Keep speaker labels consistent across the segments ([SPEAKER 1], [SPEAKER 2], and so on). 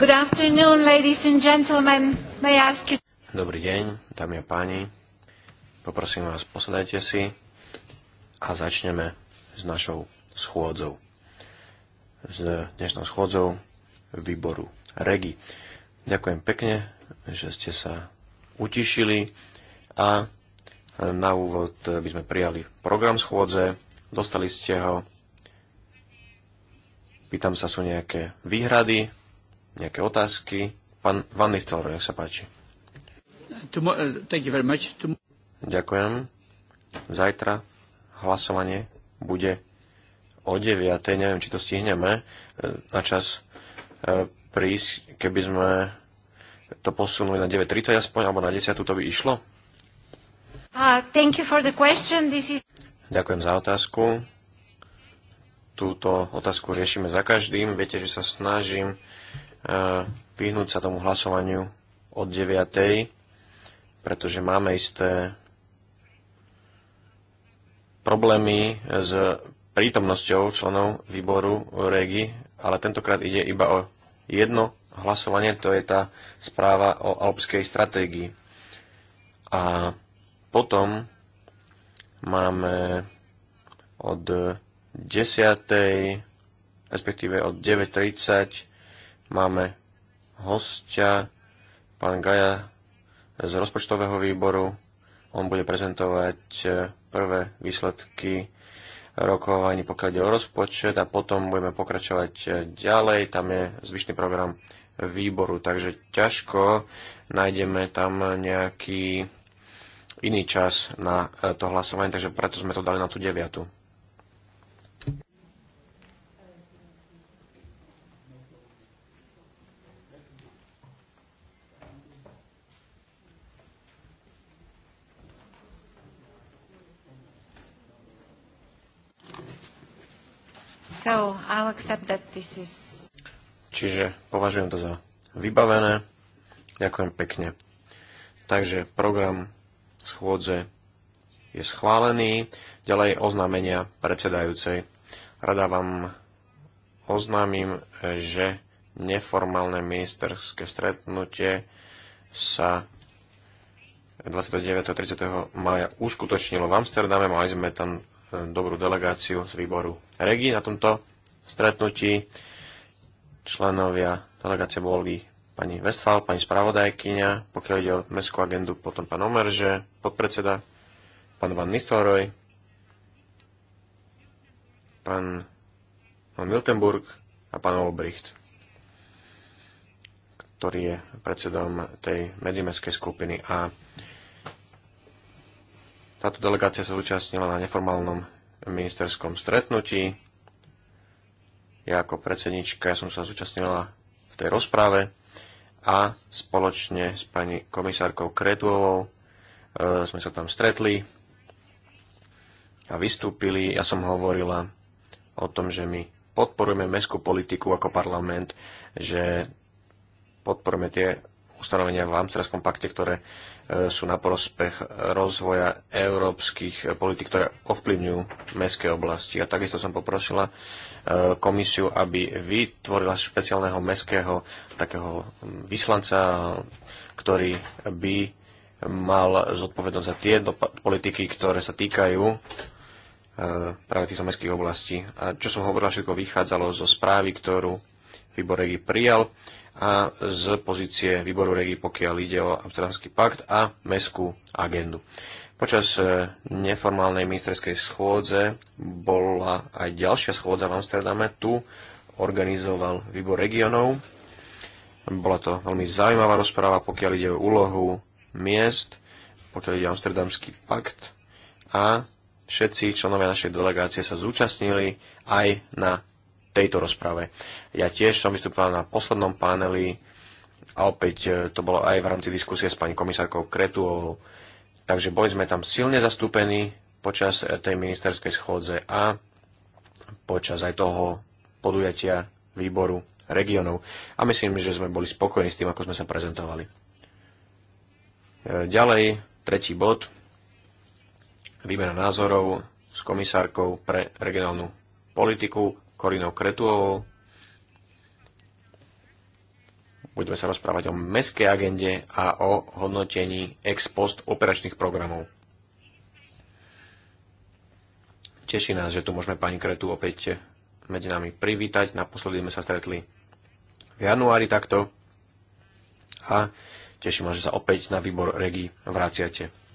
[SPEAKER 1] Good afternoon, ladies and gentlemen. May I ask you...
[SPEAKER 2] Dobrý deň, dámy a páni. Poprosím vás, posadajte si a začneme s našou schôdzou. S dnešnou schôdzou výboru REGI. Ďakujem pekne, že ste sa utišili a na úvod by sme prijali program schôdze. Dostali ste ho. Pýtam sa, sú nejaké výhrady nejaké otázky. Pán Van Nistelro, nech sa páči. Eh, Ďakujem. Zajtra hlasovanie bude o 9. Neviem, či to stihneme eh, na čas eh, prísť, keby sme to posunuli na 9.30 aspoň, alebo na 10. to by išlo? Uh, Ďakujem za otázku. Túto otázku riešime za každým. Viete, že sa snažím E, vyhnúť sa tomu hlasovaniu od 9. pretože máme isté problémy s prítomnosťou členov výboru REGI, ale tentokrát ide iba o jedno hlasovanie, to je tá správa o alpskej stratégii. A potom máme od 10. respektíve od 9.30 máme hostia, pán Gaja z rozpočtového výboru. On bude prezentovať e, prvé výsledky rokovaní, pokiaľ ide o rozpočet a potom budeme pokračovať e, ďalej. Tam je zvyšný program výboru, takže ťažko nájdeme tam nejaký iný čas na e, to hlasovanie, takže preto sme to dali na tú deviatu.
[SPEAKER 1] So I'll accept that this is...
[SPEAKER 2] Čiže považujem to za vybavené. Ďakujem pekne. Takže program schôdze je schválený. Ďalej oznámenia predsedajúcej. Rada vám oznámim, že neformálne ministerské stretnutie sa 29. a 30. maja uskutočnilo v Amsterdame. Mali sme tam dobrú delegáciu z výboru REGI na tomto stretnutí. Členovia delegácie boli pani Westphal, pani spravodajkyňa, pokiaľ ide o mestskú agendu, potom pán Omerže, podpredseda, pán Van Nistelrooy, pán Miltenburg a pán Olbricht, ktorý je predsedom tej medzimestskej skupiny. A táto delegácia sa zúčastnila na neformálnom ministerskom stretnutí. Ja ako predsednička ja som sa zúčastnila v tej rozprave a spoločne s pani komisárkou Kretuovou e, sme sa tam stretli a vystúpili. Ja som hovorila o tom, že my podporujeme mestskú politiku ako parlament, že podporujeme tie ustanovenia v Amsterdamskom pakte, ktoré E, sú na prospech rozvoja európskych politik, ktoré ovplyvňujú mestské oblasti. A takisto som poprosila e, komisiu, aby vytvorila špeciálneho mestského takého vyslanca, ktorý by mal zodpovednosť za tie politiky, ktoré sa týkajú e, práve týchto mestských oblastí. A čo som hovorila, všetko vychádzalo zo správy, ktorú výbor prijal a z pozície výboru regí, pokiaľ ide o Amsterdamský pakt a meskú agendu. Počas e, neformálnej ministerskej schôdze bola aj ďalšia schôdza v Amsterdame. Tu organizoval výbor regionov. Bola to veľmi zaujímavá rozpráva, pokiaľ ide o úlohu miest, pokiaľ ide o Amsterdamský pakt a všetci členovia našej delegácie sa zúčastnili aj na tejto rozprave. Ja tiež som vystupoval na poslednom paneli a opäť e, to bolo aj v rámci diskusie s pani komisárkou Kretuovou. Takže boli sme tam silne zastúpení počas e, tej ministerskej schôdze a počas aj toho podujatia výboru regionov. A myslím, že sme boli spokojní s tým, ako sme sa prezentovali. E, ďalej, tretí bod. Výmena názorov s komisárkou pre regionálnu politiku Korinou Kretuovou. Budeme sa rozprávať o meskej agende a o hodnotení ex post operačných programov. Teší nás, že tu môžeme pani Kretu opäť medzi nami privítať. Naposledy sme sa stretli v januári takto a teším že sa opäť na výbor Regi vraciate.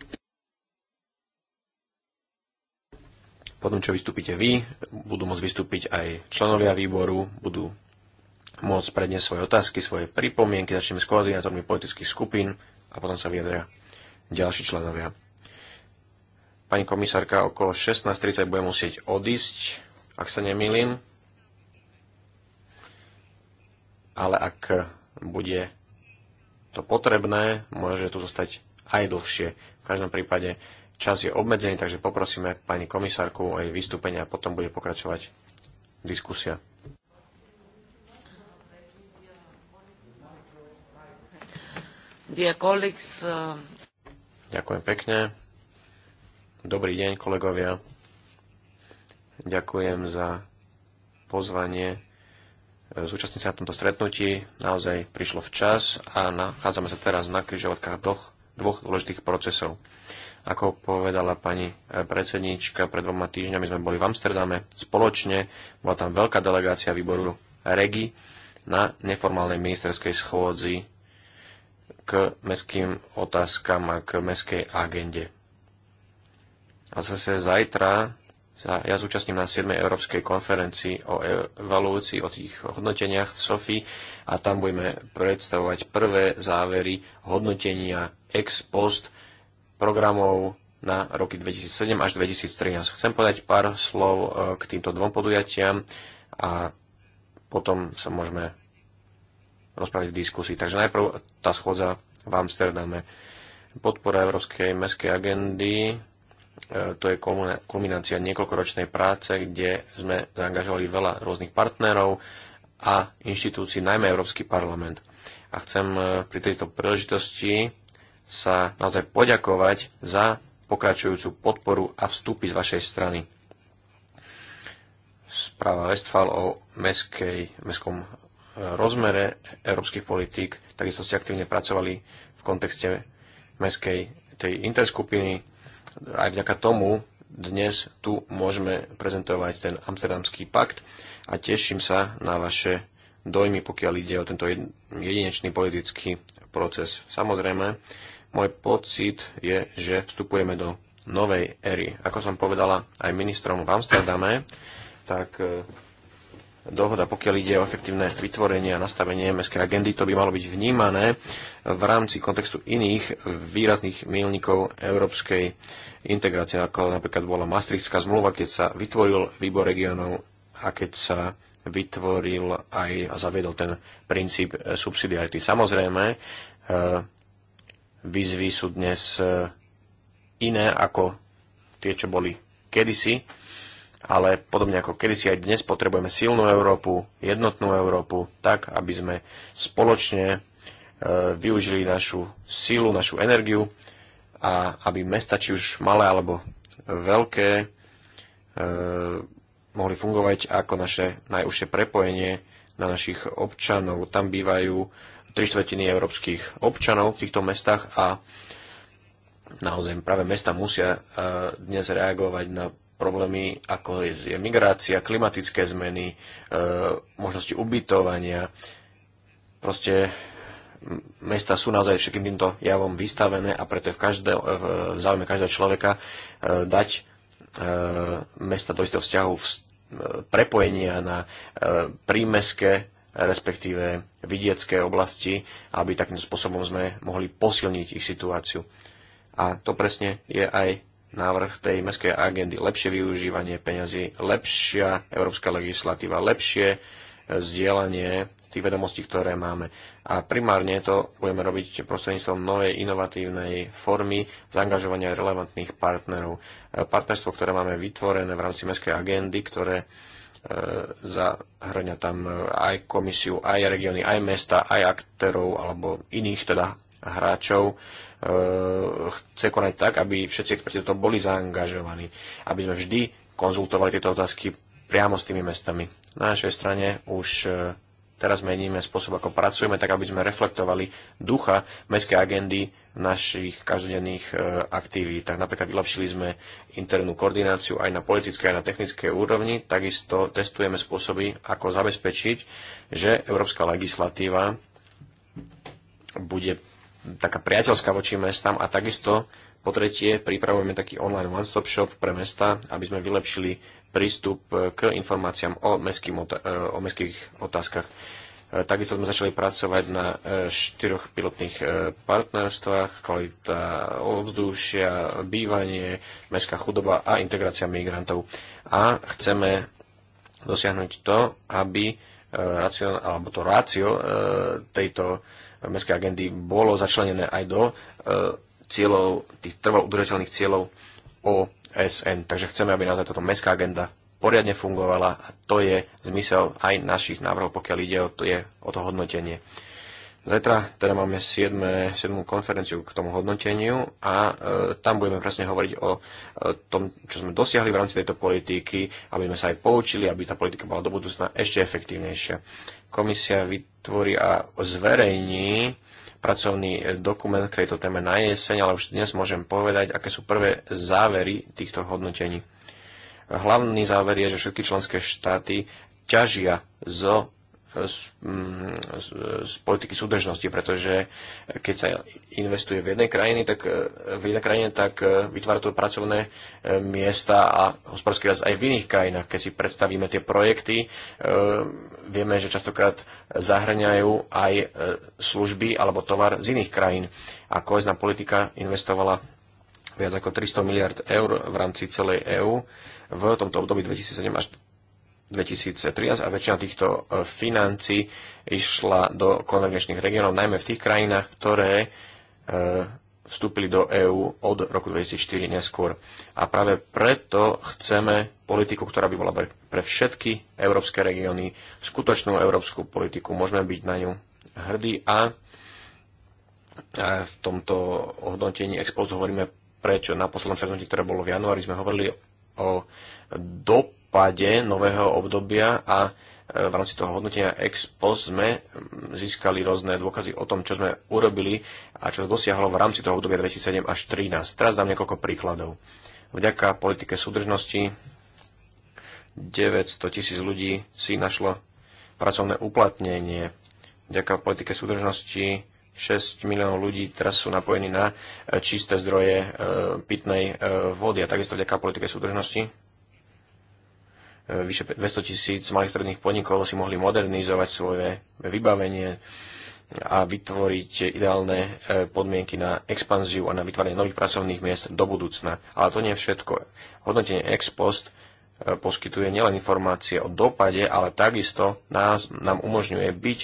[SPEAKER 2] Potom, čo vystúpite vy, budú môcť vystúpiť aj členovia výboru, budú môcť predniesť svoje otázky, svoje pripomienky, začneme s koordinátormi politických skupín a potom sa vyjadria ďalší členovia. Pani komisárka okolo 16.30 bude musieť odísť, ak sa nemýlim. Ale ak bude to potrebné, môže tu zostať aj dlhšie. V každom prípade Čas je obmedzený, takže poprosíme pani komisárku o jej vystúpenie a potom bude pokračovať diskusia.
[SPEAKER 1] Uh,
[SPEAKER 2] Ďakujem pekne. Dobrý deň, kolegovia. Ďakujem za pozvanie e, zúčastniť sa na tomto stretnutí. Naozaj prišlo včas a nachádzame sa teraz na križovatkách Doch dvoch dôležitých procesov. Ako povedala pani predsedníčka, pred dvoma týždňami sme boli v Amsterdame spoločne, bola tam veľká delegácia výboru REGI na neformálnej ministerskej schôdzi k mestským otázkam a k mestskej agende. A zase zajtra sa ja zúčastním na 7. Európskej konferencii o evolúcii, o tých hodnoteniach v Sofii a tam budeme predstavovať prvé závery hodnotenia ex post programov na roky 2007 až 2013. Chcem povedať pár slov e, k týmto dvom podujatiam a potom sa môžeme rozprávať v diskusii. Takže najprv tá schôdza v Amsterdame. Podpora Európskej mestskej agendy E, to je kulminácia niekoľkoročnej práce, kde sme zaangažovali veľa rôznych partnerov a inštitúcií, najmä Európsky parlament. A chcem e, pri tejto príležitosti sa naozaj poďakovať za pokračujúcu podporu a vstupy z vašej strany. Správa Westfal o meskej, mestskom e, rozmere európskych politík, takisto ste aktívne pracovali v kontexte meskej tej interskupiny, aj vďaka tomu dnes tu môžeme prezentovať ten Amsterdamský pakt a teším sa na vaše dojmy, pokiaľ ide o tento jedinečný politický proces. Samozrejme, môj pocit je, že vstupujeme do novej éry. Ako som povedala aj ministrom v Amsterdame, tak eh, dohoda, pokiaľ ide o efektívne vytvorenie a nastavenie MSK agendy, to by malo byť vnímané v rámci kontextu iných výrazných milníkov európskej integrácie, ako napríklad bola Maastrichtská zmluva, keď sa vytvoril výbor regionov a keď sa vytvoril aj a zaviedol ten princíp subsidiarity. Samozrejme, e, výzvy sú dnes e, iné ako tie, čo boli kedysi ale podobne ako kedysi aj dnes potrebujeme silnú Európu, jednotnú Európu, tak aby sme spoločne e, využili našu sílu, našu energiu a aby mesta, či už malé alebo veľké, e, mohli fungovať ako naše najúžšie prepojenie na našich občanov. Tam bývajú tri štvrtiny európskych občanov v týchto mestách a naozaj práve mesta musia e, dnes reagovať na problémy, ako je migrácia, klimatické zmeny, e, možnosti ubytovania. Proste mesta sú naozaj všetkým týmto javom vystavené a preto je v, každé, e, v záujme každého človeka e, dať mesta do istého vzťahu prepojenia na prímeské respektíve vidiecké oblasti, aby takým spôsobom sme mohli posilniť ich situáciu. A to presne je aj návrh tej mestskej agendy, lepšie využívanie peňazí, lepšia európska legislatíva, lepšie e, zdieľanie tých vedomostí, ktoré máme. A primárne to budeme robiť prostredníctvom novej inovatívnej formy zaangažovania relevantných partnerov. E, partnerstvo, ktoré máme vytvorené v rámci mestskej agendy, ktoré e, zahrňa tam aj komisiu, aj regióny, aj mesta, aj aktérov alebo iných teda hráčov Eh, chce konať tak, aby všetci experti do boli zaangažovaní, aby sme vždy konzultovali tieto otázky priamo s tými mestami. Na našej strane už eh, teraz meníme spôsob, ako pracujeme, tak aby sme reflektovali ducha mestskej agendy v našich každodenných eh, Tak Napríklad vylepšili sme internú koordináciu aj na politickej, aj na technickej úrovni. Takisto testujeme spôsoby, ako zabezpečiť, že európska legislatíva bude taká priateľská voči mestám a takisto po tretie pripravujeme taký online one-stop shop pre mesta, aby sme vylepšili prístup e, k informáciám o, e, o mestských otázkach. E, takisto sme začali pracovať na štyroch pilotných partnerstvách, kvalita ovzdušia, bývanie, mestská chudoba a integrácia migrantov. A chceme dosiahnuť to, aby racion, alebo to rácio tejto mestskej agendy bolo začlenené aj do e, cieľov, tých trvalo udržateľných cieľov OSN. Takže chceme, aby naozaj táto mestská agenda poriadne fungovala a to je zmysel aj našich návrhov, pokiaľ ide o to, je, o to hodnotenie. Zajtra teda máme 7. 7. konferenciu k tomu hodnoteniu a e, tam budeme presne hovoriť o e, tom, čo sme dosiahli v rámci tejto politiky, aby sme sa aj poučili, aby tá politika bola do budúcna ešte efektívnejšia. Komisia vy, vytvorí a zverejní pracovný dokument k tejto téme na jeseň, ale už dnes môžem povedať, aké sú prvé závery týchto hodnotení. Hlavný záver je, že všetky členské štáty ťažia zo z, mm, z, z politiky súdržnosti, pretože keď sa investuje v jednej krajine, tak, e, v jednej krajine, tak e, vytvára to pracovné e, miesta a hospodársky rast aj v iných krajinách. Keď si predstavíme tie projekty, vieme, že častokrát zahrňajú aj služby alebo tovar z iných krajín. A kohezná politika investovala viac ako 300 miliard eur v rámci celej EÚ v tomto období 2007 až 2013 a väčšina týchto e, financí išla do konvergenčných regiónov, najmä v tých krajinách, ktoré e, vstúpili do EÚ od roku 2004 neskôr. A práve preto chceme politiku, ktorá by bola pre všetky európske regióny, skutočnú európsku politiku. Môžeme byť na ňu hrdí a v tomto hodnotení expozu hovoríme prečo. Na poslednom stretnutí, ktoré bolo v januári, sme hovorili o dopadu páde nového obdobia a e, v rámci toho hodnotenia ex post sme mm, získali rôzne dôkazy o tom, čo sme urobili a čo dosiahlo v rámci toho obdobia 2007 až 2013. Teraz dám niekoľko príkladov. Vďaka politike súdržnosti 900 tisíc ľudí si našlo pracovné uplatnenie. Vďaka politike súdržnosti 6 miliónov ľudí teraz sú napojení na e, čisté zdroje e, pitnej e, vody a takisto vďaka politike súdržnosti E, vyše 200 tisíc malých stredných podnikov si mohli modernizovať svoje vybavenie a vytvoriť ideálne e, podmienky na expanziu a na vytváranie nových pracovných miest do budúcna. Ale to nie je všetko. Hodnotenie ex post e, poskytuje nielen informácie o dopade, ale takisto nás, nám umožňuje byť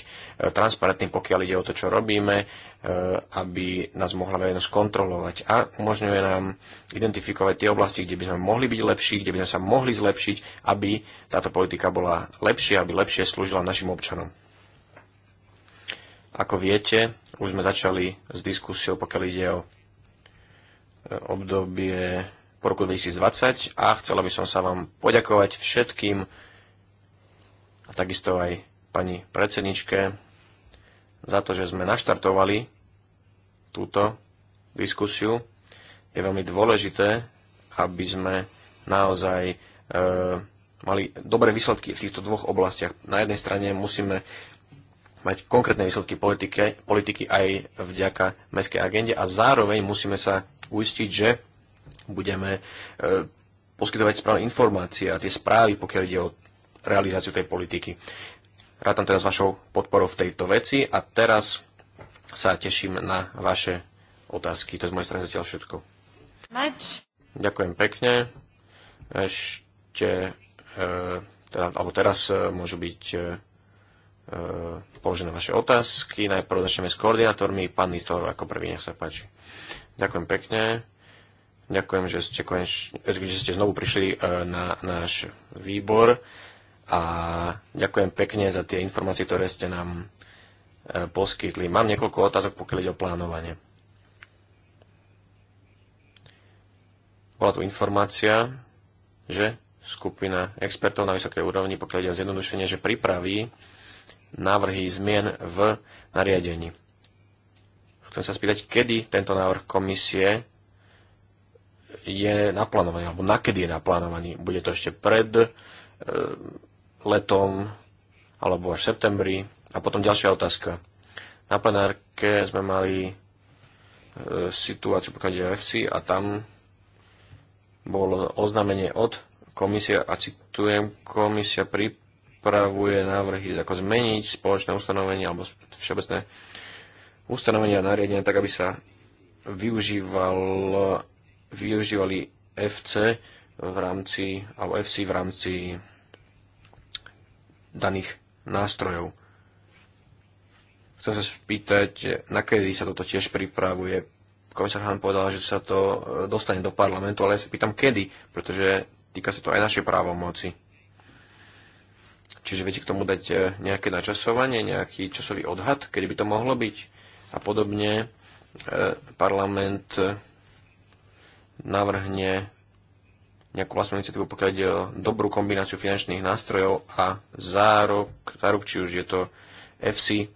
[SPEAKER 2] transparentný, pokiaľ ide o to, čo robíme, Eh, aby nás mohla verejnosť kontrolovať a umožňuje nám identifikovať tie oblasti, kde by sme mohli byť lepší, kde by sme sa mohli zlepšiť, aby táto politika bola lepšia, aby lepšie slúžila našim občanom. Ako viete, už sme začali s diskusiou, pokiaľ ide o eh, obdobie po roku 2020 a chcela by som sa vám poďakovať všetkým a takisto aj pani predsedničke za to, že sme naštartovali túto diskusiu. Je veľmi dôležité, aby sme naozaj e, mali dobré výsledky v týchto dvoch oblastiach. Na jednej strane musíme mať konkrétne výsledky politike, politiky aj vďaka mestskej agende a zároveň musíme sa uistiť, že budeme e, poskytovať správne informácie a tie správy, pokiaľ ide o realizáciu tej politiky. Rátam teda s vašou podporou v tejto veci a teraz sa teším na vaše otázky. To je z mojej strany zatiaľ všetko. Mač. Ďakujem pekne. Ešte, e, teda, alebo teraz e, môžu byť e, e položené vaše otázky. Najprv začneme s koordinátormi. Pán Nistelor ako prvý, nech sa páči. Ďakujem pekne. Ďakujem, že ste, konč... že ste znovu prišli e, na náš výbor a ďakujem pekne za tie informácie, ktoré ste nám e, poskytli. Mám niekoľko otázok, pokiaľ ide o plánovanie. Bola tu informácia, že skupina expertov na vysokej úrovni, pokiaľ ide o zjednodušenie, že pripraví návrhy zmien v nariadení. Chcem sa spýtať, kedy tento návrh komisie je naplánovaný, alebo nakedy je naplánovaný. Bude to ešte pred e, letom alebo až v septembri. A potom ďalšia otázka. Na plenárke sme mali e, situáciu pokiaľ FC a tam bolo oznámenie od komisie a citujem, komisia pripravuje návrhy, ako zmeniť spoločné ustanovenie alebo všeobecné ustanovenia a nariadenia tak, aby sa využíval, využívali FC v rámci, alebo FC v rámci daných nástrojov. Chcem sa spýtať, nakedy sa toto tiež pripravuje. Komisár Han povedal, že sa to e, dostane do parlamentu, ale ja sa pýtam kedy, pretože týka sa to aj našej právomoci. Čiže viete k tomu dať e, nejaké načasovanie, nejaký časový odhad, kedy by to mohlo byť a podobne. E, parlament navrhne nejakú vlastnú iniciatívu, pokiaľ ide o dobrú kombináciu finančných nástrojov a zárok, zárok, či už je to FC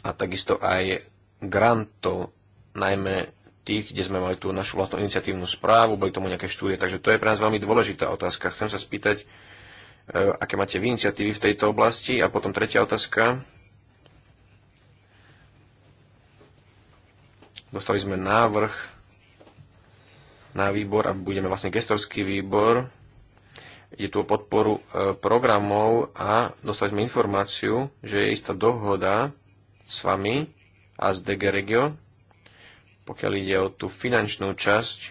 [SPEAKER 2] a takisto aj grantov, najmä tých, kde sme mali tú našu vlastnú iniciatívnu správu, boli tomu nejaké štúdie, takže to je pre nás veľmi dôležitá otázka. Chcem sa spýtať, e, aké máte vy iniciatívy v tejto oblasti a potom tretia otázka. Dostali sme návrh na výbor a budeme vlastne gestorský výbor. Je tu o podporu e, programov a dostali sme informáciu, že je istá dohoda s vami a z DG Regio, pokiaľ ide o tú finančnú časť e,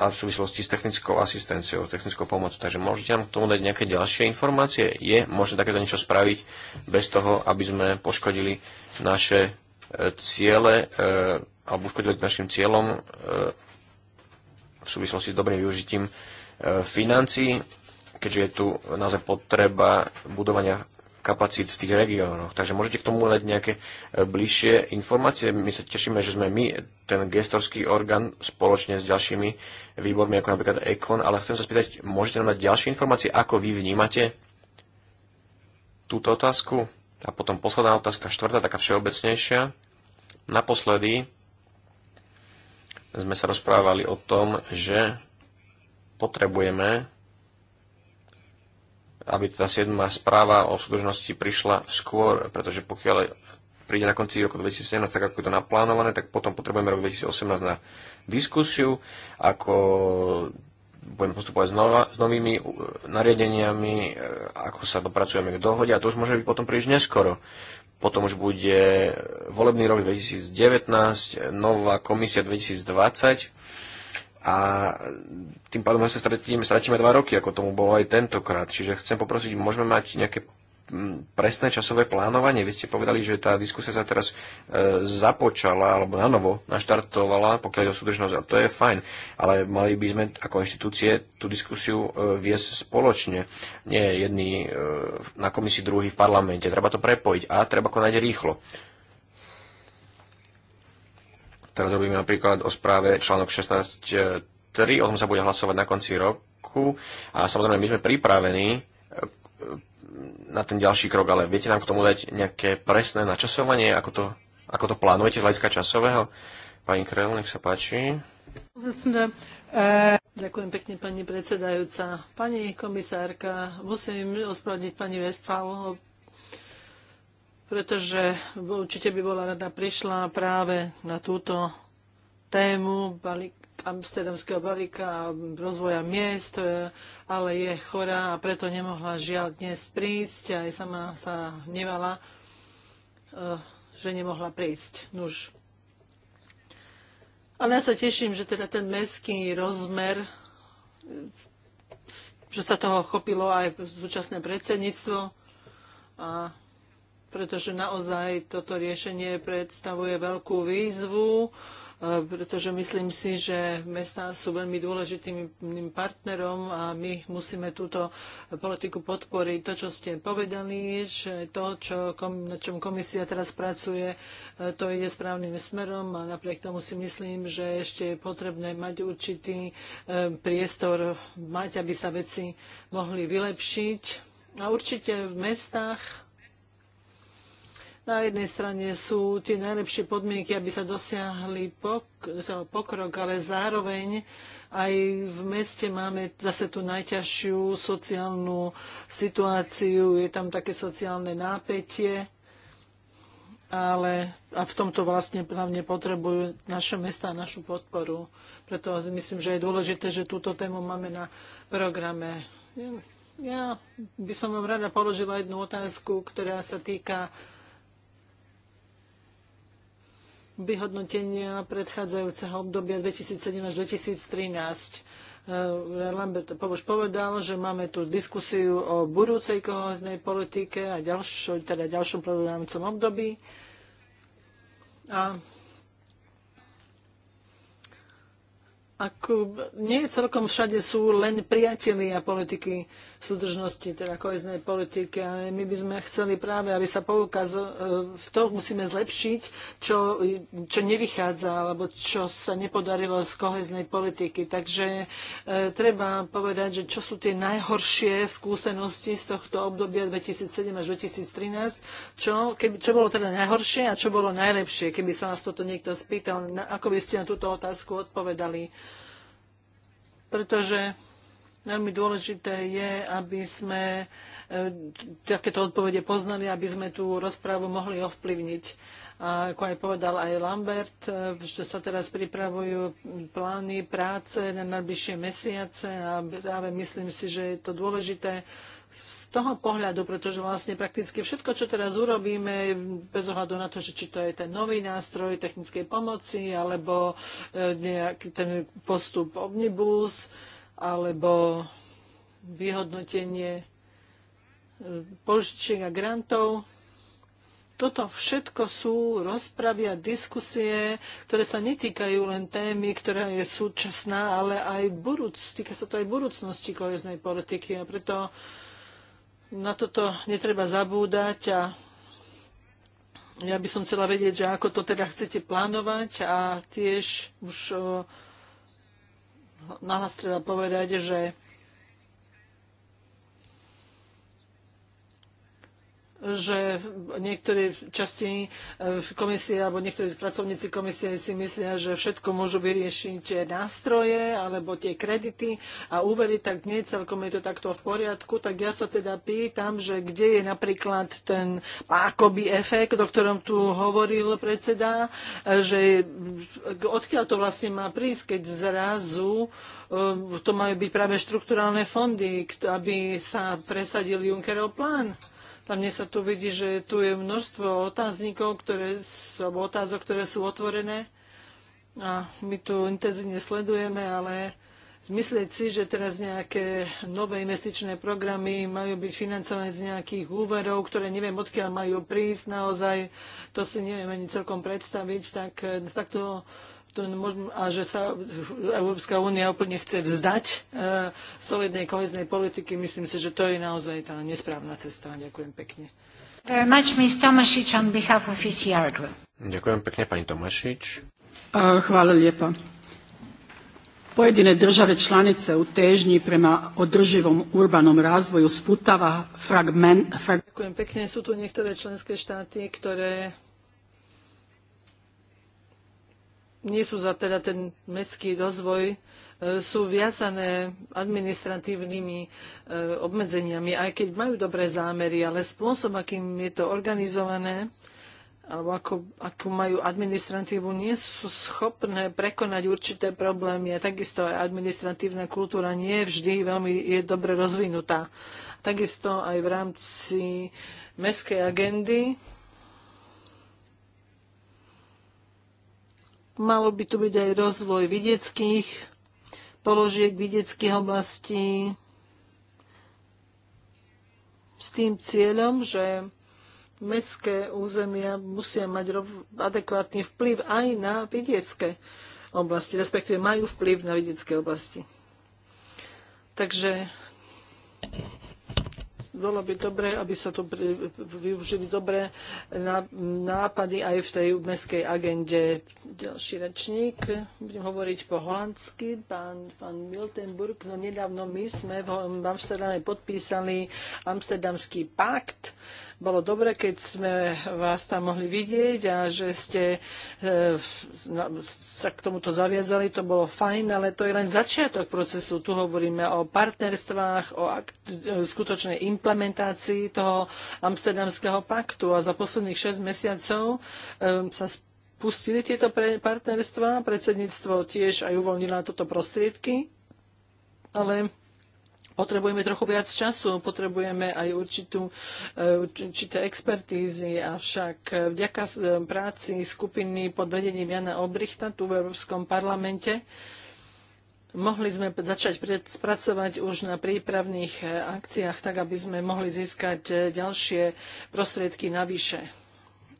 [SPEAKER 2] a v súvislosti s technickou asistenciou, technickou pomocou. Takže môžete nám k tomu dať nejaké ďalšie informácie? Je možné takéto niečo spraviť bez toho, aby sme poškodili naše e, ciele alebo uškodili našim cieľom v súvislosti s dobrým využitím e, financií, keďže je tu naozaj potreba budovania kapacít v tých regiónoch. Takže môžete k tomu dať nejaké e, bližšie informácie. My sa tešíme, že sme my, ten gestorský orgán, spoločne s ďalšími výbormi, ako napríklad EKON, ale chcem sa spýtať, môžete nám dať ďalšie informácie, ako vy vnímate túto otázku? A potom posledná otázka, štvrtá, taká všeobecnejšia. Naposledy sme sa rozprávali o tom, že potrebujeme, aby tá 7. správa o súdržnosti prišla skôr, pretože pokiaľ príde na konci roku 2017, tak ako je to naplánované, tak potom potrebujeme rok 2018 na diskusiu, ako budeme postupovať s, nova, s novými uh, nariadeniami, uh, ako sa dopracujeme k dohode a to už môže byť potom príliš neskoro potom už bude volebný rok 2019, nová komisia 2020 a tým pádom sa stratíme, stratíme dva roky, ako tomu bolo aj tentokrát. Čiže chcem poprosiť, môžeme mať nejaké presné časové plánovanie. Vy ste povedali, že tá diskusia sa teraz e, započala alebo na novo naštartovala, pokiaľ je o súdržnosť. A to je fajn, ale mali by sme ako inštitúcie tú diskusiu e, viesť spoločne. Nie jedný e, na komisii, druhý v parlamente. Treba to prepojiť a treba konať rýchlo. Teraz robíme napríklad o správe článok 16.3, o tom sa bude hlasovať na konci roku. A samozrejme, my sme pripravení na ten ďalší krok, ale viete nám k tomu dať nejaké presné načasovanie, ako to, ako to plánujete z hľadiska časového? Pani Krel, nech sa páči. E,
[SPEAKER 3] ďakujem pekne, pani predsedajúca. Pani komisárka, musím ospravedlniť pani Westfalo, pretože určite by bola rada prišla práve na túto tému balík amsterdamského balíka a rozvoja miest, e, ale je chorá a preto nemohla žiaľ dnes prísť. Aj sama sa hnevala, e, že nemohla prísť. Nuž. Ale ja sa teším, že teda ten mestský rozmer e, že sa toho chopilo aj súčasné predsedníctvo, a pretože naozaj toto riešenie predstavuje veľkú výzvu pretože myslím si, že mestá sú veľmi dôležitým partnerom a my musíme túto politiku podporiť. To, čo ste povedali, že to, čo, na čom komisia teraz pracuje, e, to ide správnym smerom a napriek tomu si myslím, že ešte je potrebné mať určitý e, priestor, mať, aby sa veci mohli vylepšiť. A určite v mestách na jednej strane sú tie najlepšie podmienky, aby sa dosiahli pokrok, ale zároveň aj v meste máme zase tú najťažšiu sociálnu situáciu, je tam také sociálne nápetie ale a v tomto vlastne hlavne potrebujú naše mesta a našu podporu. Preto si myslím, že je dôležité, že túto tému máme na programe. Ja by som vám rada položila jednu otázku, ktorá sa týka vyhodnotenia predchádzajúceho obdobia 2007 až 2013. Eh, Lambert Povoš povedal, že máme tu diskusiu o budúcej kohoznej politike a ďalšo, teda ďalšom programovacom období. A ako nie celkom všade sú len priatelia politiky súdržnosti, teda koheznej politiky. A my by sme chceli práve, aby sa poukazo, v to musíme zlepšiť, čo, čo nevychádza, alebo čo sa nepodarilo z koheznej politiky. Takže e, treba povedať, že čo sú tie najhoršie skúsenosti z tohto obdobia 2007 až 2013, čo, keby, čo bolo teda najhoršie a čo bolo najlepšie, keby sa nás toto niekto spýtal, na, ako by ste na túto otázku odpovedali. Pretože Veľmi dôležité je, aby sme e, takéto odpovede poznali, aby sme tú rozprávu mohli ovplyvniť. A ako aj povedal aj Lambert, e, že sa teraz pripravujú plány práce na najbližšie mesiace a práve myslím si, že je to dôležité z toho pohľadu, pretože vlastne prakticky všetko, čo teraz urobíme, bez ohľadu na to, že či to je ten nový nástroj technickej pomoci alebo e, nejaký ten postup omnibus, alebo vyhodnotenie e, požičiek a grantov. Toto všetko sú rozpravy a diskusie, ktoré sa netýkajú len témy, ktorá je súčasná, ale aj budúc, týka sa to aj budúcnosti koheznej politiky a preto na toto netreba zabúdať a ja by som chcela vedieť, že ako to teda chcete plánovať a tiež už nahlas treba povedať, že že niektorí časti eh, komisie alebo niektorí pracovníci komisie si myslia, že všetko môžu vyriešiť tie nástroje alebo tie kredity a úvery, tak nie celkom je to takto v poriadku. Tak ja sa teda pýtam, že kde je napríklad ten pákový efekt, o ktorom tu hovoril predseda, eh, že odkiaľ to vlastne má prísť, keď zrazu eh, to majú byť práve štrukturálne fondy, aby sa presadil Junckerov plán. Tam mne sa tu vidí, že tu je množstvo otáznikov, ktoré, alebo otázok, ktoré sú otvorené. A my tu intenzívne sledujeme, ale myslieť si, že teraz nejaké nové investičné programy majú byť financované z nejakých úverov, ktoré neviem, odkiaľ majú prísť naozaj, to si neviem ani celkom predstaviť, tak takto a že sa Európska únia úplne chce vzdať e, solidnej koheznej politiky, myslím si, že to je naozaj tá nesprávna cesta. Ďakujem pekne.
[SPEAKER 1] Much, e
[SPEAKER 2] Ďakujem pekne, pani Tomášič.
[SPEAKER 3] Hvala lijepa.
[SPEAKER 1] Pojedine države članice u težnji prema
[SPEAKER 3] održivom urbanom razvoju sputava fragment... Ďakujem pekne. Sú tu niektoré členské štáty, ktoré nie sú za teda ten mestský rozvoj, e, sú viazané administratívnymi e, obmedzeniami, aj keď majú dobré zámery, ale spôsob, akým je to organizované, alebo ako, ako majú administratívu, nie sú schopné prekonať určité problémy a takisto aj administratívna kultúra nie vždy veľmi je dobre rozvinutá. Takisto aj v rámci mestskej agendy Malo by tu byť aj rozvoj vidieckých položiek, vidieckých oblastí s tým cieľom, že mestské územia musia mať adekvátny vplyv aj na vidiecké oblasti, respektíve majú vplyv na vidiecké oblasti. Takže bolo by dobre, aby sa tu využili dobré nápady aj v tej mestskej agende. Ďalší rečník, budem hovoriť po holandsky, pán, pán Miltenburg, no nedávno my sme v Amsterdame podpísali Amsterdamský pakt, bolo dobre, keď sme vás tam mohli vidieť a že ste e, sa k tomuto zaviazali, to bolo fajn, ale to je len začiatok procesu. Tu hovoríme o partnerstvách, o e, skutočnej implementácii toho Amsterdamského paktu a za posledných 6 mesiacov e, sa pustili tieto partnerstva, predsedníctvo tiež aj uvoľnila toto prostriedky, ale potrebujeme trochu viac času, potrebujeme aj určitú, e, určité expertízy, avšak e, vďaka e, práci skupiny pod vedením Jana Obrichta tu v Európskom parlamente mohli sme začať pracovať už na prípravných akciách, tak aby sme mohli získať ďalšie prostriedky navyše.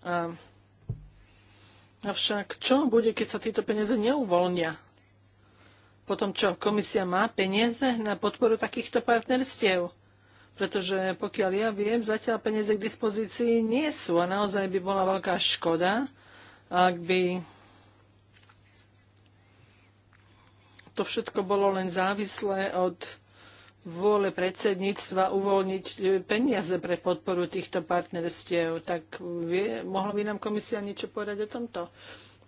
[SPEAKER 3] A Avšak čo bude, keď sa tieto peniaze neuvoľnia? potom čo, komisia má peniaze na podporu takýchto partnerstiev? Pretože pokiaľ ja viem, zatiaľ peniaze k dispozícii nie sú a naozaj by bola veľká škoda, ak by to všetko bolo len závislé od vôle predsedníctva uvoľniť eh, peniaze pre podporu týchto partnerstiev. Tak vie, mohla by nám komisia niečo povedať o tomto?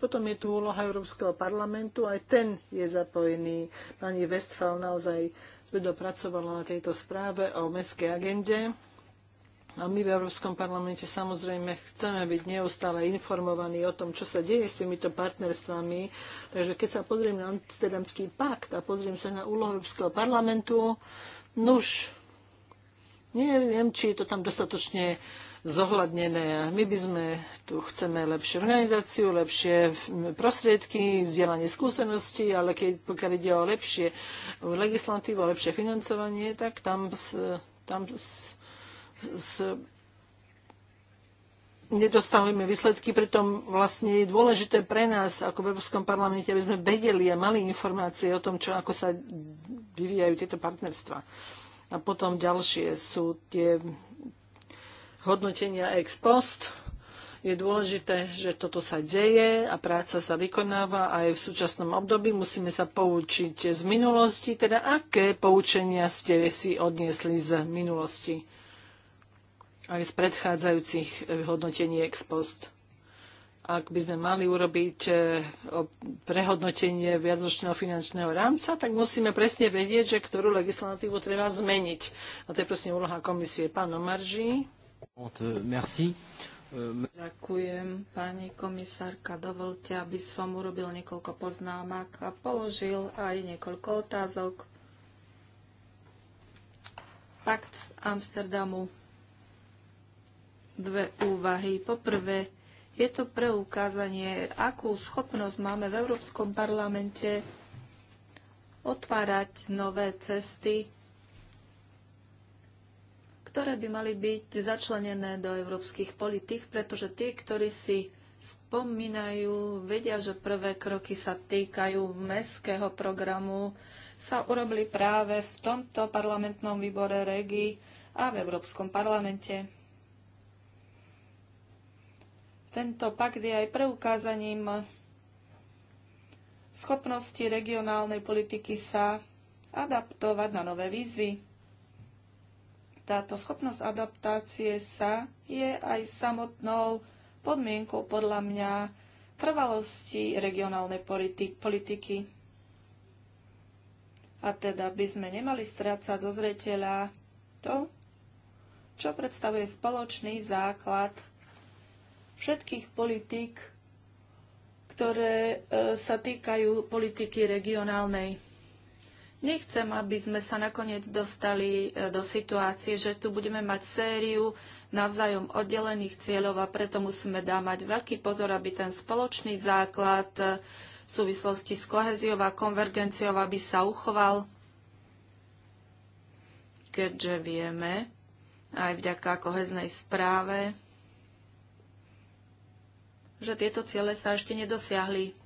[SPEAKER 3] Potom je tu úloha Európskeho parlamentu, aj ten je zapojený. Pani Westphal naozaj dopracovala na tejto správe o mestskej agende. A my v Európskom parlamente samozrejme chceme byť neustále informovaní o tom, čo sa deje s týmito partnerstvami. Takže keď sa pozriem na Amsterdamský pakt a pozriem sa na úlohu Európskeho parlamentu, nuž, neviem, či je to tam dostatočne zohľadnené. My by sme tu chceme lepšiu organizáciu, lepšie prostriedky, vzdelanie skúseností, ale keď, pokiaľ ide o lepšie legislatívu lepšie financovanie, tak tam, s, tam s, s, nedostávame výsledky, preto vlastne je dôležité pre nás ako v Európskom parlamente, aby sme vedeli a mali informácie o tom, čo, ako sa vyvíjajú tieto partnerstva. A potom ďalšie sú tie hodnotenia ex post. Je dôležité, že toto sa deje a práca sa vykonáva aj v súčasnom období. Musíme sa poučiť z minulosti, teda aké poučenia ste si odniesli z minulosti aj z predchádzajúcich hodnotení ex post ak by sme mali urobiť e, prehodnotenie viacročného finančného rámca, tak musíme presne vedieť, že ktorú legislatívu treba zmeniť. A to je presne úloha komisie. Pán Omarží. E, merci. E,
[SPEAKER 1] Ďakujem, pani komisárka. Dovolte, aby som urobil niekoľko poznámak a položil aj niekoľko otázok. Pakt z Amsterdamu. Dve úvahy. Poprvé, je to preukázanie, akú schopnosť máme v Európskom parlamente otvárať nové cesty ktoré by mali byť začlenené do európskych politík, pretože tí, ktorí si spomínajú, vedia, že prvé kroky sa týkajú mestského programu, sa urobili práve v tomto parlamentnom výbore REGI a v Európskom parlamente. Tento pakt je aj preukázaním schopnosti regionálnej politiky sa adaptovať na nové výzvy. Táto schopnosť adaptácie sa je aj samotnou podmienkou podľa mňa trvalosti regionálnej politiky. A teda by sme nemali strácať zo zreteľa to, čo predstavuje spoločný základ všetkých politík, ktoré e, sa týkajú politiky regionálnej. Nechcem, aby sme sa nakoniec dostali e, do situácie, že tu budeme mať sériu navzájom oddelených cieľov a preto musíme dávať veľký pozor, aby ten spoločný základ e, v súvislosti s koheziou a konvergenciou, aby sa uchoval, keďže vieme, aj vďaka koheznej správe, že tieto ciele sa ešte nedosiahli.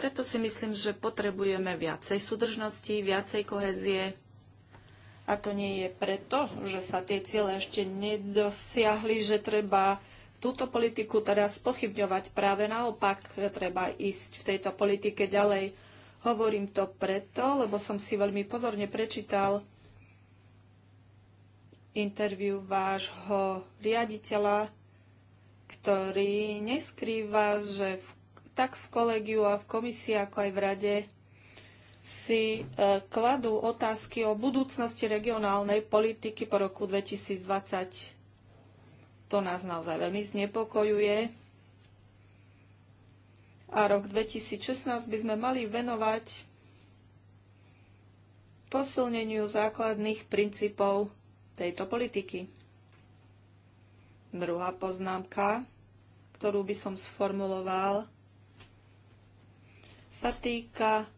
[SPEAKER 1] Preto si myslím, že potrebujeme viacej súdržnosti, viacej kohezie. A to nie je preto, že sa tie ciele ešte nedosiahli, že treba túto politiku teraz pochybňovať. Práve naopak, treba ísť v tejto politike ďalej. Hovorím to preto, lebo som si veľmi pozorne prečítal interviu vášho riaditeľa, ktorý neskrýva, že v tak v kolegiu a v komisii, ako aj v rade, si e, kladú otázky o budúcnosti regionálnej politiky po roku 2020. To nás naozaj veľmi znepokojuje. A rok 2016 by sme mali venovať posilneniu základných princípov tejto politiky. Druhá poznámka, ktorú by som sformuloval, sa týka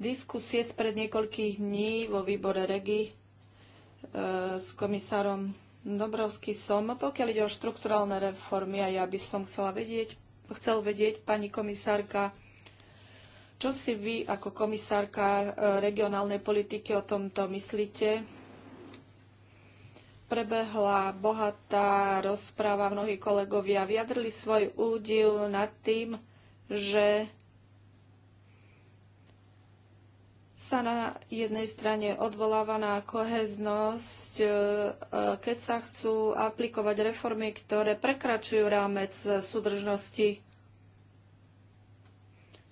[SPEAKER 1] diskusie spred niekoľkých dní vo výbore REGI e, s komisárom Dobrovský som. Pokiaľ ide o štrukturálne reformy, a ja by som chcela vedieť, chcel vedieť, pani komisárka, čo si vy ako komisárka e, regionálnej politiky o tomto myslíte? Prebehla bohatá rozpráva, mnohí kolegovia vyjadrili svoj údiv nad tým, že sa na jednej strane odvoláva na koheznosť, e, keď sa chcú aplikovať reformy, ktoré prekračujú rámec súdržnosti,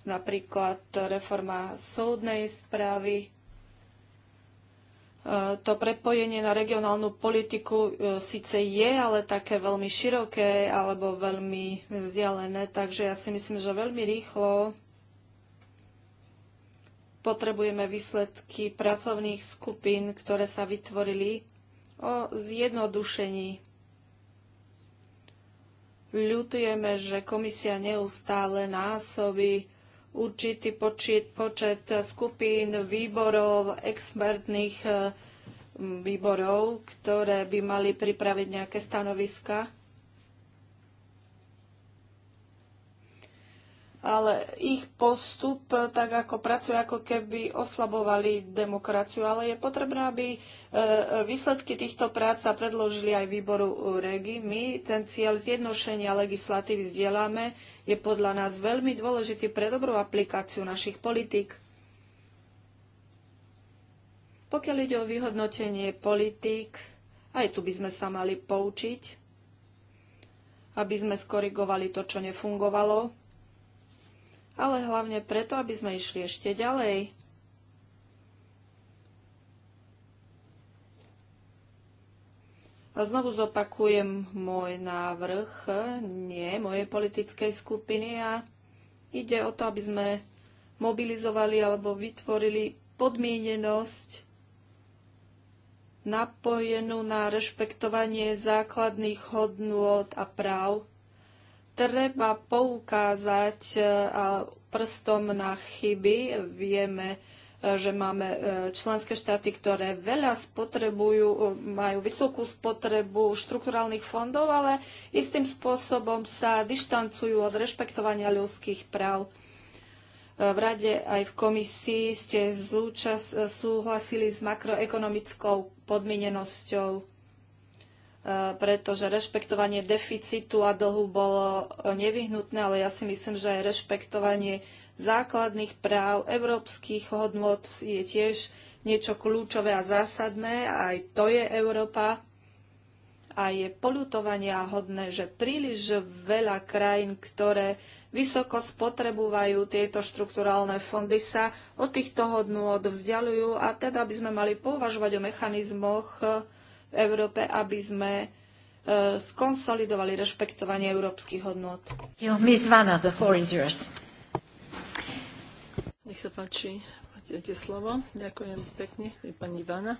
[SPEAKER 1] napríklad reforma súdnej správy, e, to prepojenie na regionálnu politiku e, síce je, ale také veľmi široké alebo veľmi vzdialené, takže ja si myslím, že veľmi rýchlo Potrebujeme výsledky pracovných skupín, ktoré sa vytvorili o zjednodušení. Ľutujeme, že komisia neustále násobí určitý počet, počet skupín, výborov, expertných eh, výborov, ktoré by mali pripraviť nejaké stanoviska. ale ich postup, eh, tak ako pracuje, ako keby oslabovali demokraciu, ale je potrebné, aby eh, eh, výsledky týchto prác sa predložili aj výboru REGI. My ten cieľ zjednošenia legislatívy vzdielame. je podľa nás veľmi dôležitý pre dobrú aplikáciu našich politík. Pokiaľ ide o vyhodnotenie politík, aj tu by sme sa mali poučiť, aby sme skorigovali to, čo nefungovalo ale hlavne preto, aby sme išli ešte ďalej. A znovu zopakujem môj návrh, nie mojej politickej skupiny a ide o to, aby sme mobilizovali alebo vytvorili podmienenosť napojenú na rešpektovanie základných hodnôt a práv treba poukázať e, prstom na chyby. Vieme, e, že máme e, členské štáty, ktoré veľa spotrebujú, majú vysokú spotrebu štrukturálnych fondov, ale istým spôsobom sa dištancujú od rešpektovania ľudských práv. V rade aj v komisii ste súhlasili s makroekonomickou podmienenosťou pretože rešpektovanie deficitu a dlhu bolo nevyhnutné, ale ja si myslím, že aj rešpektovanie základných práv európskych hodnot je tiež niečo kľúčové a zásadné. Aj to je Európa. A je polutovania hodné, že príliš veľa krajín, ktoré vysoko spotrebujú tieto štrukturálne fondy, sa od týchto hodnôt vzdialujú a teda by sme mali považovať o mechanizmoch, v Európe, aby sme e, skonsolidovali rešpektovanie európskych hodnot. Miss the floor is yours. Nech sa páči, máte slovo. Ďakujem
[SPEAKER 3] pekne, pani Ivana.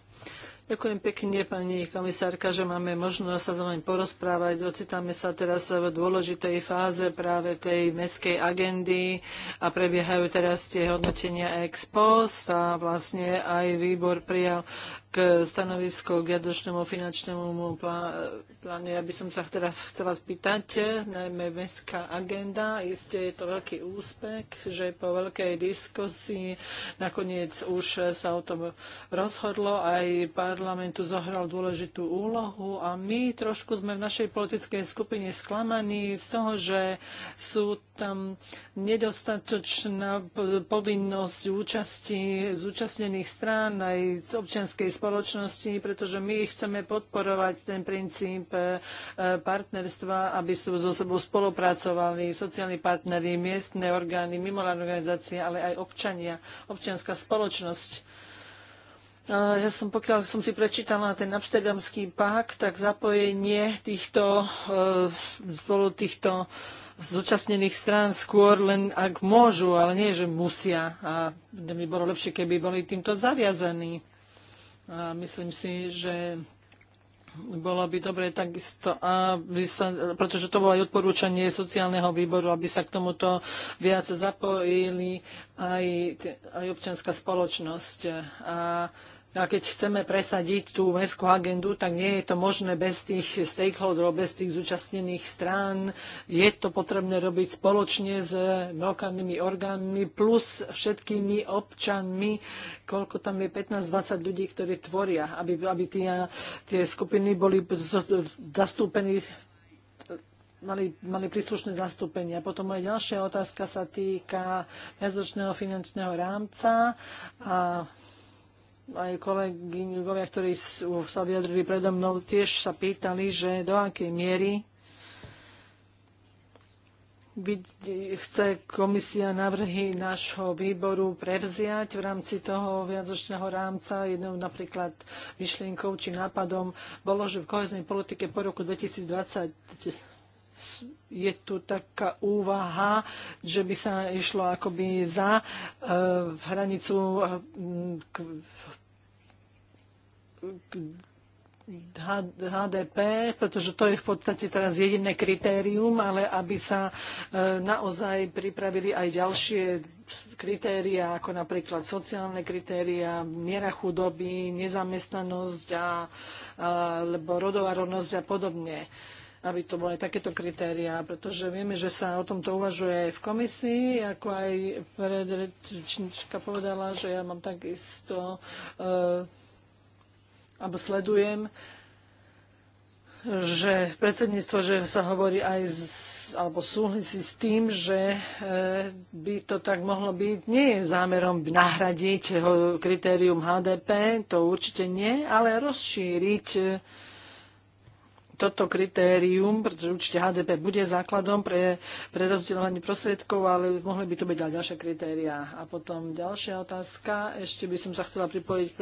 [SPEAKER 3] Ďakujem pekne, pani komisárka, že máme možnosť sa s vami porozprávať. Ocitáme sa teraz v dôležitej fáze práve tej mestskej agendy a prebiehajú teraz tie hodnotenia ex post a vlastne aj výbor prijal k stanovisku k jadočnému finančnému plánu. Ja by som sa teraz chcela spýtať, najmä mestská agenda. Isté je to veľký úspech, že po veľkej diskusii nakoniec už sa o tom rozhodlo. Aj parlament tu zohral dôležitú úlohu a my trošku sme v našej politickej skupine sklamaní z toho, že sú tam nedostatočná povinnosť účasti zúčastnených strán aj z občianskej spoločnosti, pretože my chceme podporovať ten princíp e, partnerstva, aby sú so sebou spolupracovali sociálni partnery, miestne orgány, mimoládne organizácie, ale aj občania, občianská spoločnosť. E, ja som, pokiaľ som si prečítala ten Amsterdamský pakt, tak zapojenie týchto, e, spolu týchto zúčastnených strán skôr len ak môžu, ale nie, že musia. A by bolo lepšie, keby boli týmto zaviazaní. A myslím si, že bolo by dobre takisto, aby sa, pretože to bolo aj odporúčanie sociálneho výboru, aby sa k tomuto viac zapojili aj, aj občianská spoločnosť. A a keď chceme presadiť tú mestskú agendu, tak nie je to možné bez tých stakeholderov, bez tých zúčastnených strán. Je to potrebné robiť spoločne s lokálnymi orgánmi plus všetkými občanmi, koľko tam je 15-20 ľudí, ktorí tvoria, aby, aby tie, tie skupiny boli zastúpení mali, mali príslušné zastúpenia. Potom moja ďalšia otázka sa týka viacročného finančného rámca a aj kolegovia, ktorí sa vyjadrili predo mnou, tiež sa pýtali, že do akej miery chce komisia návrhy nášho výboru prevziať v rámci toho viacročného rámca. Jednou napríklad myšlienkou či nápadom bolo, že v koheznej politike po roku 2020 je tu taká úvaha, že by sa išlo akoby za e, hranicu e, k, HDP, pretože to je v podstate teraz jediné kritérium, ale aby sa e, naozaj pripravili aj ďalšie kritéria, ako napríklad sociálne kritéria, miera chudoby, nezamestnanosť a, alebo rodová rovnosť a podobne aby to boli takéto kritériá, pretože vieme, že sa o tomto uvažuje aj v komisii, ako aj predrečnička povedala, že ja mám takisto uh, alebo sledujem, že predsedníctvo, že sa hovorí aj z, alebo súhlasí s tým, že e, by to tak mohlo byť. Nie je zámerom nahradiť kritérium HDP, to určite nie, ale rozšíriť toto kritérium, pretože určite HDP bude základom pre, pre rozdeľovanie prostriedkov, ale mohli by to byť aj ďalšie kritériá. A potom ďalšia otázka. Ešte by som sa chcela pripojiť k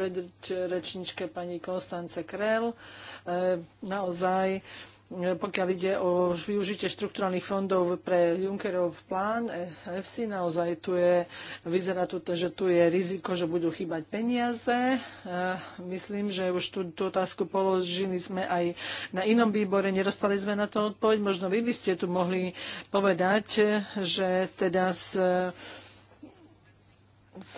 [SPEAKER 3] rečničke pani Konstance Krell. E, naozaj pokiaľ ide o využitie štrukturálnych fondov pre Junckerov plán EFSI, naozaj tu je, vyzerá tu, že tu je riziko, že budú chýbať peniaze. Myslím, že už tú, tú otázku položili sme aj na inom výbore, nerostali sme na to odpoveď. Možno vy by ste tu mohli povedať, že teda z, z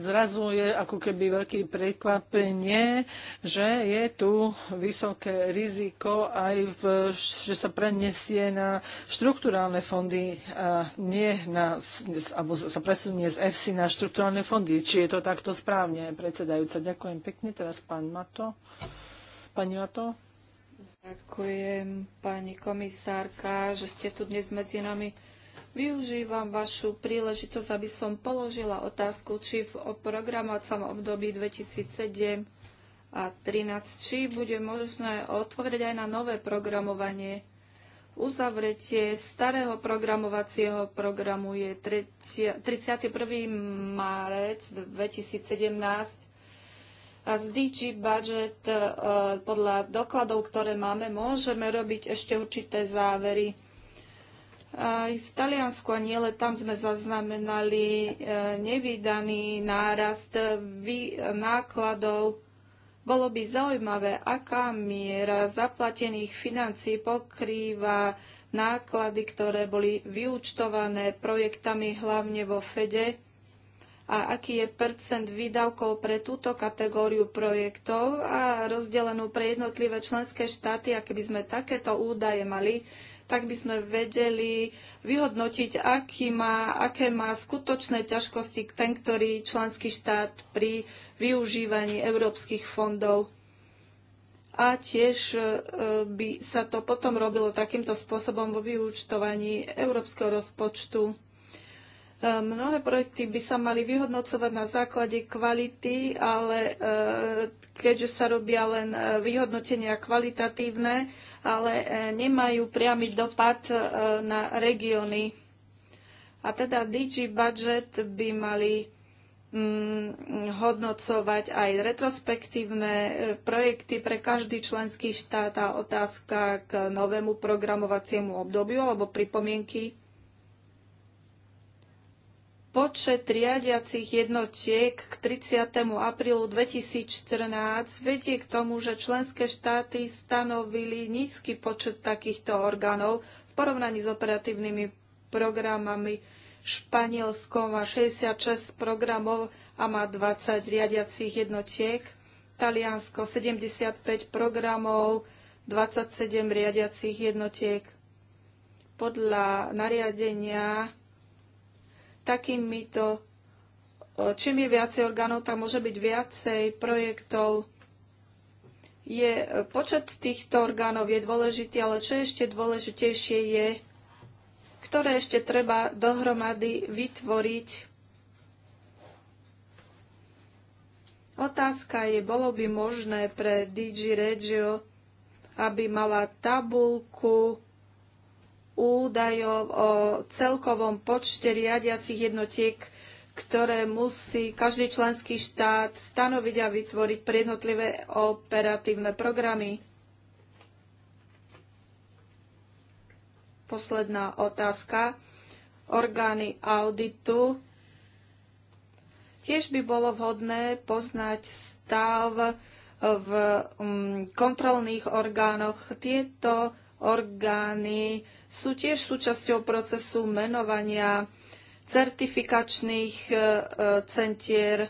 [SPEAKER 3] zrazu je ako keby veľké prekvapenie, že je tu vysoké riziko aj, v, že sa prenesie na štruktúrálne fondy a nie na, alebo sa presunie z EFSI na štruktúrálne fondy. Či je to takto správne,
[SPEAKER 1] predsedajúca?
[SPEAKER 3] Ďakujem pekne. Teraz pán Mato.
[SPEAKER 1] Pani Mato. Ďakujem, pani komisárka, že ste tu dnes medzi nami. Využívam vašu príležitosť, aby som položila otázku, či v programovacom období 2007 a 2013, či bude možné odpovedať aj na nové programovanie. Uzavretie starého programovacieho programu je 31. márec 2017 a z DG budget eh, podľa dokladov, ktoré máme, môžeme robiť ešte určité závery aj v Taliansku a nie, tam sme zaznamenali e, nevydaný nárast e, nákladov. Bolo by zaujímavé, aká miera zaplatených financí pokrýva náklady, ktoré boli vyúčtované projektami hlavne vo Fede a aký je percent výdavkov pre túto kategóriu projektov a rozdelenú pre jednotlivé členské štáty. A keby sme takéto údaje mali, tak by sme vedeli vyhodnotiť, aký má, aké má skutočné ťažkosti ten, ktorý členský štát pri využívaní európskych fondov. A tiež e, by sa to potom robilo takýmto spôsobom vo vyúčtovaní európskeho rozpočtu. E, mnohé projekty by sa mali vyhodnocovať na základe kvality, ale e, keďže sa robia len vyhodnotenia kvalitatívne, ale e, nemajú priamy dopad e, na regióny. A teda DG budget by mali mm, hodnocovať aj retrospektívne e, projekty pre každý členský štát a otázka k novému programovaciemu obdobiu alebo pripomienky Počet riadiacich jednotiek k 30. aprílu 2014 vedie k tomu, že členské štáty stanovili nízky počet takýchto orgánov v porovnaní s operatívnymi programami. Španielsko má 66 programov a má 20 riadiacich jednotiek, Taliansko 75 programov, 27 riadiacich jednotiek. Podľa nariadenia takýmito, e, čím je viacej orgánov, tak môže byť viacej projektov. Je, e, počet týchto orgánov je dôležitý, ale čo ešte dôležitejšie je, ktoré ešte treba dohromady vytvoriť. Otázka je, bolo by možné pre DG Regio, aby mala tabulku údajov o celkovom počte riadiacich jednotiek, ktoré musí každý členský štát stanoviť a vytvoriť pre jednotlivé operatívne programy. Posledná otázka. Orgány auditu. Tiež by bolo vhodné poznať stav v mm, kontrolných orgánoch. Tieto orgány sú tiež súčasťou procesu menovania certifikačných e, e, centier.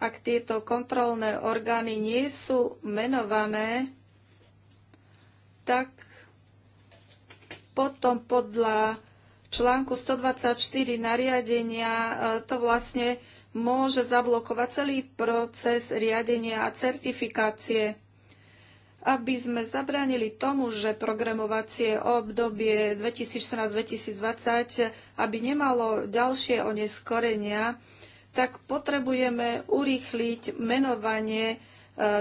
[SPEAKER 1] Ak tieto kontrolné orgány nie sú menované, tak potom podľa článku 124 nariadenia e, to vlastne môže zablokovať celý proces riadenia a certifikácie aby sme zabránili tomu, že programovacie obdobie 2014-2020, aby nemalo ďalšie oneskorenia, tak potrebujeme urýchliť menovanie e,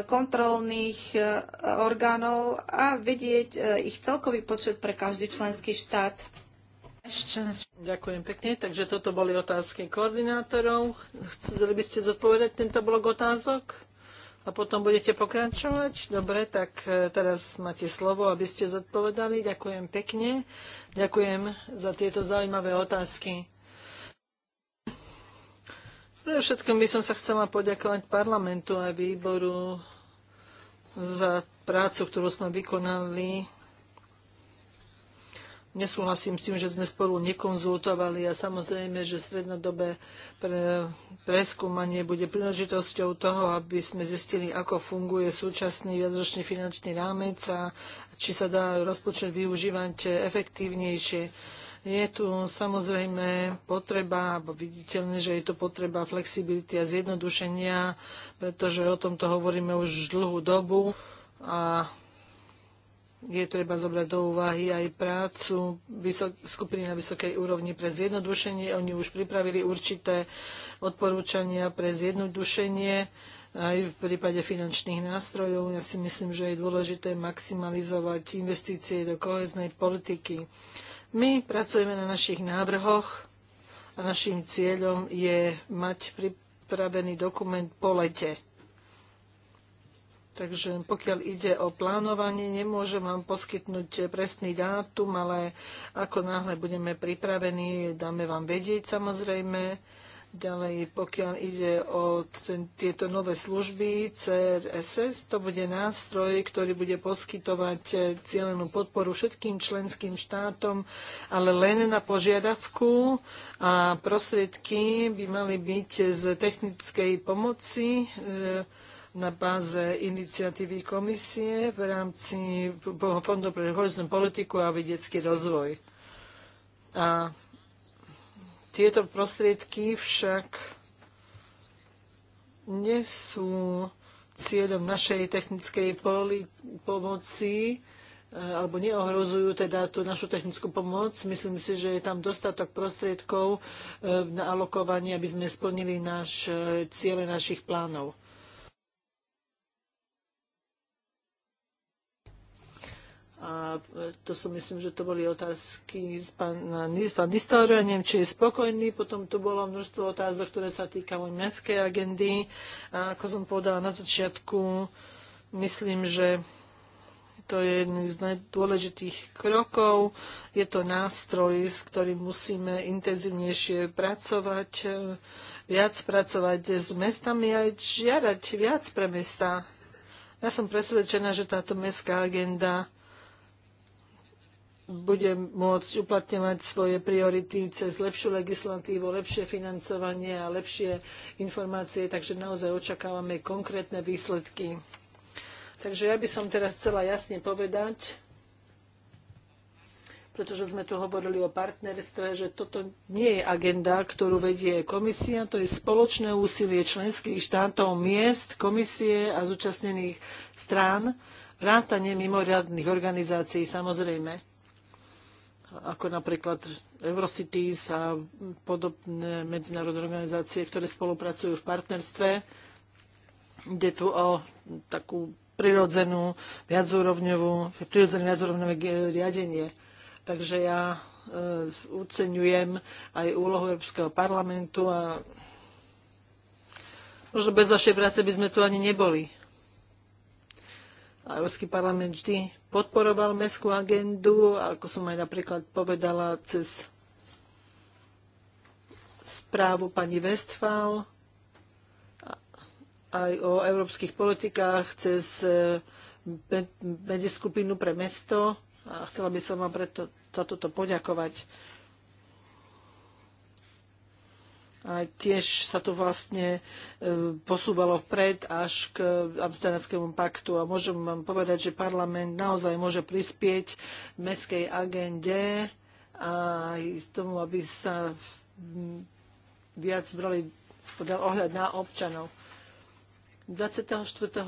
[SPEAKER 1] kontrolných e, orgánov a vedieť e, ich celkový počet pre každý členský štát.
[SPEAKER 3] Ďakujem pekne. Takže toto boli otázky koordinátorov. Chceli by ste zodpovedať tento blok otázok? a potom budete pokračovať. Dobre, tak e, teraz máte slovo, aby ste zodpovedali. Ďakujem pekne. Ďakujem za tieto zaujímavé otázky. Pre všetkým by som sa chcela poďakovať parlamentu a výboru za prácu, ktorú sme vykonali nesúhlasím s tým, že sme spolu nekonzultovali a samozrejme, že strednodobé pre, preskúmanie bude príležitosťou toho, aby sme zistili, ako funguje súčasný viacročný finančný rámec a či sa dá rozpočet využívať efektívnejšie. Je tu samozrejme potreba, alebo viditeľne, že je tu potreba flexibility a zjednodušenia, pretože o tomto hovoríme už dlhú dobu a je treba zobrať do úvahy aj prácu skupiny na vysokej úrovni pre zjednodušenie. Oni už pripravili určité odporúčania pre zjednodušenie aj v prípade finančných nástrojov. Ja si myslím, že je dôležité maximalizovať investície do koheznej politiky. My pracujeme na našich návrhoch a našim cieľom je mať pripravený dokument po lete Takže pokiaľ ide o plánovanie, nemôžem vám poskytnúť presný dátum, ale ako náhle budeme pripravení, dáme vám vedieť samozrejme. Ďalej, pokiaľ ide o tieto nové služby CRSS, to bude nástroj, ktorý bude poskytovať cieľenú podporu všetkým členským štátom, ale len na požiadavku a prostriedky by mali byť z technickej pomoci e, na báze iniciatívy komisie v rámci Fondu pre horiznú politiku a vedecký rozvoj. A tieto prostriedky však nie sú cieľom našej technickej pomoci, eh, alebo neohrozujú teda tú našu technickú pomoc. Myslím si, že je tam dostatok prostriedkov eh, na alokovanie, aby sme splnili náš, eh, ciele našich plánov. A e, to som myslím, že to boli otázky z pána pán neviem, či je spokojný. Potom tu bolo množstvo otázok, ktoré sa týkalo mestskej agendy. A ako som povedala na začiatku, myslím, že to je jeden z najdôležitých krokov. Je to nástroj, s ktorým musíme intenzívnejšie pracovať, e, viac pracovať s mestami a žiadať viac pre mesta. Ja som presvedčená, že táto mestská agenda bude môcť uplatňovať svoje priority cez lepšiu legislatívu, lepšie financovanie a lepšie informácie, takže naozaj očakávame konkrétne výsledky. Takže ja by som teraz chcela jasne povedať, pretože sme tu hovorili o partnerstve, že toto nie je agenda, ktorú vedie komisia, to je spoločné úsilie členských štátov, miest, komisie a zúčastnených strán, vrátanie mimoriadných organizácií samozrejme ako napríklad Eurocities a podobné medzinárodné organizácie, ktoré spolupracujú v partnerstve. Ide tu o takú prirodzenú, viacúrovňovú, prirodzené viacúrovňové riadenie. Takže ja e, uceňujem aj úlohu Európskeho parlamentu a možno bez vašej práce by sme tu ani neboli. A Európsky parlament vždy podporoval mestskú agendu, ako som aj napríklad povedala cez správu pani Westphal, aj o európskych politikách cez e, medziskupinu pre mesto. A chcela by som vám preto za toto poďakovať. A tiež sa to vlastne e, posúvalo vpred až k Amsterdamskému paktu. A môžem vám povedať, že parlament naozaj môže prispieť v mestskej agende a k tomu, aby sa viac brali ohľad na občanov. 24.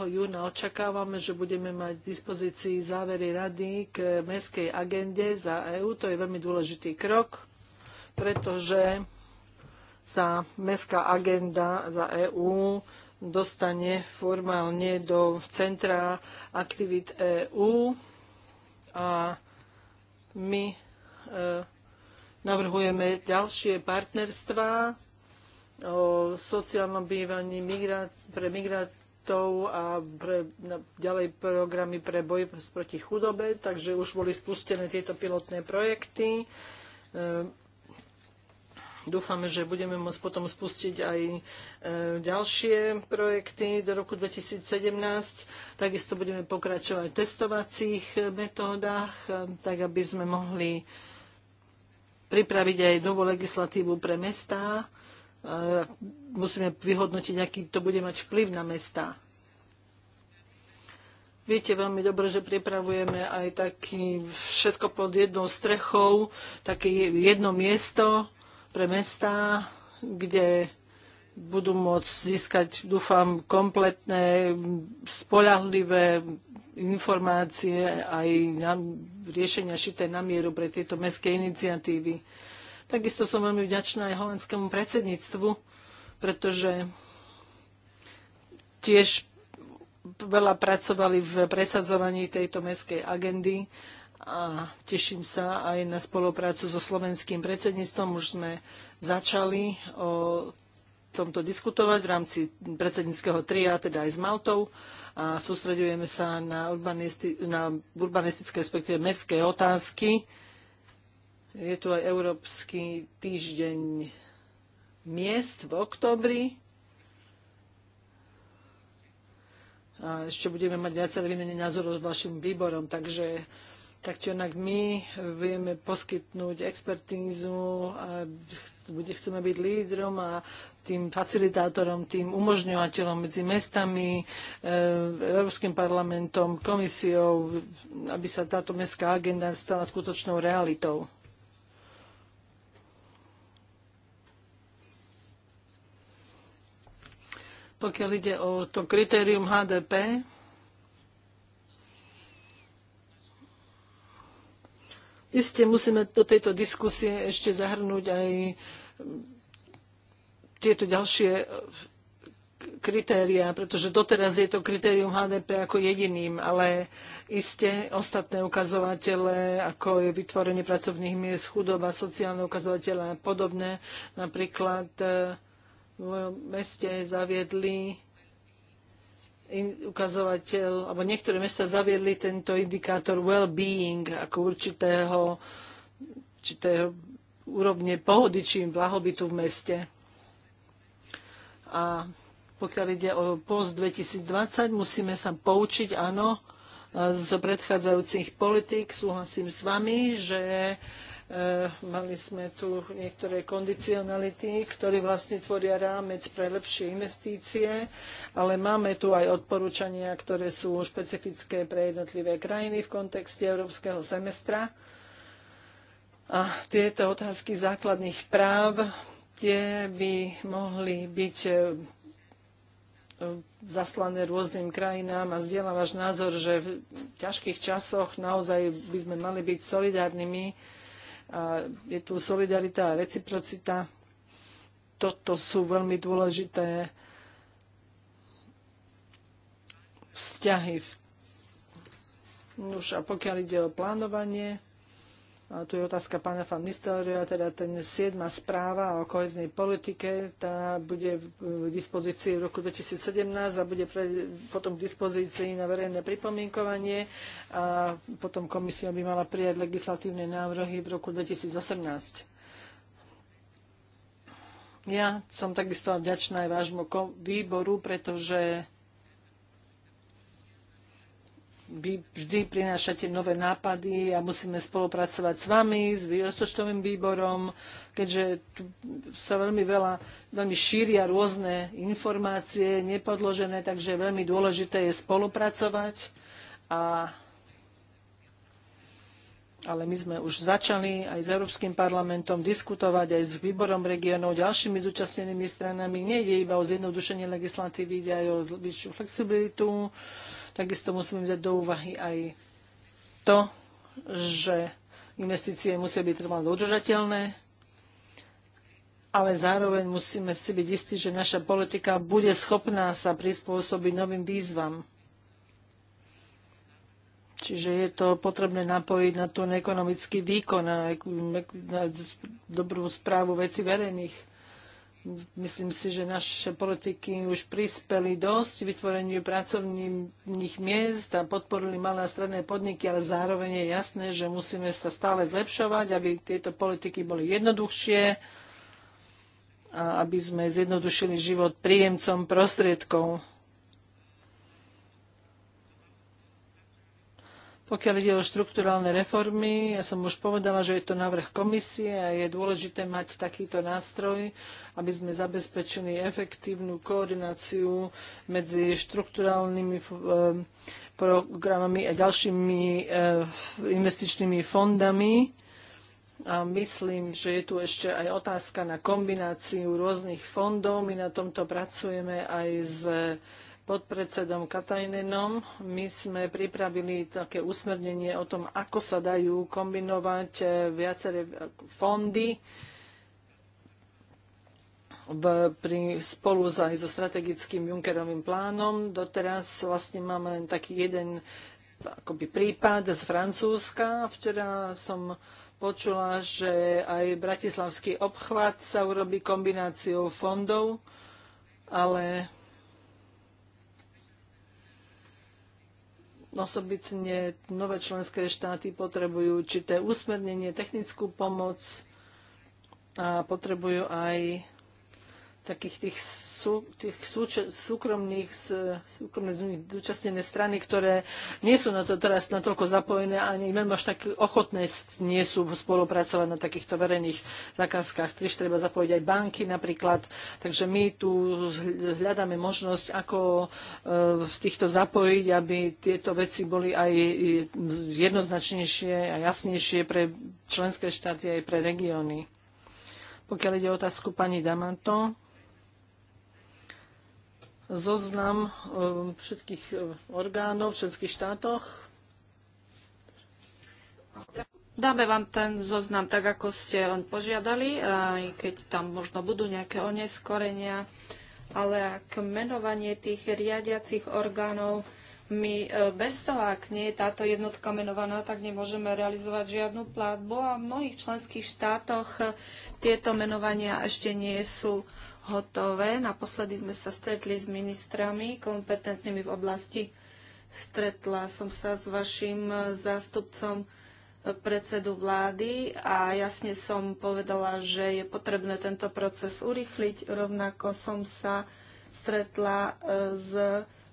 [SPEAKER 3] júna očakávame, že budeme mať v dispozícii závery rady k mestskej agende za EÚ. To je veľmi dôležitý krok, pretože sa mestská agenda za EÚ dostane formálne do centra aktivít EÚ a my e, navrhujeme ďalšie partnerstvá o sociálnom bývaní pre migrátov a pre, na, ďalej programy pre boj proti chudobe, takže už boli spustené tieto pilotné projekty. E, Dúfame, že budeme môcť potom spustiť aj e, ďalšie projekty do roku 2017. Takisto budeme pokračovať v testovacích metódach, e, tak aby sme mohli pripraviť aj novú legislatívu pre mestá. E, musíme vyhodnotiť, aký to bude mať vplyv na mestá. Viete veľmi dobre, že pripravujeme aj taký všetko pod jednou strechou, také jedno miesto, pre mestá, kde budú môcť získať, dúfam, kompletné, spolahlivé informácie aj na, riešenia šité na mieru pre tieto mestské iniciatívy. Takisto som veľmi vďačná aj holandskému predsedníctvu, pretože tiež veľa pracovali v presadzovaní tejto mestskej agendy a teším sa aj na spoluprácu so slovenským predsedníctvom. Už sme začali o tomto diskutovať v rámci predsedníckého tria, teda aj s Maltou a sústredujeme sa na, urbanisti- na urbanistické, respektíve mestské otázky. Je tu aj Európsky týždeň miest v oktobri. A ešte budeme mať viaceré vymenenia názorov s vašim výborom, takže tak čo onak my vieme poskytnúť expertízu a bude, chceme byť lídrom a tým facilitátorom, tým umožňovateľom medzi mestami, e, Európskym parlamentom, komisiou, aby sa táto mestská agenda stala skutočnou realitou. Pokiaľ ide o to kritérium HDP, Isté musíme do tejto diskusie ešte zahrnúť aj mm, tieto ďalšie e, kritéria, pretože doteraz je to kritérium HDP ako jediným, ale iste ostatné ukazovatele, ako je vytvorenie pracovných miest, chudoba, sociálne ukazovatele a podobné, napríklad e, v meste zaviedli ukazovateľ, alebo niektoré mesta zaviedli tento indikátor well-being ako určitého, určitého úrovne pohody či blahobytu v meste. A pokiaľ ide o post 2020, musíme sa poučiť, áno, z predchádzajúcich politik. Súhlasím s vami, že Eh, mali sme tu niektoré kondicionality, ktoré vlastne tvoria rámec pre lepšie investície, ale máme tu aj odporúčania, ktoré sú špecifické pre jednotlivé krajiny v kontexte európskeho semestra. A tieto otázky základných práv tie by mohli byť eh, zaslané rôznym krajinám a zdieľa váš názor, že v ťažkých časoch naozaj by sme mali byť solidárnymi a je tu solidarita a reciprocita. Toto sú veľmi dôležité vzťahy. Už a pokiaľ ide o plánovanie, tu je otázka pána van Nistelrooya, teda ten siedma správa o koheznej politike, tá bude v dispozícii v roku 2017 a bude pre, potom k dispozícii na verejné pripomienkovanie a potom komisia by mala prijať legislatívne návrhy v roku 2018. Ja som takisto vďačná aj vášmu výboru, pretože vy vždy prinášate nové nápady a musíme spolupracovať s vami, s rozpočtovým výborom, keďže tu sa veľmi veľa, veľmi šíria rôzne informácie nepodložené, takže veľmi dôležité je spolupracovať. A, ale my sme už začali aj s Európskym parlamentom diskutovať, aj s výborom regionov, ďalšími zúčastnenými stranami. Nejde iba o zjednodušenie legislatívy, ide aj o väčšiu flexibilitu Takisto musíme vziať do úvahy aj to, že investície musia byť trvalo udržateľné, ale zároveň musíme si byť istí, že naša politika bude schopná sa prispôsobiť novým výzvam. Čiže je to potrebné napojiť na ten ekonomický výkon, a dobrú správu veci verejných Myslím si, že naše politiky už prispeli dosť vytvoreniu pracovných miest a podporili malé a stredné podniky, ale zároveň je jasné, že musíme sa stále zlepšovať, aby tieto politiky boli jednoduchšie a aby sme zjednodušili život príjemcom prostriedkov. Pokiaľ ide o štrukturálne reformy, ja som už povedala, že je to návrh komisie a je dôležité mať takýto nástroj, aby sme zabezpečili efektívnu koordináciu medzi štrukturálnymi eh, programami a ďalšími eh, investičnými fondami. A myslím, že je tu ešte aj otázka na kombináciu rôznych fondov. My na tomto pracujeme aj s podpredsedom Katajnenom. My sme pripravili také usmernenie o tom, ako sa dajú kombinovať eh, viaceré fondy v, pri, spolu aj so strategickým Junckerovým plánom. Doteraz vlastne máme len taký jeden akoby, prípad z Francúzska. Včera som počula, že aj bratislavský obchvat sa urobí kombináciou fondov, ale osobitne nové členské štáty potrebujú určité usmernenie, technickú pomoc a potrebujú aj takých tých, sú, tých súč- súkromných, súkromných zúčastnené strany, ktoré nie sú na to teraz natoľko zapojené a ani až tak ochotné nie sú spolupracovať na takýchto verejných zákazkách. Tiež treba zapojiť aj banky napríklad. Takže my tu hľadáme možnosť, ako e, v týchto zapojiť, aby tieto veci boli aj e, jednoznačnejšie a jasnejšie pre členské štáty aj pre regióny. Pokiaľ ide o otázku pani Damanto, zoznam um, všetkých um, orgánov všetkých štátoch.
[SPEAKER 1] Dáme vám ten zoznam tak, ako ste len požiadali, aj keď tam možno budú nejaké oneskorenia, ale ak menovanie tých riadiacich orgánov, my e, bez toho, ak nie je táto jednotka menovaná, tak nemôžeme realizovať žiadnu platbu a v mnohých členských štátoch e, tieto menovania ešte nie sú hotové. Naposledy sme sa stretli s ministrami kompetentnými v oblasti. Stretla som sa s vašim zástupcom predsedu vlády a jasne som povedala, že je potrebné tento proces urychliť. Rovnako som sa stretla e, s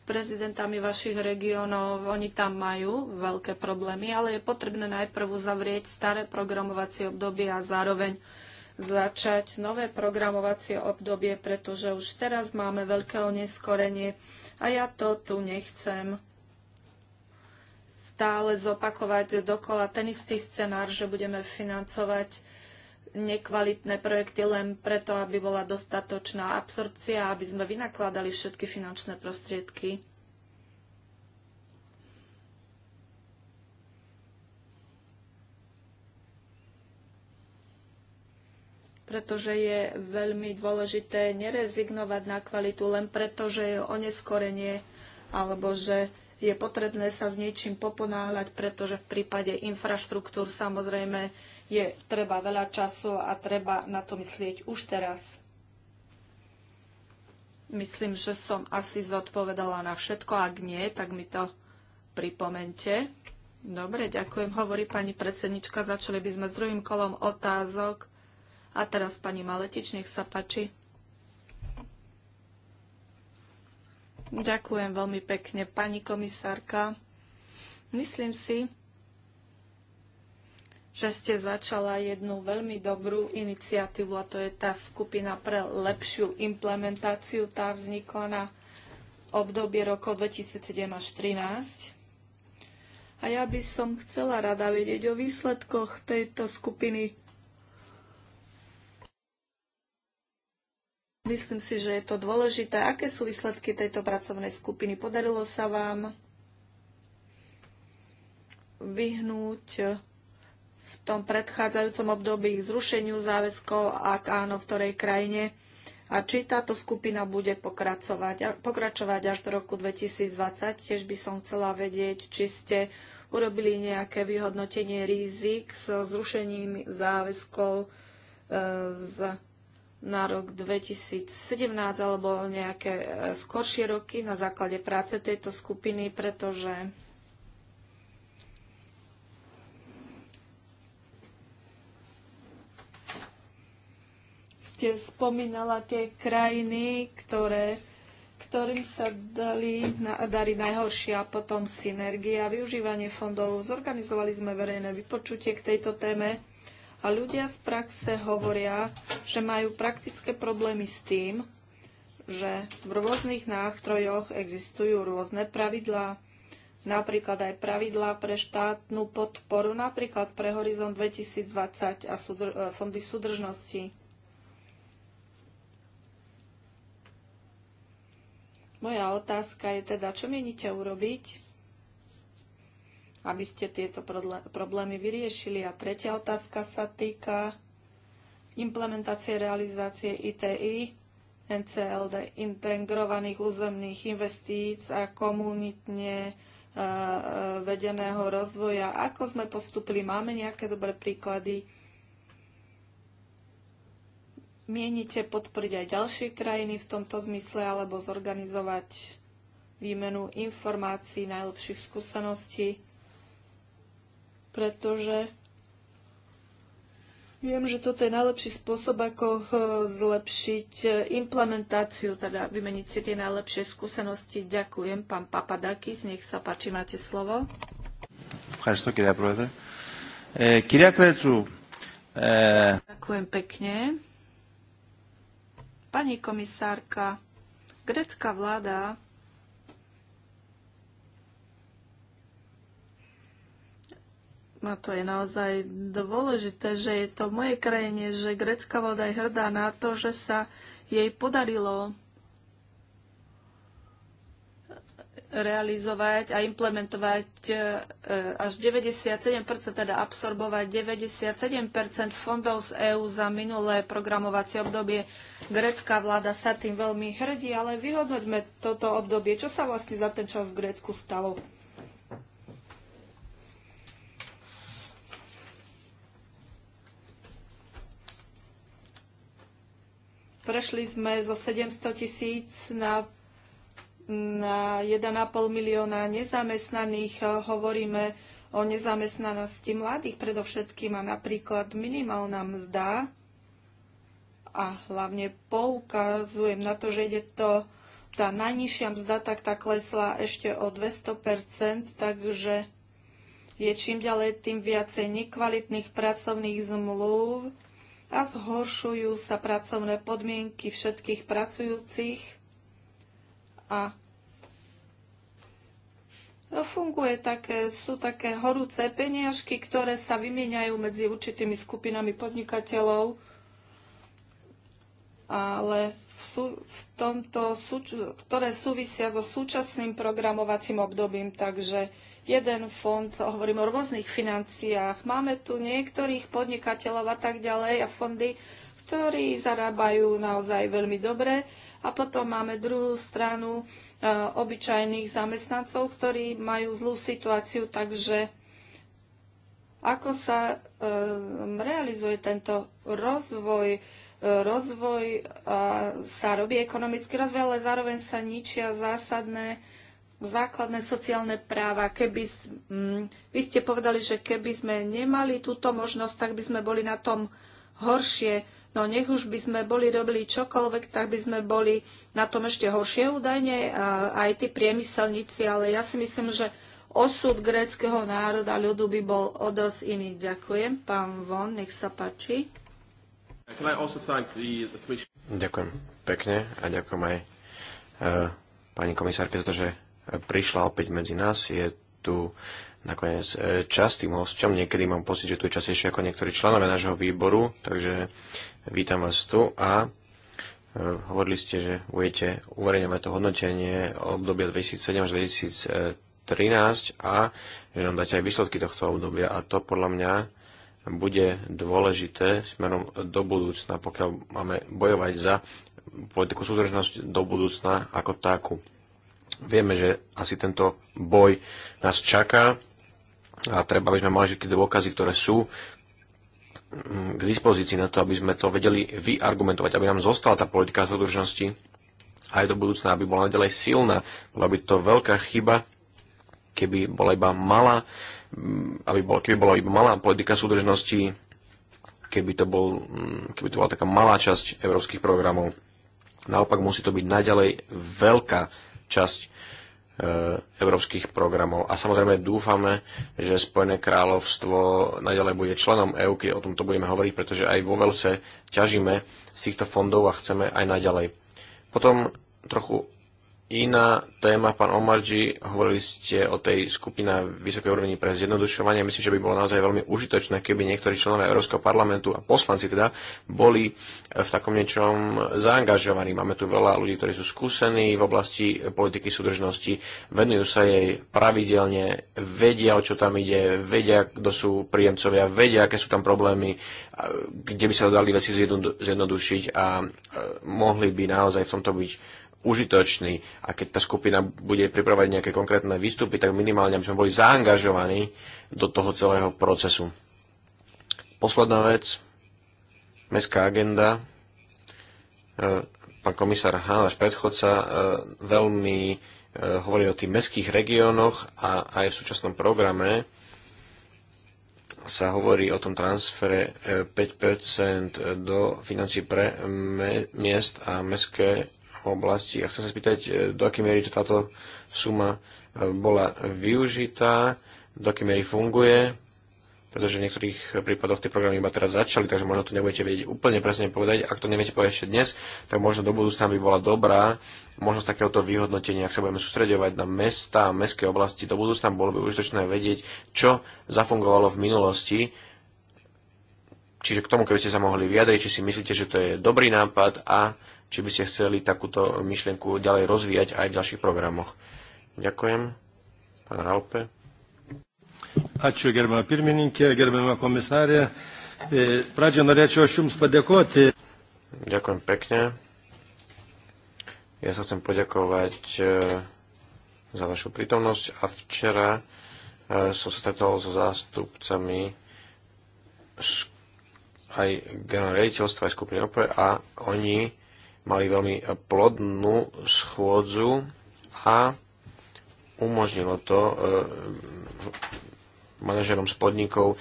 [SPEAKER 1] prezidentami vašich regiónov. Oni tam majú veľké problémy, ale je potrebné najprv uzavrieť staré programovacie obdobie a zároveň začať nové programovacie obdobie, pretože už teraz máme veľké oneskorenie a ja to tu nechcem stále zopakovať dokola ten istý scenár, že budeme financovať nekvalitné projekty len preto, aby bola dostatočná absorpcia, aby sme vynakladali všetky finančné prostriedky. pretože je veľmi dôležité nerezignovať na kvalitu len preto, že je oneskorenie alebo že je potrebné sa s niečím poponáhľať, pretože v prípade infraštruktúr samozrejme je treba veľa času a treba na to myslieť už teraz. Myslím, že som asi zodpovedala na všetko. Ak nie, tak mi to pripomente. Dobre, ďakujem, hovorí pani predsednička. Začali by sme s druhým kolom otázok. A teraz pani Maletič, nech sa páči. Ďakujem veľmi pekne, pani komisárka. Myslím si, že ste začala jednu veľmi dobrú iniciatívu a to je tá skupina pre lepšiu implementáciu. Tá vznikla na obdobie rokov 2007 až 2013. A ja by som chcela rada vedieť o výsledkoch tejto skupiny Myslím si, že je to dôležité. Aké sú výsledky tejto pracovnej skupiny? Podarilo sa vám vyhnúť v tom predchádzajúcom období k zrušeniu záväzkov, ak áno, v ktorej krajine a či táto skupina bude pokračovať, pokračovať až do roku 2020. Tiež by som chcela vedieť, či ste urobili nejaké vyhodnotenie rizik so zrušením záväzkov e, z na rok 2017 alebo nejaké e, skoršie roky na základe práce tejto skupiny, pretože ste spomínala tie krajiny, ktoré, ktorým sa dali, na, dali najhoršia potom synergia a využívanie fondov. Zorganizovali sme verejné vypočutie k tejto téme a ľudia z praxe hovoria, že majú praktické problémy s tým, že v rôznych nástrojoch existujú rôzne pravidlá, napríklad aj pravidlá pre štátnu podporu, napríklad pre Horizon 2020 a súdr- e, fondy súdržnosti. Moja otázka je teda, čo mienite urobiť, aby ste tieto problémy vyriešili. A tretia otázka sa týka implementácie realizácie ITI, NCLD, integrovaných územných investíc a komunitne e, e, vedeného rozvoja. Ako sme postupili? Máme nejaké dobré príklady? Mienite podporiť aj ďalšie krajiny v tomto zmysle alebo zorganizovať výmenu informácií, najlepších skúseností? pretože viem, že toto je najlepší spôsob, ako eh, zlepšiť eh, implementáciu, teda vymeniť si tie najlepšie skúsenosti. Ďakujem, pán Papadakis, nech sa páči, máte slovo. Ďakujem pekne. Pani komisárka, grecká vláda No to je naozaj dôležité, že je to v mojej krajine, že grecká vláda je hrdá na to, že sa jej podarilo realizovať a implementovať e, až 97%, teda absorbovať 97% fondov z EÚ za minulé programovacie obdobie. Grécka vláda sa tým veľmi hrdí, ale vyhodnoťme toto obdobie. Čo sa vlastne za ten čas v Grécku stalo? Prešli sme zo 700 tisíc na, na 1,5 milióna nezamestnaných. Hovoríme o nezamestnanosti mladých predovšetkým a napríklad minimálna mzda. A hlavne poukazujem na to, že ide to tá najnižšia mzda tak tá klesla ešte o 200%, takže je čím ďalej tým viacej nekvalitných pracovných zmluv a zhoršujú sa pracovné podmienky všetkých pracujúcich a funguje také, sú také horúce peniažky, ktoré sa vymieňajú medzi určitými skupinami podnikateľov, ale v, sú, v tomto, ktoré súvisia so súčasným programovacím obdobím, takže jeden fond, hovorím o rôznych financiách. Máme tu niektorých podnikateľov a tak ďalej a fondy, ktorí zarábajú naozaj veľmi dobre. A potom máme druhú stranu e, obyčajných zamestnancov, ktorí majú zlú situáciu, takže ako sa e, realizuje tento rozvoj, e, rozvoj e, sa robí ekonomický rozvoj, ale zároveň sa ničia zásadné základné sociálne práva. Keby, mm, vy ste povedali, že keby sme nemali túto možnosť, tak by sme boli na tom horšie. No nech už by sme boli robili čokoľvek, tak by sme boli na tom ešte horšie údajne, aj tí priemyselníci, ale ja si myslím, že osud gréckého národa ľudu by bol o dosť iný. Ďakujem. Pán Von, nech sa páči.
[SPEAKER 2] Ďakujem pekne a ďakujem aj uh, pani komisárke za to, že prišla opäť medzi nás. Je tu nakoniec e, čas tým hosťom. Niekedy mám pocit, že tu je častejšie ako niektorí členovia nášho výboru, takže vítam vás tu a e, hovorili ste, že budete uverejňovať to hodnotenie obdobia 2007 až 2013 a že nám dáte aj výsledky tohto obdobia a to podľa mňa bude dôležité smerom do budúcna, pokiaľ máme bojovať za politiku súdržnosť do budúcna ako takú. Vieme, že asi tento boj nás čaká a treba, aby sme mali všetky dôkazy, ktoré sú mm, k dispozícii na to, aby sme to vedeli vyargumentovať, aby nám zostala tá politika súdržnosti aj do budúcna, aby bola naďalej silná. Bola by to veľká chyba, keby bola iba malá, mm, aby bol, keby bola iba malá politika súdržnosti, keby to, bol, mm, keby to bola taká malá časť európskych programov. Naopak musí to byť naďalej veľká časť e, európskych programov. A samozrejme dúfame, že Spojené kráľovstvo naďalej bude členom EÚ, keď o tomto budeme hovoriť, pretože aj vo Velse ťažíme z týchto fondov a chceme aj naďalej. Potom trochu Iná téma, pán Omarji, hovorili ste o tej skupine vysokej úrovni pre zjednodušovanie. Myslím, že by bolo naozaj veľmi užitočné, keby niektorí členovia Európskeho parlamentu a poslanci teda boli v takom niečom zaangažovaní. Máme tu veľa ľudí, ktorí sú skúsení v oblasti politiky súdržnosti, venujú sa jej pravidelne, vedia, o čo tam ide, vedia, kto sú príjemcovia, vedia, aké sú tam problémy, kde by sa dali veci zjednodušiť a e, mohli by naozaj v tomto byť užitočný. A keď tá skupina bude pripravať nejaké konkrétne výstupy, tak minimálne, aby sme boli zaangažovaní do toho celého procesu. Posledná vec, mestská agenda. E, pán komisár Hán, predchodca, e, veľmi e, hovorí o tých mestských regiónoch a aj v súčasnom programe sa hovorí o tom transfere 5% do financí pre miest a mestské oblasti. A chcem sa spýtať, e, do akej miery táto suma e, bola využitá, do akej miery funguje, pretože v niektorých prípadoch tie programy iba teraz začali, takže možno to nebudete vedieť úplne presne povedať. Ak to neviete povedať ešte dnes, tak možno do budúcna by bola dobrá možnosť takéhoto vyhodnotenia, ak sa budeme sústredovať na mesta a mestské oblasti, do budúcna bolo by užitočné vedieť, čo zafungovalo v minulosti, Čiže k tomu, keby ste sa mohli vyjadriť, či si myslíte, že to je dobrý nápad a či by ste chceli takúto myšlienku ďalej rozvíjať aj v ďalších programoch. Ďakujem. Pán Ralpe. Ačiū gerbama pirmininkę, gerbama komisarę. E, pradžio norėčiau aš Jums padėkoti. Ďakujem pekne. Ja sa chcem poďakovať e, za vašu prítomnosť a včera e, som sa stretol so zástupcami aj generálneho riaditeľstva, aj skupiny OPE a oni mali veľmi plodnú schôdzu a umožnilo to e, manažerom spodníkov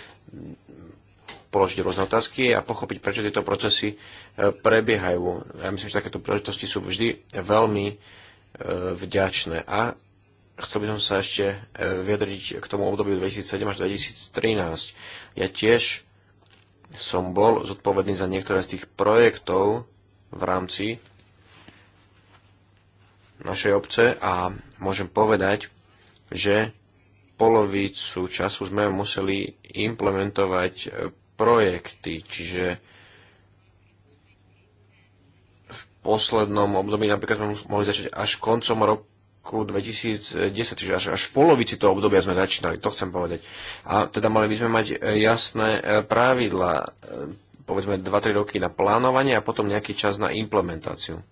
[SPEAKER 2] položiť rôzne otázky a pochopiť, prečo tieto procesy e, prebiehajú. Ja myslím, že takéto príležitosti sú vždy veľmi e, vďačné. A chcel by som sa ešte vyjadriť k tomu obdobiu 2007 až 2013. Ja tiež som bol zodpovedný za niektoré z tých projektov, v rámci našej obce a môžem povedať, že polovicu času sme museli implementovať eh, projekty, čiže v poslednom období napríklad sme mohli začať až koncom roku 2010, čiže až, až v polovici toho obdobia sme začínali, to chcem povedať. A teda mali by sme mať eh, jasné eh, pravidla, povedzme 2-3 roky na plánovanie a potom nejaký čas na implementáciu.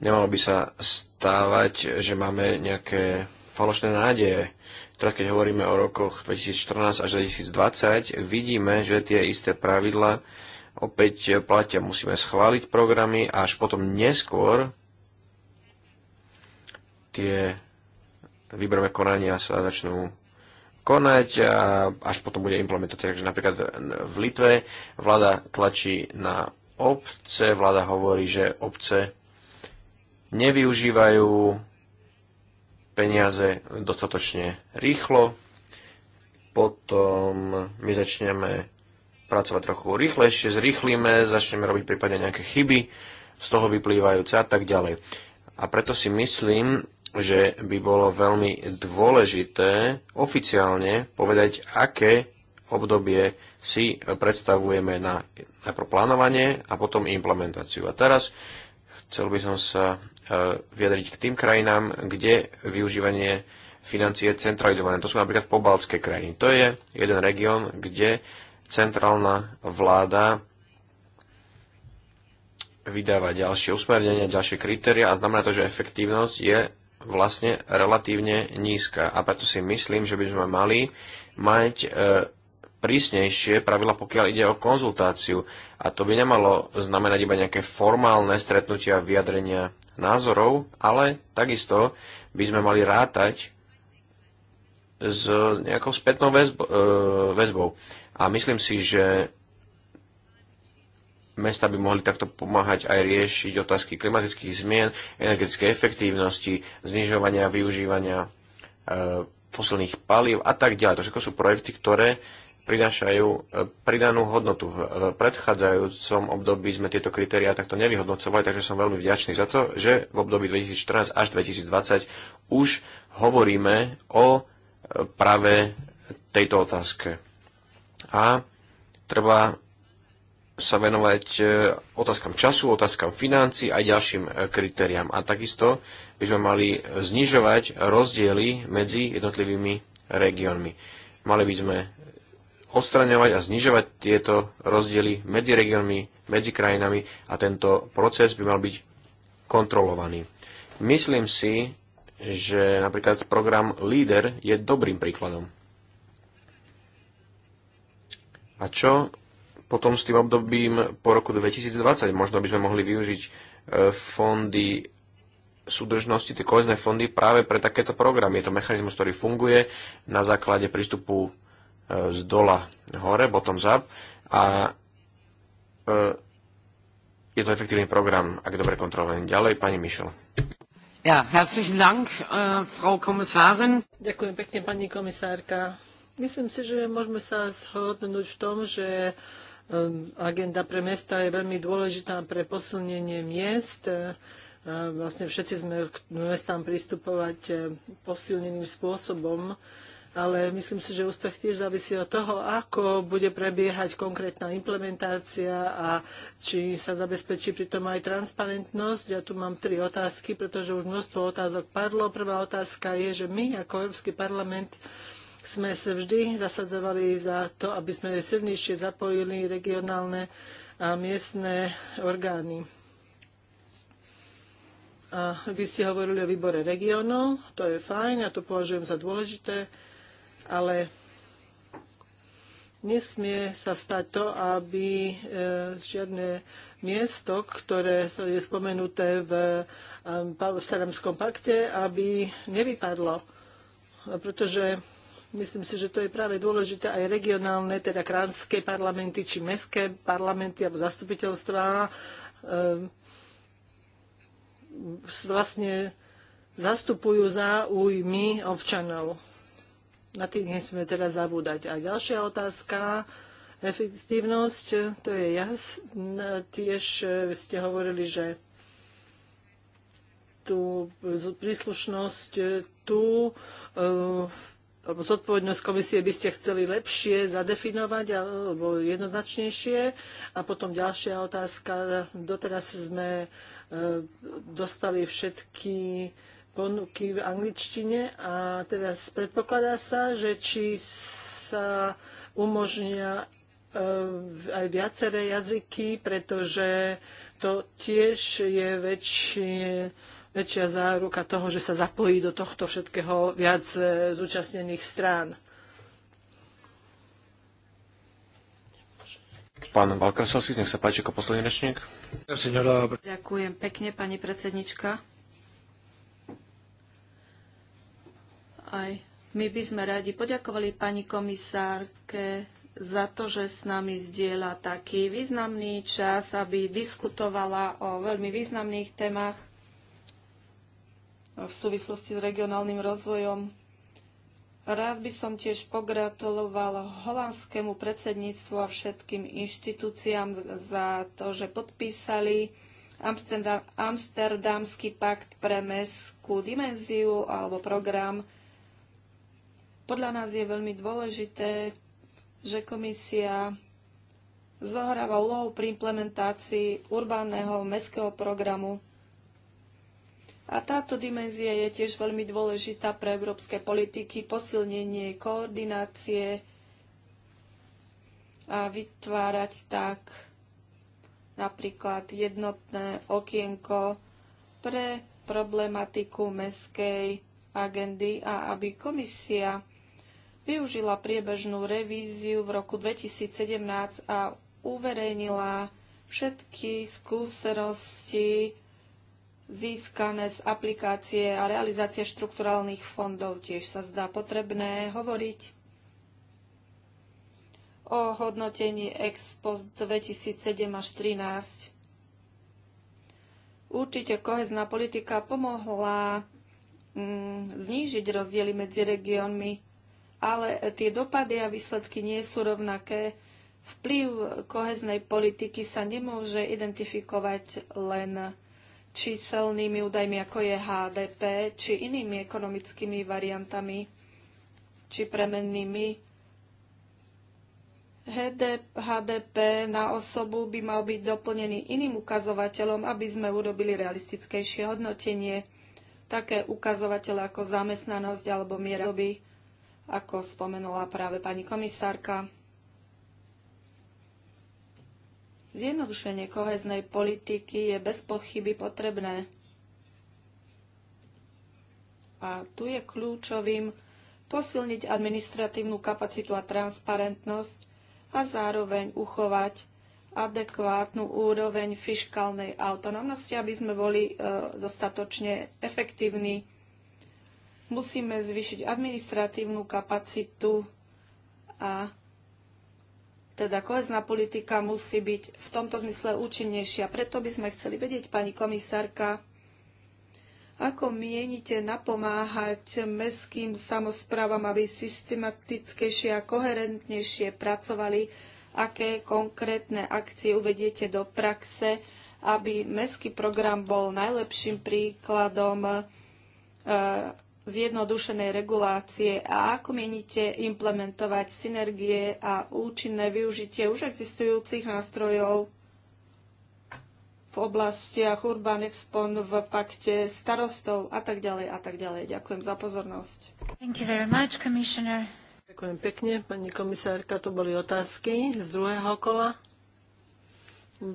[SPEAKER 2] Nemalo by sa stávať, že máme nejaké falošné nádeje. Teraz, keď hovoríme o rokoch 2014 až 2020, vidíme, že tie isté pravidla opäť platia. Musíme schváliť programy a až potom neskôr tie výberové konania sa začnú konať a až potom bude implementácia. Takže napríklad v Litve vláda tlačí na obce, vláda hovorí, že obce nevyužívajú peniaze dostatočne rýchlo, potom my začneme pracovať trochu rýchlejšie, zrýchlíme, začneme robiť prípadne nejaké chyby, z toho vyplývajúce a tak ďalej. A preto si myslím, že by bolo veľmi dôležité oficiálne povedať, aké obdobie si predstavujeme na najprv plánovanie a potom implementáciu. A teraz chcel by som sa e, vyjadriť k tým krajinám, kde využívanie financie je centralizované. To sú napríklad pobaltské krajiny. To je jeden región, kde centrálna vláda vydáva ďalšie usmernenia, ďalšie kritéria a znamená to, že efektívnosť je vlastne relatívne nízka. A preto si myslím, že by sme mali mať e, prísnejšie pravidla, pokiaľ ide o konzultáciu. A to by nemalo znamenať iba nejaké formálne stretnutia vyjadrenia názorov, ale takisto by sme mali rátať s nejakou spätnou e, väzbou. A myslím si, že mesta by mohli takto pomáhať aj riešiť otázky klimatických zmien, energetickej efektívnosti, znižovania využívania e, fosilných palív a tak ďalej. To všetko sú projekty, ktoré prinášajú e, pridanú hodnotu. V, v predchádzajúcom období sme tieto kritériá takto nevyhodnocovali, takže som veľmi vďačný za to, že v období 2014 až 2020 už hovoríme o e, práve tejto otázke. A treba sa venovať e, otázkam času, otázkam financí a ďalším e, kritériám. A takisto by sme mali znižovať rozdiely medzi jednotlivými regiónmi. Mali by sme odstraňovať a znižovať tieto rozdiely medzi regiónmi, medzi krajinami a tento proces by mal byť kontrolovaný. Myslím si, že napríklad program LEADER je dobrým príkladom. A čo potom s tým obdobím po roku 2020. Možno by sme mohli využiť e, fondy súdržnosti, tie kohezné fondy práve pre takéto programy. Je to mechanizmus, ktorý funguje na základe prístupu e, z dola hore, bottom up a e, je to efektívny program, ak dobre kontrolovaný. Ďalej, pani Mišel.
[SPEAKER 3] Ja, herzlichen Dank, Frau Kommissarin. Ďakujem pekne, pani komisárka. Myslím si, že môžeme sa zhodnúť v tom, že Agenda pre mesta je veľmi dôležitá pre posilnenie miest. Vlastne všetci sme k mestám pristupovať posilneným spôsobom ale myslím si, že úspech tiež závisí od toho, ako bude prebiehať konkrétna implementácia a či sa zabezpečí pritom aj transparentnosť. Ja tu mám tri otázky, pretože už množstvo otázok padlo. Prvá otázka je, že my ako Európsky parlament sme sa vždy zasadzovali za to, aby sme silnejšie zapojili regionálne a miestne orgány. A vy ste hovorili o výbore regionov, to je fajn, ja to považujem za dôležité, ale nesmie sa stať to, aby e, žiadne miesto, ktoré je spomenuté v, e, v Saramskom pakte, aby nevypadlo. Pretože Myslím si, že to je práve dôležité aj regionálne, teda kránske parlamenty či mestské parlamenty alebo zastupiteľstvá ehm, vlastne zastupujú záujmy občanov. Na tých nesmieme teda zabúdať. A ďalšia otázka, efektívnosť, to je jasné. Tiež e, ste hovorili, že tú príslušnosť e, tu e, alebo zodpovednosť komisie by ste chceli lepšie zadefinovať alebo jednoznačnejšie. A potom ďalšia otázka. Doteraz sme e, dostali všetky ponuky v angličtine a teraz predpokladá sa, že či sa umožnia e, aj viaceré jazyky, pretože to tiež je väčšie väčšia záruka toho, že sa zapojí do tohto všetkého viac e, zúčastnených strán.
[SPEAKER 2] Pán Valkasovský, nech sa páči ako posledný rečník.
[SPEAKER 1] Ďakujem pekne, pani predsednička. Aj my by sme radi poďakovali pani komisárke za to, že s nami zdieľa taký významný čas, aby diskutovala o veľmi významných témach v súvislosti s regionálnym rozvojom. Rád by som tiež pogratuloval holandskému predsedníctvu a všetkým inštitúciám za to, že podpísali Amsterdam, Amsterdamský pakt pre mestskú dimenziu alebo program. Podľa nás je veľmi dôležité, že komisia zohráva úlohu pri implementácii urbánneho mestského programu a táto dimenzia je tiež veľmi dôležitá pre európske politiky, posilnenie koordinácie a vytvárať tak napríklad jednotné okienko pre problematiku meskej agendy a aby komisia využila priebežnú revíziu v roku 2017 a uverejnila všetky skúsenosti získané z aplikácie a realizácie štrukturálnych fondov. Tiež sa zdá potrebné hovoriť o hodnotení ex post 2007 až 2013. Určite kohezná politika pomohla mm, znížiť rozdiely medzi regiónmi, ale tie dopady a výsledky nie sú rovnaké. Vplyv koheznej politiky sa nemôže identifikovať len číselnými údajmi, ako je HDP, či inými ekonomickými variantami, či premennými. HDP na osobu by mal byť doplnený iným ukazovateľom, aby sme urobili realistickejšie hodnotenie. Také ukazovatele ako zamestnanosť alebo miera ako spomenula práve pani komisárka. Zjednodušenie koheznej politiky je bez pochyby potrebné. A tu je kľúčovým posilniť administratívnu kapacitu a transparentnosť a zároveň uchovať adekvátnu úroveň fiškálnej autonómnosti, aby sme boli e, dostatočne efektívni. Musíme zvýšiť administratívnu kapacitu a teda kohezná politika musí byť v tomto zmysle účinnejšia. Preto by sme chceli vedieť, pani komisárka, ako mienite napomáhať mestským samozprávam, aby systematickejšie a koherentnejšie pracovali, aké konkrétne akcie uvediete do praxe, aby mestský program bol najlepším príkladom eh, zjednodušenej regulácie a ako mienite implementovať synergie a účinné využitie už existujúcich nástrojov v oblastiach Urban Expon v pakte starostov a tak ďalej a tak ďalej. Ďakujem za pozornosť. Thank you very much, Commissioner. Ďakujem
[SPEAKER 3] pekne, pani komisárka. To boli otázky z druhého kola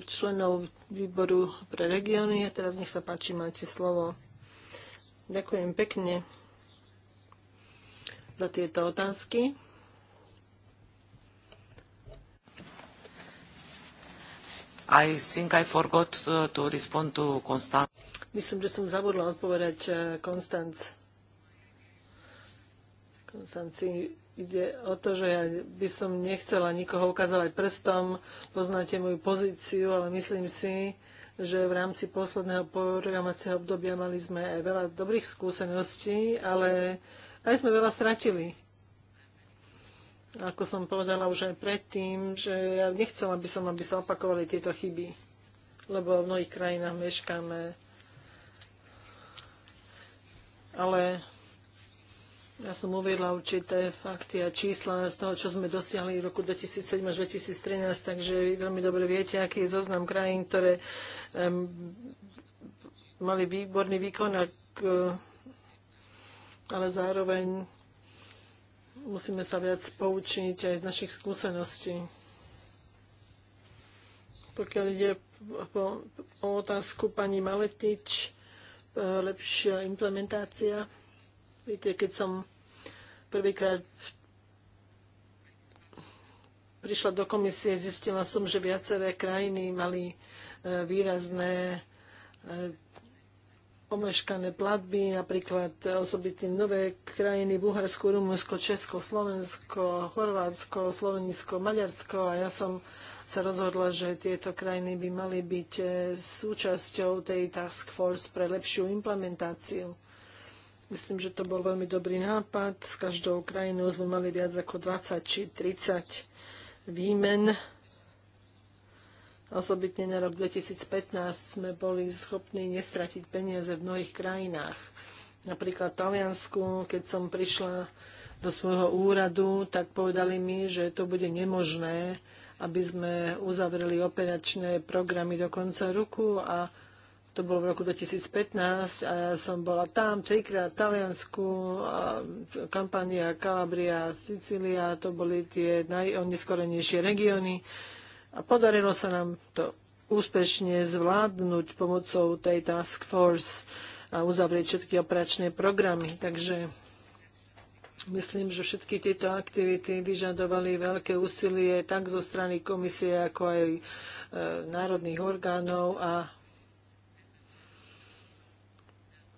[SPEAKER 3] členov výboru pre regióny. A teraz nech sa páči, máte slovo. Ďakujem pekne za tieto otázky. I think I forgot to respond to Myslím, že som zabudla odpovedať eh, Konstanc. Konstanci, ide o to, že ja by som nechcela nikoho ukazovať prstom. Poznáte moju pozíciu, ale myslím si, že v rámci posledného programacieho obdobia mali sme aj veľa dobrých skúseností, ale aj sme veľa stratili. Ako som povedala už aj predtým, že ja nechcela by som, aby sa opakovali tieto chyby, lebo v mnohých krajinách meškáme. Ale ja som uviedla určité fakty a čísla z toho, čo sme dosiahli v roku 2007 až 2013, takže vy veľmi dobre viete, aký je zoznam krajín, ktoré um, mali výborný výkon a uh, ale zároveň musíme sa viac poučiť aj z našich skúseností. Pokiaľ ide o otázku pani Maletič, e, lepšia implementácia. Viete, keď som prvýkrát prišla do komisie, zistila som, že viaceré krajiny mali e, výrazné e, omeškané platby, napríklad osobitne nové krajiny Bulharsko, Rumunsko, Česko, Slovensko, Chorvátsko, Slovensko, Maďarsko a ja som sa rozhodla, že tieto krajiny by mali byť e, súčasťou tej task force pre lepšiu implementáciu. Myslím, že to bol veľmi dobrý nápad. S každou krajinou sme mali viac ako 20 či 30 výmen Osobitne na rok 2015 sme boli schopní nestratiť peniaze v mnohých krajinách. Napríklad v Taliansku, keď som prišla do svojho úradu, tak povedali mi, že to bude nemožné, aby sme uzavreli operačné programy do konca roku a to bolo v roku 2015 a ja som bola tam trikrát v Taliansku, Kampania, Kalabria, Sicília, to boli tie najneskorenejšie regióny a podarilo sa nám to úspešne zvládnuť pomocou tej task force a uzavrieť všetky operačné programy. Takže myslím, že všetky tieto aktivity vyžadovali veľké úsilie tak zo strany komisie, ako aj e, národných orgánov a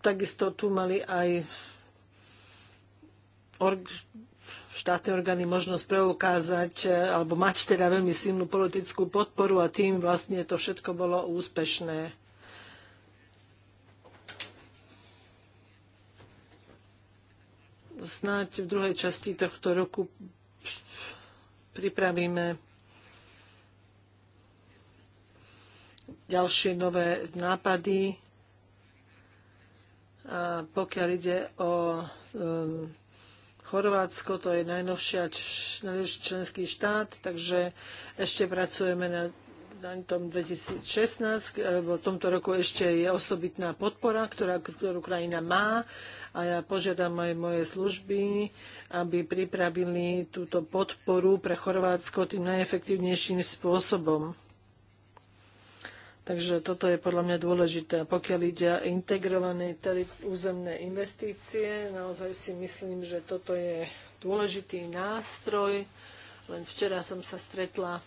[SPEAKER 3] takisto tu mali aj štátne orgány možnosť preukázať e, alebo mať teda veľmi silnú politickú podporu a tým vlastne to všetko bolo úspešné. Snáď v druhej časti tohto roku pripravíme ďalšie nové nápady. A pokiaľ ide o um, Chorvátsko, to je najnovšia, najnovší členský štát, takže ešte pracujeme na na tom 2016, v tomto roku ešte je osobitná podpora, ktorá, ktorú krajina má a ja požiadam aj moje služby, aby pripravili túto podporu pre Chorvátsko tým najefektívnejším spôsobom. Takže toto je podľa mňa dôležité. A pokiaľ ide o integrované územné investície, naozaj si myslím, že toto je dôležitý nástroj. Len včera som sa stretla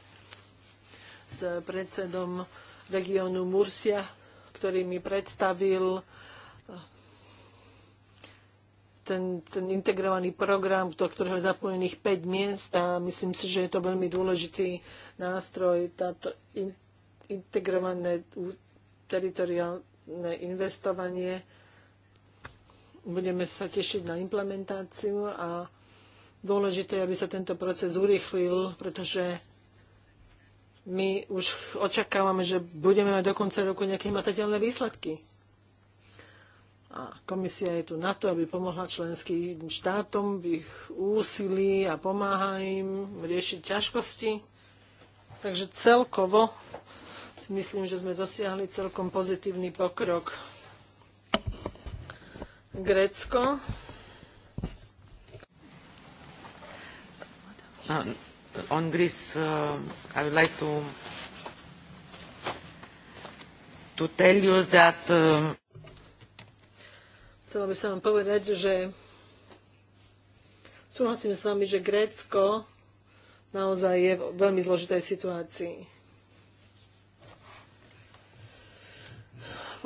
[SPEAKER 3] s predsedom regiónu Mursia, ktorý mi predstavil eh, ten, ten integrovaný program, do ktorého je zapojených 5 miest a myslím si, že je to veľmi dôležitý nástroj. Táto in- integrované teritoriálne investovanie. Budeme sa tešiť na implementáciu a dôležité, aby sa tento proces urýchlil, pretože my už očakávame, že budeme mať do konca roku nejaké matateľné výsledky. A komisia je tu na to, aby pomohla členským štátom v ich úsilí a pomáha im riešiť ťažkosti. Takže celkovo Myslím, že sme dosiahli celkom pozitívny pokrok. Grécko. Um, on Greece, uh, I would like to to tell you that uh, Chcela by som vám povedať, že súhlasím s vami, že Grécko naozaj je v veľmi zložitej situácii.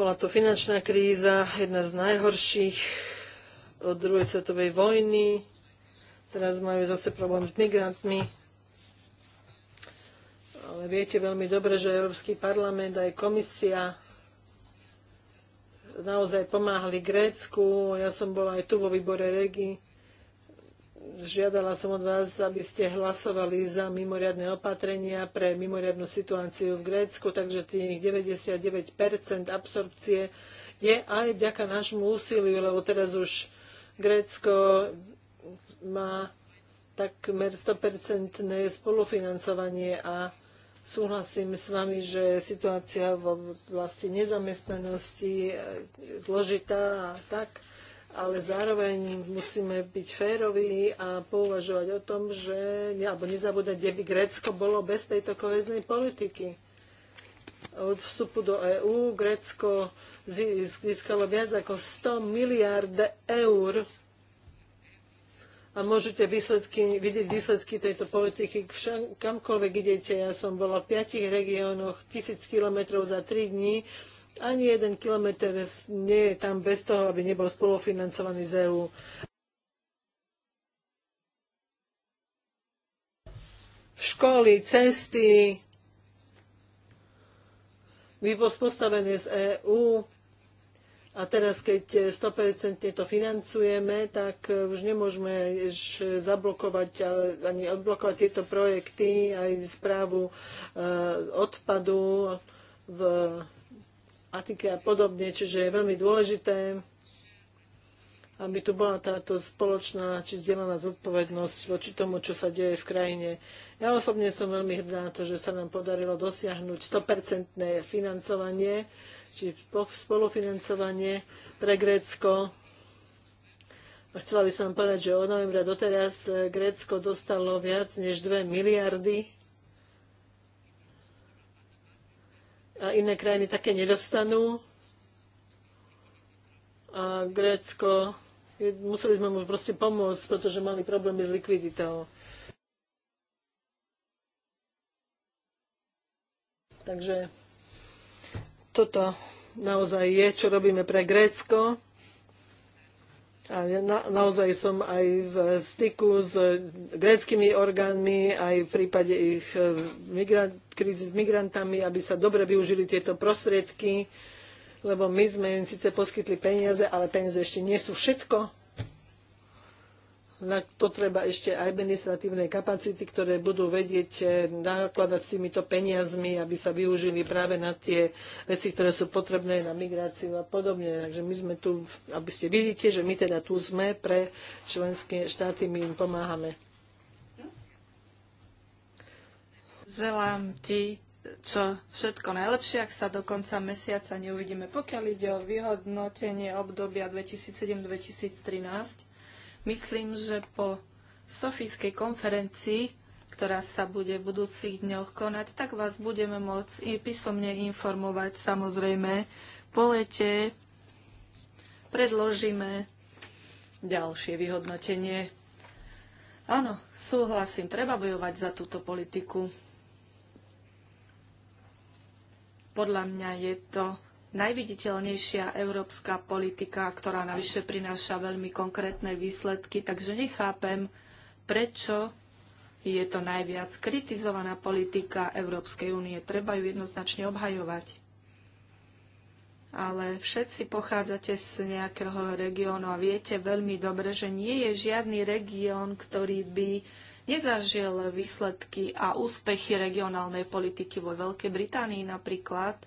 [SPEAKER 3] Bola to finančná kríza, jedna z najhorších od druhej svetovej vojny. Teraz majú zase problém s migrantmi. Ale viete veľmi dobre, že Európsky parlament aj komisia naozaj pomáhali Grécku. Ja som bola aj tu vo výbore Regi žiadala som od vás, aby ste hlasovali za mimoriadne opatrenia pre mimoriadnu situáciu v Grécku, takže tých 99% absorpcie je aj vďaka nášmu úsiliu, lebo teraz už Grécko má takmer 100% spolufinancovanie a súhlasím s vami, že situácia v oblasti nezamestnanosti je zložitá a tak ale zároveň musíme byť féroví a pouvažovať o tom, že, alebo nezabúdať, kde by Grécko bolo bez tejto koheznej politiky. Od vstupu do EÚ Grécko získalo viac ako 100 miliard eur a môžete výsledky, vidieť výsledky tejto politiky všem, kamkoľvek idete. Ja som bola v piatich regiónoch, tisíc kilometrov za tri dní ani jeden kilometr nie je tam bez toho, aby nebol spolufinancovaný z EU. Školy, cesty, vývoz postavený z EÚ, a teraz, keď 100% to financujeme, tak už nemôžeme zablokovať ani odblokovať tieto projekty, aj správu eh, odpadu v a podobne. Čiže je veľmi dôležité, aby tu bola táto spoločná či zdieľaná zodpovednosť voči tomu, čo sa deje v krajine. Ja osobne som veľmi hrdá na to, že sa nám podarilo dosiahnuť 100% financovanie, či spolufinancovanie pre Grécko. A chcela by som povedať, že od novembra doteraz Grécko dostalo viac než 2 miliardy a iné krajiny také nedostanú. A Grécko, museli sme mu proste pomôcť, pretože mali problémy s likviditou. Takže toto naozaj je, čo robíme pre Grécko. A ja na, naozaj som aj v styku s gréckými orgánmi, aj v prípade ich e, migrant, krízy s migrantami, aby sa dobre využili tieto prostriedky, lebo my sme im síce poskytli peniaze, ale peniaze ešte nie sú všetko na to treba ešte aj administratívne kapacity, ktoré budú vedieť eh, nakladať s týmito peniazmi, aby sa využili práve na tie veci, ktoré sú potrebné na migráciu a podobne. Takže my sme tu, aby ste vidíte, že my teda tu sme pre členské štáty, my im pomáhame.
[SPEAKER 1] Želám ti čo všetko najlepšie, ak sa do konca mesiaca neuvidíme, pokiaľ ide o vyhodnotenie obdobia 2007-2013 Myslím, že po Sofijskej konferencii, ktorá sa bude v budúcich dňoch konať, tak vás budeme môcť i písomne informovať. Samozrejme, po lete predložíme ďalšie vyhodnotenie. Áno, súhlasím, treba bojovať za túto politiku. Podľa mňa je to najviditeľnejšia európska politika, ktorá navyše prináša veľmi konkrétne výsledky, takže nechápem, prečo je to najviac kritizovaná politika Európskej únie. Treba ju jednoznačne obhajovať. Ale všetci pochádzate z nejakého regiónu a viete veľmi dobre, že nie je žiadny región, ktorý by nezažil výsledky a úspechy regionálnej politiky vo Veľkej Británii napríklad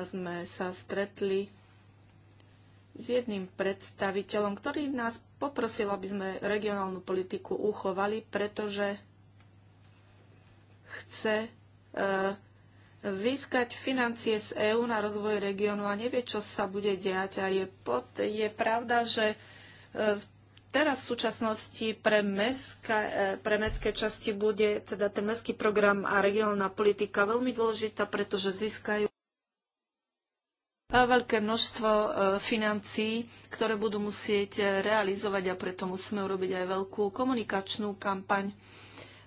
[SPEAKER 1] sme sa stretli s jedným predstaviteľom, ktorý nás poprosil, aby sme regionálnu politiku uchovali, pretože chce e, získať financie z EÚ na rozvoj regiónu a nevie, čo sa bude diať. A je, pod, je pravda, že e, teraz v súčasnosti pre, meska, e, pre mestské časti bude teda ten mestský program a regionálna politika veľmi dôležitá, pretože získajú veľké množstvo e, financií, ktoré budú musieť e, realizovať a preto musíme urobiť aj veľkú komunikačnú kampaň.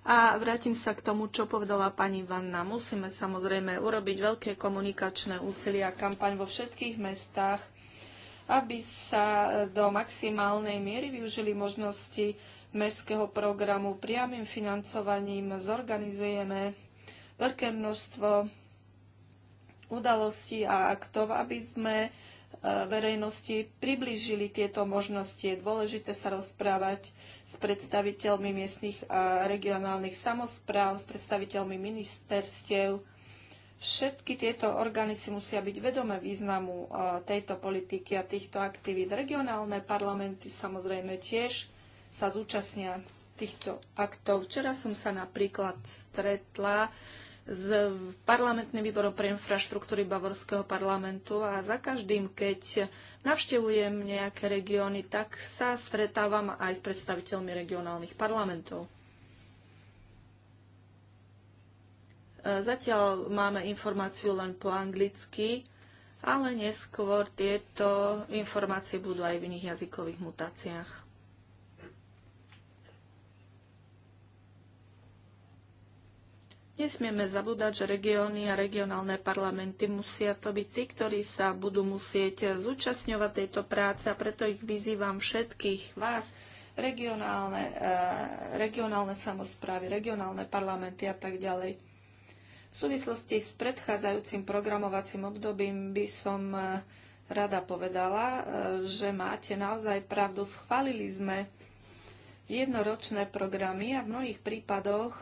[SPEAKER 1] A vrátim sa k tomu, čo povedala pani Vanna. Musíme samozrejme urobiť veľké komunikačné úsilie a kampaň vo všetkých mestách, aby sa e, do maximálnej miery využili možnosti mestského programu. Priamým financovaním zorganizujeme veľké množstvo udalostí a aktov, aby sme e, verejnosti priblížili tieto možnosti. Je dôležité sa rozprávať s predstaviteľmi miestnych a regionálnych samozpráv, s predstaviteľmi ministerstiev. Všetky tieto orgány si musia byť vedomé významu e, tejto politiky a týchto aktivít. Regionálne parlamenty samozrejme tiež sa zúčastnia týchto aktov. Včera som sa napríklad stretla s parlamentným výborom pre infraštruktúry Bavorského parlamentu a za každým, keď navštevujem nejaké regióny, tak sa stretávam aj s predstaviteľmi regionálnych parlamentov. E, zatiaľ máme informáciu len po anglicky, ale neskôr tieto informácie budú aj v iných jazykových mutáciách. Nesmieme zabúdať, že regióny a regionálne parlamenty musia to byť tí, ktorí sa budú musieť zúčastňovať tejto práce a preto ich vyzývam všetkých vás, regionálne, e, regionálne samozprávy, regionálne parlamenty a tak ďalej. V súvislosti s predchádzajúcim programovacím obdobím by som e, rada povedala, e, že máte naozaj pravdu. Schválili sme jednoročné programy a v mnohých prípadoch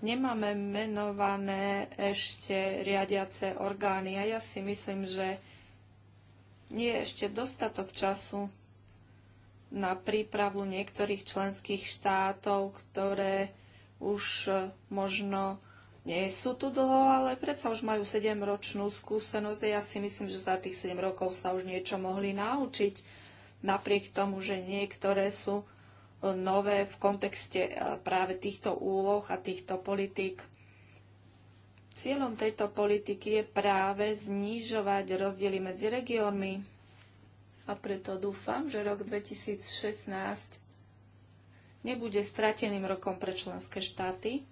[SPEAKER 1] nemáme menované ešte riadiace orgány a ja si myslím, že nie je ešte dostatok času na prípravu niektorých členských štátov, ktoré už e, možno nie sú tu dlho, ale predsa už majú 7-ročnú skúsenosť a ja si myslím, že za tých 7 rokov sa už niečo mohli naučiť, napriek tomu, že niektoré sú nové v kontexte e, práve týchto úloh a týchto politík. Cieľom tejto politiky je práve znižovať rozdiely medzi regiónmi. A preto dúfam, že rok 2016 nebude strateným rokom pre členské štáty,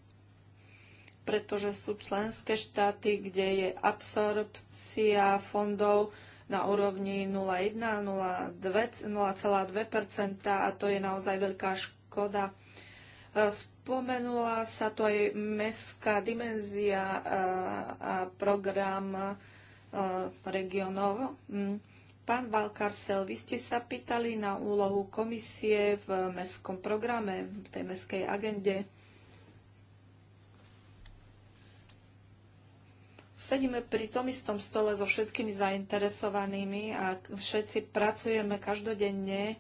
[SPEAKER 1] pretože sú členské štáty, kde je absorpcia fondov na úrovni 0,1, 0,2 a to je naozaj veľká škoda. E, spomenula sa tu aj mestská dimenzia e, a program e, regionov. Mm. Pán Valkarsel, vy ste sa pýtali na úlohu komisie v mestskom programe, v tej mestskej agende. sedíme pri tom istom stole so všetkými zainteresovanými a všetci pracujeme každodenne,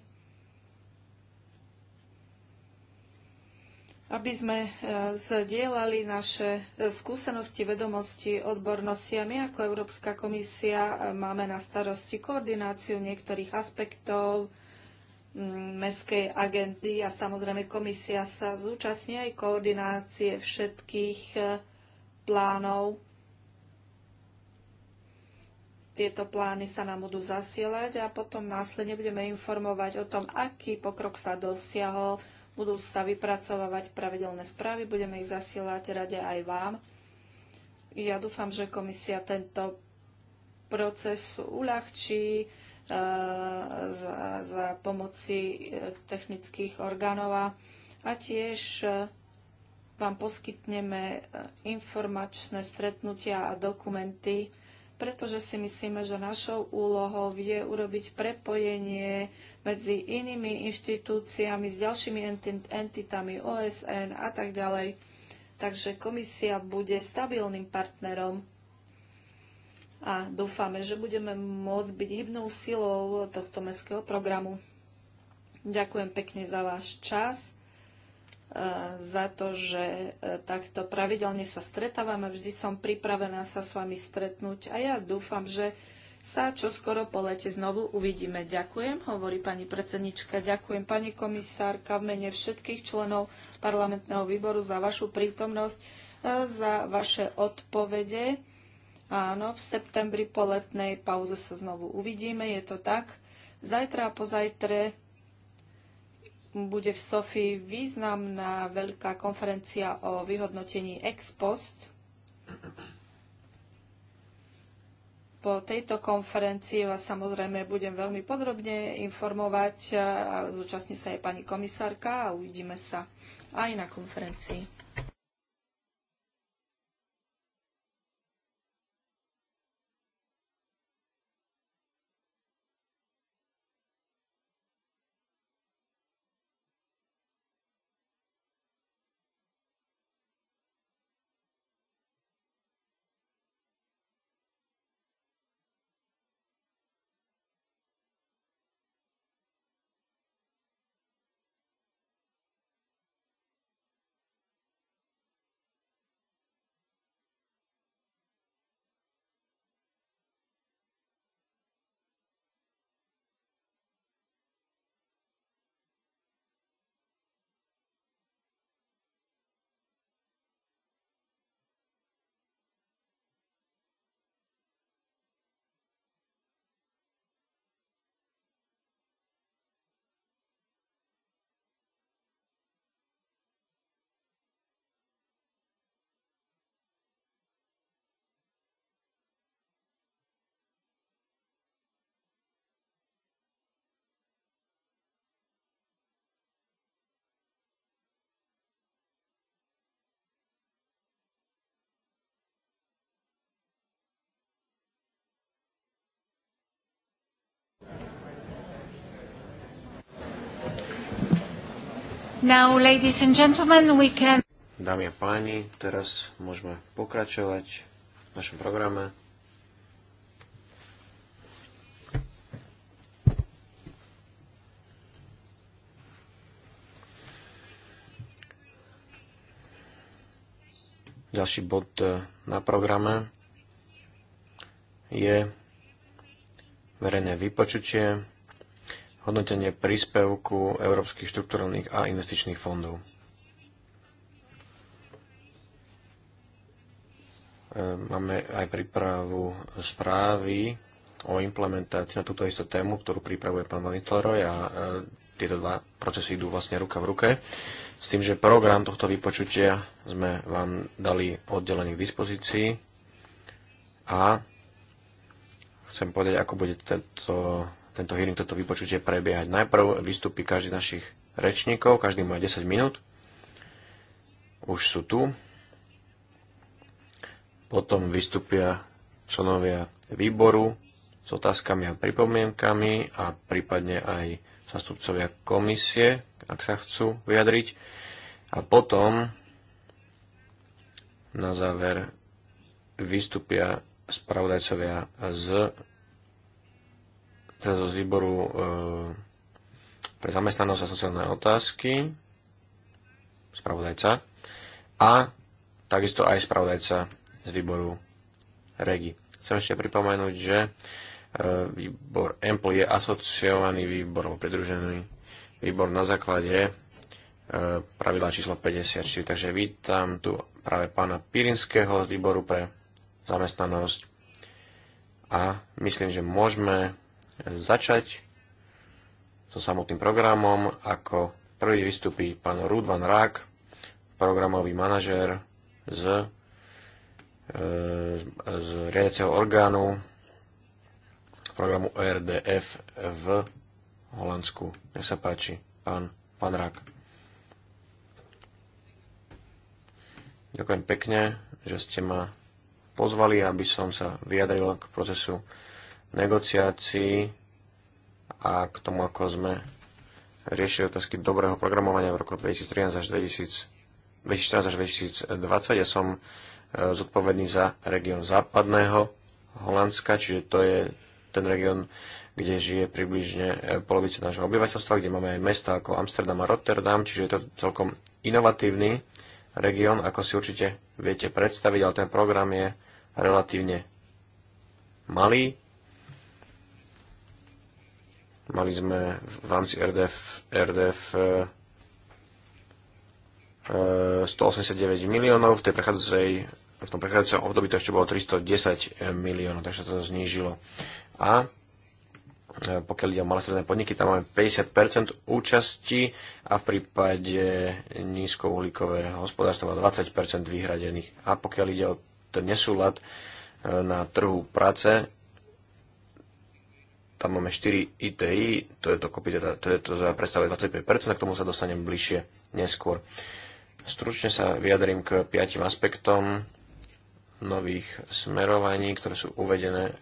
[SPEAKER 1] aby sme e, zdieľali naše e, skúsenosti, vedomosti, odbornosti a my ako Európska komisia e, máme na starosti koordináciu niektorých aspektov mestskej agendy a samozrejme komisia sa zúčastní aj koordinácie všetkých plánov tieto plány sa nám budú zasielať a potom následne budeme informovať o tom, aký pokrok sa dosiahol. Budú sa vypracovávať pravidelné správy, budeme ich zasielať rade aj vám. Ja dúfam, že komisia tento proces uľahčí e, za, za pomoci e, technických orgánov a tiež e, vám poskytneme informačné stretnutia a dokumenty pretože si myslíme, že našou úlohou je urobiť prepojenie medzi inými inštitúciami s ďalšími entitami OSN a tak ďalej. Takže komisia bude stabilným partnerom a dúfame, že budeme môcť byť hybnou silou tohto mestského programu. Ďakujem pekne za váš čas E, za to, že e, takto pravidelne sa stretávame. Vždy som pripravená sa s vami stretnúť a ja dúfam, že sa čo skoro po lete znovu uvidíme. Ďakujem, hovorí pani predsednička, ďakujem pani komisárka v mene všetkých členov parlamentného výboru za vašu prítomnosť, e, za vaše odpovede. Áno, v septembri po letnej pauze sa znovu uvidíme, je to tak. Zajtra a pozajtre bude v Sofii významná veľká konferencia o vyhodnotení ex post. Po tejto konferencii vás samozrejme budem veľmi podrobne informovať. Zúčastní sa aj pani komisárka a uvidíme sa aj na konferencii. Now, ladies and gentlemen, we can...
[SPEAKER 2] Dámy a páni, teraz môžeme pokračovať v našom programe. Ďalší bod e, na programe je verejné vypočutie hodnotenie príspevku európskych štrukturálnych a investičných fondov. E, máme aj prípravu správy o implementácii na túto istú tému, ktorú pripravuje pán Vanicleroj a e, tieto dva procesy idú vlastne ruka v ruke. S tým, že program tohto vypočutia sme vám dali oddelený k dispozícii a chcem povedať, ako bude tento tento hearing, toto vypočutie prebiehať. Najprv vystúpi každý z našich rečníkov, každý má 10 minút. Už sú tu. Potom vystúpia členovia výboru s otázkami a pripomienkami a prípadne aj zastupcovia komisie, ak sa chcú vyjadriť. A potom na záver vystúpia spravodajcovia z teda zo výboru e, pre zamestnanosť a sociálne otázky, spravodajca, a takisto aj spravodajca z výboru REGI. Chcem ešte pripomenúť, že e, výbor EMPL je asociovaný výbor, pridružený výbor na základe e, pravidla číslo 54. Takže vítam tu práve pána Pirinského z výboru pre zamestnanosť a myslím, že môžeme začať so samotným programom. Ako prvý vystupí pán Rudvan Rák, programový manažér z, e, z, riadiaceho orgánu programu RDF v Holandsku. Nech sa páči, pán pán Rák. Ďakujem pekne, že ste ma pozvali, aby som sa vyjadril k procesu negociácií a k tomu, ako sme riešili otázky dobrého programovania v roku 2013 až 2014 až 2020. Ja som e, zodpovedný za región západného Holandska, čiže to je ten región, kde žije približne e, polovice nášho obyvateľstva, kde máme aj mesta ako Amsterdam a Rotterdam, čiže je to celkom inovatívny región, ako si určite viete predstaviť, ale ten program je relatívne malý Mali sme v rámci RDF, RDF 189 miliónov, v, tej v tom prechádzajúcom období to ešte bolo 310 e, miliónov, takže sa to znížilo. A e, pokiaľ ide o malé stredné podniky, tam máme 50% účasti a v prípade nízkouhlíkového hospodárstva 20% vyhradených. A pokiaľ ide o ten nesúlad e, na trhu práce, tam máme 4 ITI, to je dokopy, teda, to, je to teda predstavuje 25%, k tomu sa dostanem bližšie neskôr. Stručne sa vyjadrím k piatim aspektom nových smerovaní, ktoré sú uvedené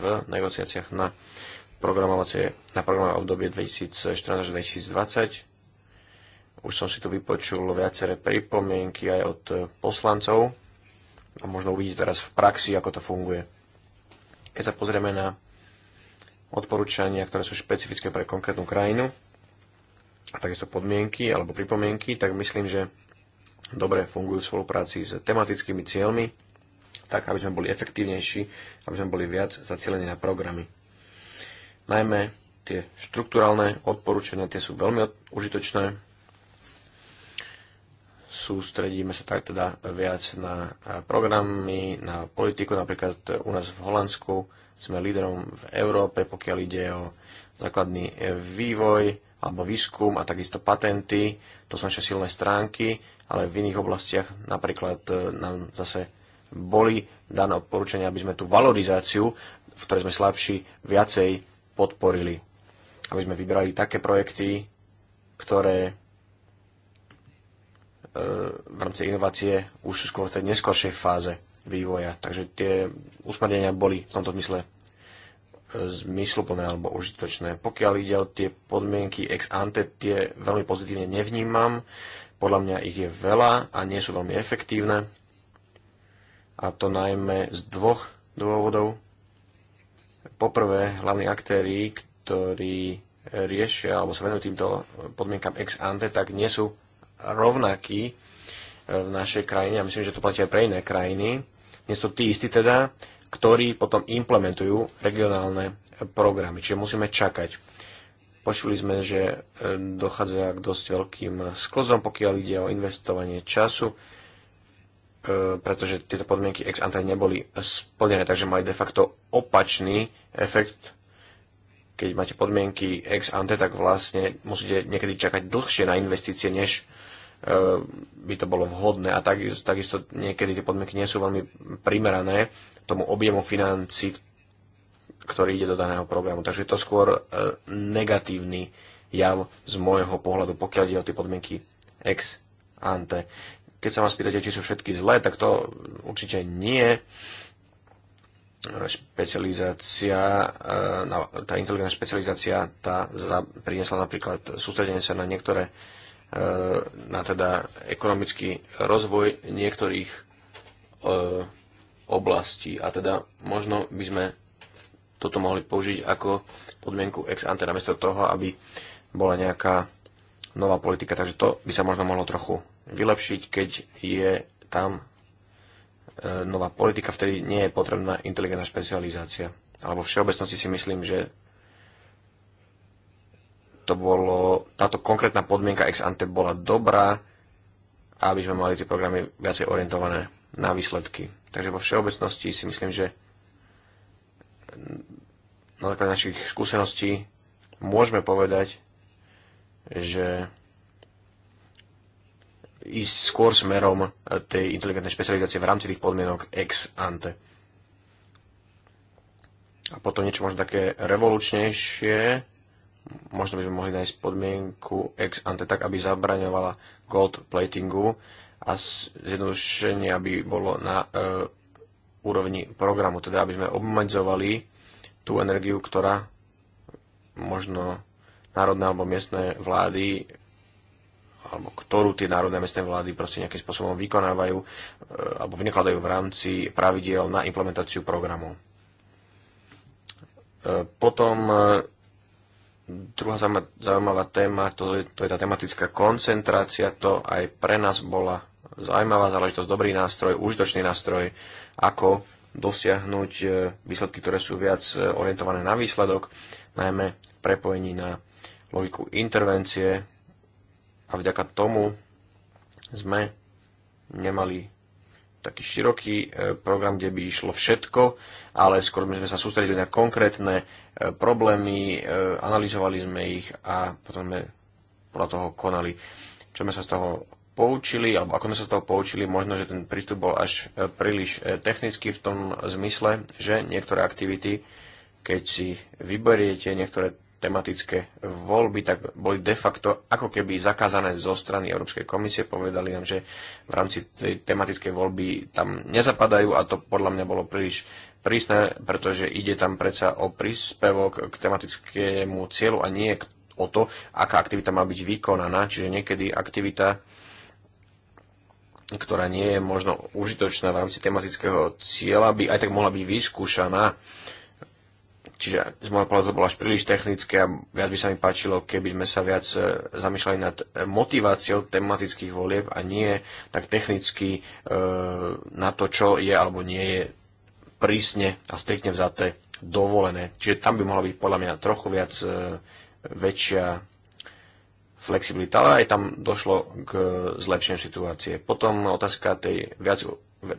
[SPEAKER 2] v negociáciách na programovacie, na programové obdobie 2014-2020. Už som si tu vypočul viaceré pripomienky aj od poslancov a možno uvidíte teraz v praxi, ako to funguje. Keď sa pozrieme na odporúčania, ktoré sú špecifické pre konkrétnu krajinu, a takisto podmienky alebo pripomienky, tak myslím, že dobre fungujú v spolupráci s tematickými cieľmi, tak aby sme boli efektívnejší, aby sme boli viac zacielení na programy. Najmä tie štruktúralne odporúčania, tie sú veľmi užitočné. Sústredíme sa tak teda viac na programy, na politiku, napríklad u nás v Holandsku sme líderom v Európe, pokiaľ ide o základný e, vývoj alebo výskum a takisto patenty. To sú naše silné stránky, ale v iných oblastiach napríklad e, nám zase boli dané odporúčania, aby sme tú valorizáciu, v ktorej sme slabší, viacej podporili. Aby sme vybrali také projekty, ktoré e, v rámci inovácie už sú skôr v tej neskoršej fáze vývoja. Takže tie usmernenia boli v tomto zmysle zmysluplné alebo užitočné. Pokiaľ ide o tie podmienky ex ante, tie veľmi pozitívne nevnímam. Podľa mňa ich je veľa a nie sú veľmi efektívne. A to najmä z dvoch dôvodov. Poprvé, hlavní aktéry, ktorí riešia alebo sa venujú týmto podmienkam ex ante, tak nie sú rovnakí e, v našej krajine a myslím, že to platí aj pre iné krajiny. Nie sú tí istí teda ktorí potom implementujú regionálne programy. Čiže musíme čakať. Počuli sme, že e, dochádza k dosť veľkým sklzom, pokiaľ ide o investovanie času, e, pretože tieto podmienky ex ante neboli splnené, takže mali de facto opačný efekt. Keď máte podmienky ex ante, tak vlastne musíte niekedy čakať dlhšie na investície, než e, by to bolo vhodné a takisto, takisto niekedy tie podmienky nie sú veľmi primerané tomu objemu financí, ktorý ide do daného programu. Takže je to skôr e, negatívny jav z môjho pohľadu, pokiaľ ide o tie podmienky ex ante. Keď sa vás pýtate, či sú všetky zlé, tak to určite nie e, špecializácia, e, no, tá inteligentná špecializácia, tá priniesla napríklad sústredenie sa na niektoré, na teda ekonomický rozvoj niektorých oblasti. A teda možno by sme toto mohli použiť ako podmienku ex ante namiesto toho, aby bola nejaká nová politika. Takže to by sa možno mohlo trochu vylepšiť, keď je tam e, nová politika, vtedy nie je potrebná inteligentná špecializácia. Alebo v všeobecnosti si myslím, že to bolo, táto konkrétna podmienka ex ante bola dobrá, aby sme mali tie programy viacej orientované na výsledky. Takže vo všeobecnosti si myslím, že na základe našich skúseností môžeme povedať, že ísť skôr smerom tej inteligentnej špecializácie v rámci tých podmienok ex ante. A potom niečo možno také revolučnejšie, možno by sme mohli nájsť podmienku ex ante tak, aby zabraňovala gold platingu, a zjednodušenie, aby bolo na e, úrovni programu, teda aby sme obmedzovali tú energiu, ktorá možno národné alebo miestne vlády alebo ktorú tie národné miestne vlády proste nejakým spôsobom vykonávajú e, alebo vynakladajú v rámci pravidiel na implementáciu programu. E, potom e, druhá zaujímavá téma, to je, to je tá tematická koncentrácia, to aj pre nás bola zaujímavá záležitosť, dobrý nástroj, užitočný nástroj, ako dosiahnuť e, výsledky, ktoré sú viac e, orientované na výsledok, najmä prepojení na logiku intervencie a vďaka tomu sme nemali taký široký e, program, kde by išlo všetko, ale skôr sme sa sústredili na konkrétne problémy, analyzovali sme ich a potom sme podľa toho konali. Čo sme sa z toho poučili, alebo ako sme sa z toho poučili, možno, že ten prístup bol až e, príliš e, technický v tom zmysle, že niektoré aktivity, keď si vyberiete niektoré tematické voľby, tak boli de facto ako keby zakázané zo strany Európskej komisie. Povedali nám, že v rámci tej tematickej voľby tam nezapadajú a to podľa mňa bolo príliš prísne, pretože ide tam predsa o príspevok k tematickému cieľu a nie o to, aká aktivita má byť vykonaná. Čiže niekedy aktivita ktorá nie je možno užitočná v rámci tematického cieľa, by aj tak mohla byť vyskúšaná. Čiže z môjho pohľadu to bolo až príliš technické a viac by sa mi páčilo, keby sme sa viac e, zamýšľali nad motiváciou tematických volieb a nie tak technicky e, na to, čo je alebo nie je prísne a striktne vzaté dovolené. Čiže tam by mohla byť podľa mňa trochu viac e, väčšia flexibilita, ale aj tam došlo k zlepšeniu situácie. Potom otázka tej viac,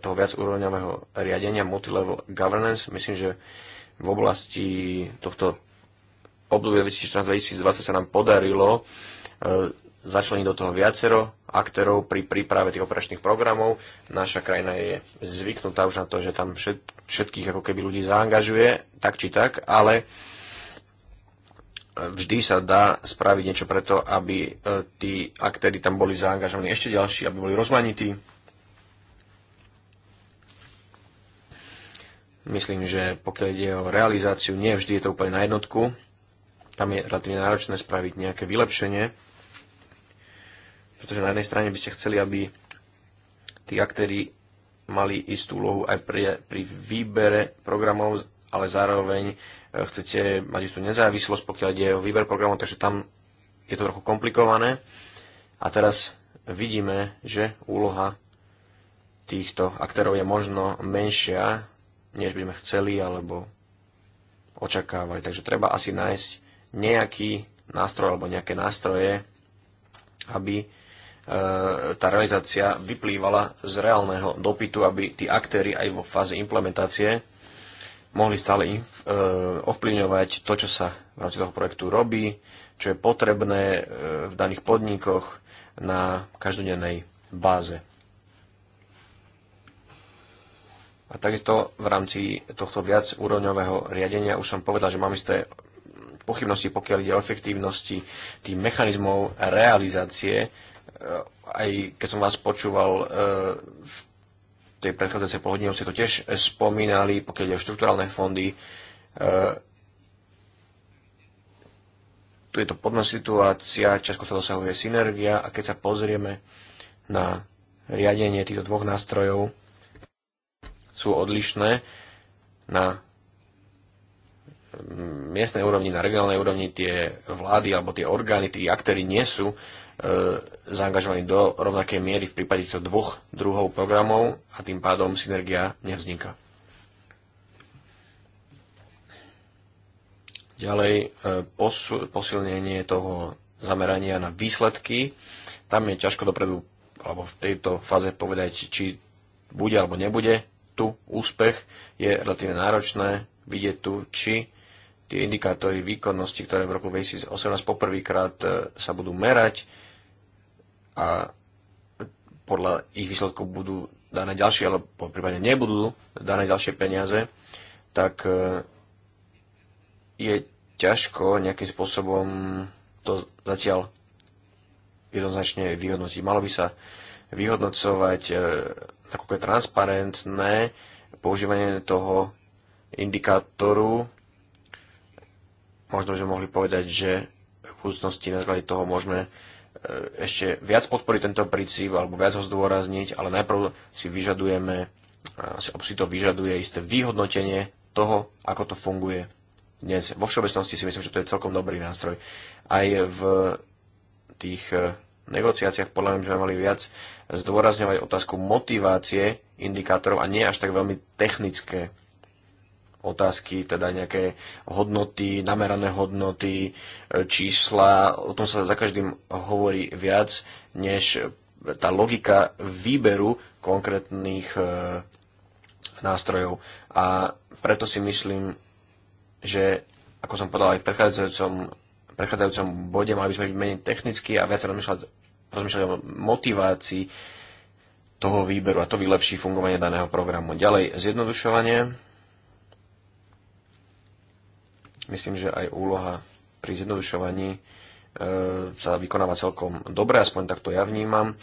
[SPEAKER 2] toho viacúrovňového riadenia, multilevel governance. Myslím, že v oblasti tohto obdobia 2014-2020 sa nám podarilo e, začleniť do toho viacero aktérov pri príprave tých operačných programov. Naša krajina je zvyknutá už na to, že tam všetkých ako keby ľudí zaangažuje, tak či tak, ale vždy sa dá spraviť niečo preto, aby e, tí aktéry tam boli zaangažovaní ešte ďalší, aby boli rozmanití. Myslím, že pokiaľ ide o realizáciu, nie vždy je to úplne na jednotku. Tam je relatívne náročné spraviť nejaké vylepšenie, pretože na jednej strane by ste chceli, aby tí aktéry mali istú úlohu aj pri, pri výbere programov, ale zároveň chcete mať istú nezávislosť, pokiaľ ide o výber programov, takže tam je to trochu komplikované. A teraz vidíme, že úloha týchto aktérov je možno menšia, než by sme chceli alebo očakávali. Takže treba asi nájsť nejaký nástroj alebo nejaké nástroje, aby e, tá realizácia vyplývala z reálneho dopytu, aby tí aktéry aj vo fáze implementácie mohli stále e, ovplyvňovať to, čo sa v rámci toho projektu robí, čo je potrebné e, v daných podnikoch na každodennej báze. A takisto v rámci tohto viac úrovňového riadenia už som povedal, že máme isté pochybnosti, pokiaľ ide o efektívnosti tých mechanizmov realizácie. E, aj keď som vás počúval v tej predchádzajúcej polhodine to tiež spomínali, pokiaľ ide o štruktúralné fondy. E, tu je to podná situácia, často sa dosahuje synergia a keď sa pozrieme na riadenie týchto dvoch nástrojov, sú odlišné na mm, miestnej úrovni, na regionálnej úrovni tie vlády alebo tie orgány, tí aktéry nie sú E, zaangažovaní do rovnakej miery v prípade týchto dvoch druhov programov a tým pádom synergia nevzniká. Ďalej e, posilnenie toho zamerania na výsledky. Tam je ťažko dopredu, alebo v tejto fáze povedať, či bude alebo nebude tu úspech. Je relatívne náročné vidieť tu, či tie indikátory výkonnosti, ktoré v roku 2018 poprvýkrát e, sa budú merať, a podľa ich výsledkov budú dané ďalšie, alebo prípadne nebudú dané ďalšie peniaze, tak e, je ťažko nejakým spôsobom to zatiaľ jednoznačne vyhodnotiť. Malo by sa vyhodnocovať, e, nakoľko je transparentné používanie toho indikátoru. Možno by sme mohli povedať, že v budúcnosti na základe toho môžeme E, ešte viac podporiť tento princíp alebo viac ho zdôrazniť, ale najprv si vyžadujeme, e, si to vyžaduje isté vyhodnotenie toho, ako to funguje dnes. Vo všeobecnosti si myslím, že to je celkom dobrý nástroj. Aj v tých e, negociáciách podľa mňa by sme mali viac zdôrazňovať otázku motivácie indikátorov a nie až tak veľmi technické otázky, teda nejaké hodnoty, namerané hodnoty, e, čísla, o tom sa za každým hovorí viac, než tá logika výberu konkrétnych e, nástrojov. A preto si myslím, že, ako som povedal aj v prechádzajúcom, prechádzajúcom bode, mali by sme byť menej technicky a viac rozmýšľať, rozmýšľať o motivácii toho výberu a to vylepší fungovanie daného programu. Ďalej, zjednodušovanie Myslím, že aj úloha pri zjednodušovaní e, sa vykonáva celkom dobre, aspoň takto ja vnímam.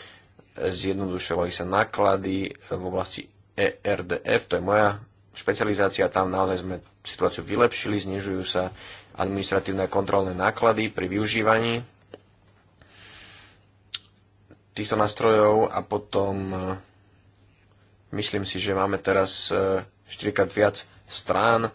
[SPEAKER 2] Zjednodušovali sa náklady v oblasti ERDF, to je moja špecializácia, tam naozaj sme situáciu vylepšili, znižujú sa administratívne a kontrolné náklady pri využívaní týchto nástrojov a potom e, myslím si, že máme teraz 4 e, viac strán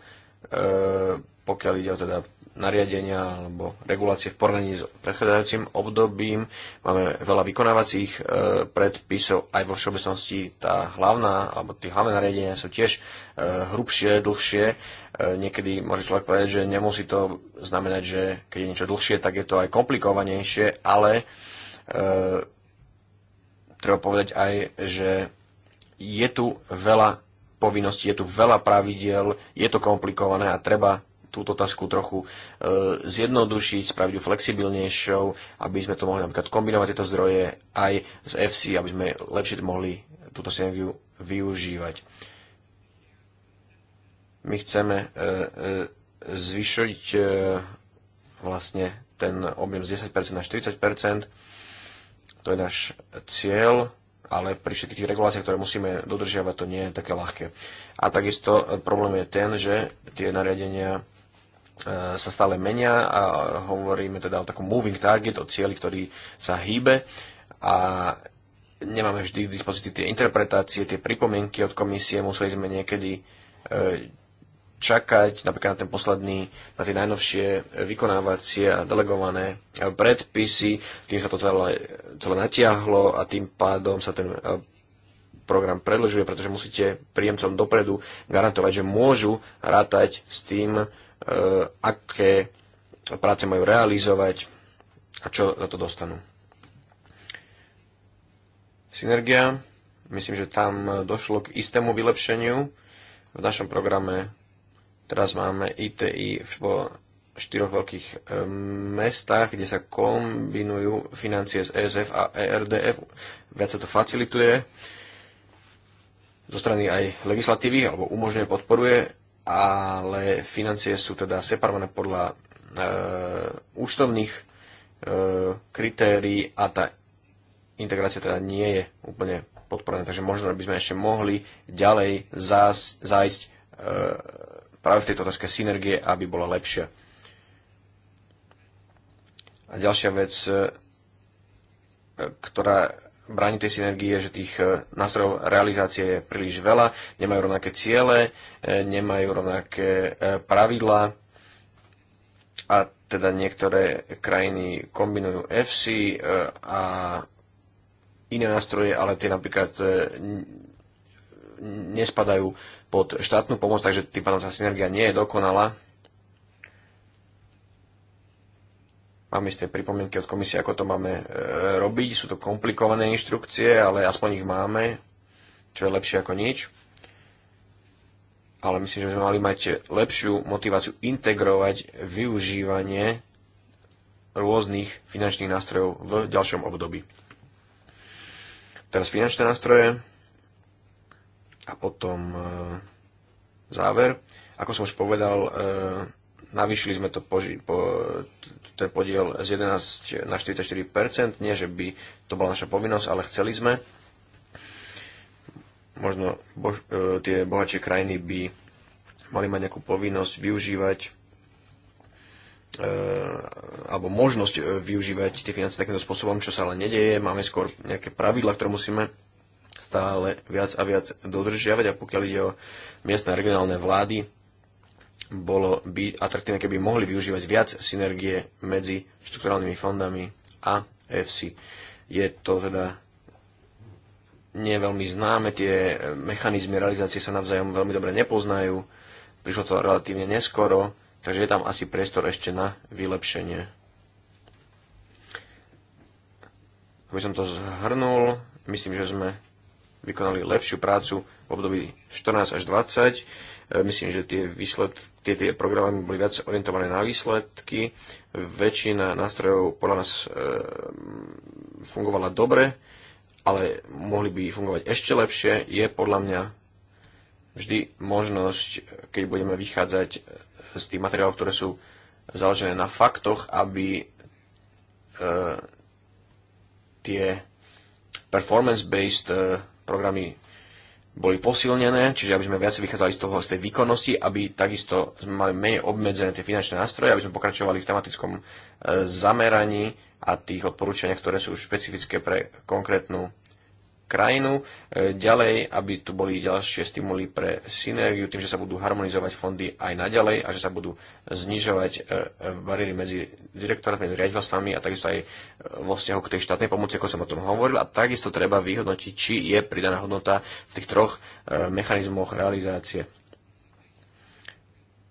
[SPEAKER 2] pokiaľ ide o teda nariadenia alebo regulácie v porovnaní s prechádzajúcim obdobím. Máme veľa vykonávacích e, predpisov, aj vo všeobecnosti tá hlavná, alebo tie hlavné nariadenia sú tiež e, hrubšie, dlhšie. E, niekedy môže človek povedať, že nemusí to znamenať, že keď je niečo dlhšie, tak je to aj komplikovanejšie, ale e, treba povedať aj, že je tu veľa povinností, je tu veľa pravidiel, je to komplikované a treba túto otázku trochu e, zjednodušiť, spraviť ju flexibilnejšou, aby sme to mohli napríklad kombinovať tieto zdroje aj z FC, aby sme lepšie mohli túto synergiu využívať. My chceme e, e, zvyšiť e, vlastne ten objem z 10% na 40%. To je náš cieľ, ale pri všetkých tých reguláciách, ktoré musíme dodržiavať, to nie je také ľahké. A takisto e, problém je ten, že tie nariadenia E, sa stále menia a hovoríme teda o takom moving target, o cieli, ktorý sa hýbe a nemáme vždy k dispozícii tie interpretácie, tie pripomienky od komisie, museli sme niekedy e, čakať napríklad na ten posledný, na tie najnovšie vykonávacie a delegované predpisy, tým sa to celé, celé natiahlo a tým pádom sa ten e, program predlžuje, pretože musíte príjemcom dopredu garantovať, že môžu rátať s tým, E, aké práce majú realizovať a čo za to dostanú. Synergia, myslím, že tam došlo k istému vylepšeniu. V našom programe teraz máme ITI vo štyroch veľkých e, mestách, kde sa kombinujú financie z ESF a ERDF. Viac sa to facilituje zo strany aj legislatívy, alebo umožňuje, podporuje ale financie sú teda separované podľa e, účtovných e, kritérií a tá integrácia teda nie je úplne podporená. Takže možno by sme ešte mohli ďalej zás, zájsť e, práve v tejto otázke synergie, aby bola lepšia. A ďalšia vec, e, e ktorá bráni tej synergie, že tých e, nástrojov realizácie je príliš veľa, nemajú rovnaké ciele, e, nemajú rovnaké e, pravidlá a teda niektoré krajiny kombinujú FC a iné nástroje, ale tie napríklad nespadajú pod štátnu pomoc, takže tým pádom tá synergia nie je dokonalá máme isté pripomienky od komisie, ako to máme e, robiť. Sú to komplikované inštrukcie, ale aspoň ich máme, čo je lepšie ako nič. Ale myslím, že by sme mali mať lepšiu motiváciu integrovať využívanie rôznych finančných nástrojov v ďalšom období. Teraz finančné nástroje a potom e, záver. Ako som už povedal, e, navýšili sme to poži- po, to je podiel z 11 na 44%, nie že by to bola naša povinnosť, ale chceli sme. Možno bož, e, tie bohatšie krajiny by mali mať nejakú povinnosť využívať e, alebo možnosť e, využívať tie financie takýmto spôsobom, čo sa ale nedeje. Máme skôr nejaké pravidla, ktoré musíme stále viac a viac dodržiavať a pokiaľ ide o miestne a regionálne vlády, bolo by atraktívne, keby mohli využívať viac synergie medzi štrukturálnymi fondami a FC. Je to teda nie veľmi známe, tie mechanizmy realizácie sa navzájom veľmi dobre nepoznajú, prišlo to relatívne neskoro, takže je tam asi priestor ešte na vylepšenie. Aby som to zhrnul, myslím, že sme vykonali lepšiu prácu v období 14 až 20 E, myslím, že tie, výsledky, tie, tie programy boli viac orientované na výsledky. Väčšina nástrojov podľa nás e, fungovala dobre, ale mohli by fungovať ešte lepšie. Je podľa mňa vždy možnosť, keď budeme vychádzať z tých materiálov, ktoré sú založené na faktoch, aby e, tie performance-based e, programy boli posilnené, čiže aby sme viac vychádzali z toho, z tej výkonnosti, aby takisto sme mali menej obmedzené tie finančné nástroje, aby sme pokračovali v tematickom e, zameraní a tých odporúčaniach, ktoré sú špecifické pre konkrétnu krajinu. E, ďalej, aby tu boli ďalšie stimuly pre synergiu, tým, že sa budú harmonizovať fondy aj naďalej a že sa budú znižovať e, e, bariéry medzi direktorátmi, riaditeľstvami a takisto aj vo vzťahu k tej štátnej pomoci, ako som o tom hovoril. A takisto treba vyhodnotiť, či je pridaná hodnota v tých troch mechanizmoch realizácie.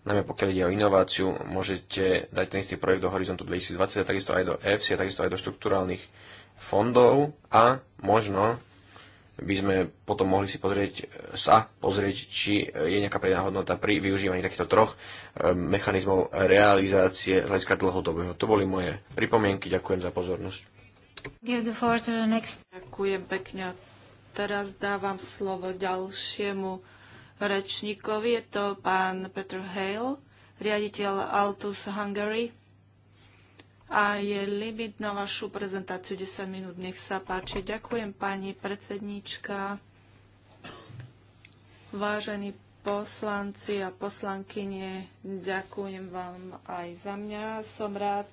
[SPEAKER 2] Najmä pokiaľ ide o inováciu, môžete dať ten istý projekt do Horizontu 2020, takisto aj do EFSI, takisto aj do štruktúrálnych fondov a možno by sme potom mohli si pozrieť, sa pozrieť, či je nejaká predaná hodnota pri využívaní takýchto troch eh, mechanizmov realizácie z hľadiska dlhodobého. To boli moje pripomienky. Ďakujem za pozornosť.
[SPEAKER 1] Ďakujem pekne. Teraz dávam slovo ďalšiemu rečníkovi. Je to pán Peter Hale, riaditeľ Altus Hungary. A je limit na vašu prezentáciu 10 minút. Nech sa páči. Ďakujem pani predsedníčka, vážení poslanci a poslankyne. Ďakujem vám aj za mňa. Som rád,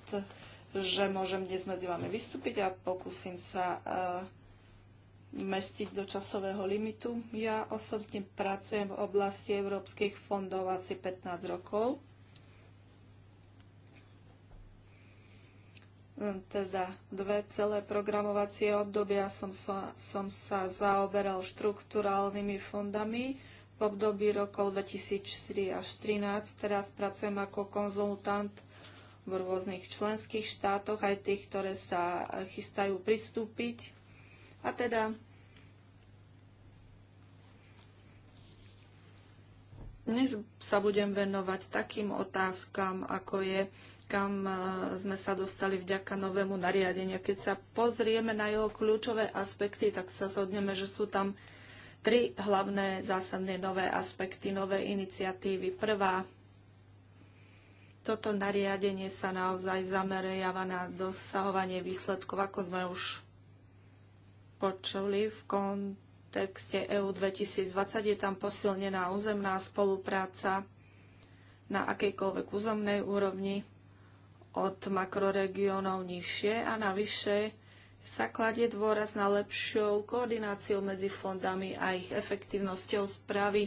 [SPEAKER 1] že môžem dnes medzi vami vystúpiť a pokúsim sa eh, mestiť do časového limitu. Ja osobne pracujem v oblasti európskych fondov asi 15 rokov Hm, teda dve celé programovacie obdobia som sa, som sa zaoberal štrukturálnymi fondami v období rokov 2004 až 2013. Teraz pracujem ako konzultant v rôznych členských štátoch, aj tých, ktoré sa chystajú pristúpiť. A teda dnes sa budem venovať takým otázkam, ako je kam e, sme sa dostali vďaka novému nariadeniu. Keď sa pozrieme na jeho kľúčové aspekty, tak sa zhodneme, že sú tam tri hlavné zásadné nové aspekty, nové iniciatívy. Prvá, toto nariadenie sa naozaj zameriava na dosahovanie výsledkov, ako sme už počuli v kontexte EU 2020. Je tam posilnená územná spolupráca na akejkoľvek územnej úrovni od makroregiónov nižšie a navyše sa kladie dôraz na lepšiu koordináciu medzi fondami a ich efektívnosťou správy.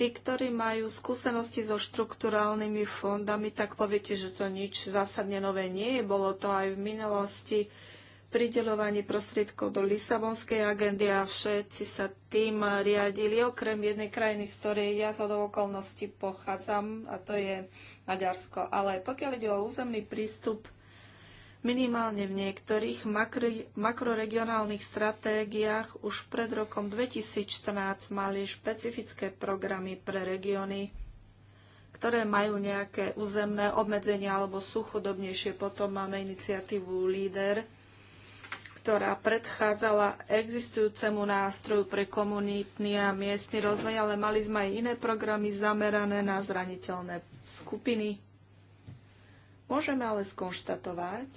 [SPEAKER 1] Tí, ktorí majú skúsenosti so štrukturálnymi fondami, tak poviete, že to nič zásadne nové nie je. Bolo to aj v minulosti prideľovanie prostriedkov do Lisabonskej agendy a všetci sa tým riadili, okrem jednej krajiny, z ktorej ja z okolností pochádzam, a to je Maďarsko. Ale pokiaľ ide o územný prístup, minimálne v niektorých makri, makroregionálnych stratégiách už pred rokom 2014 mali špecifické programy pre regióny, ktoré majú nejaké územné obmedzenia alebo sú chudobnejšie. Potom máme iniciatívu Líder, ktorá predchádzala existujúcemu nástroju pre komunitný a miestny rozvoj, ale mali sme aj iné programy zamerané na zraniteľné skupiny. Môžeme ale skonštatovať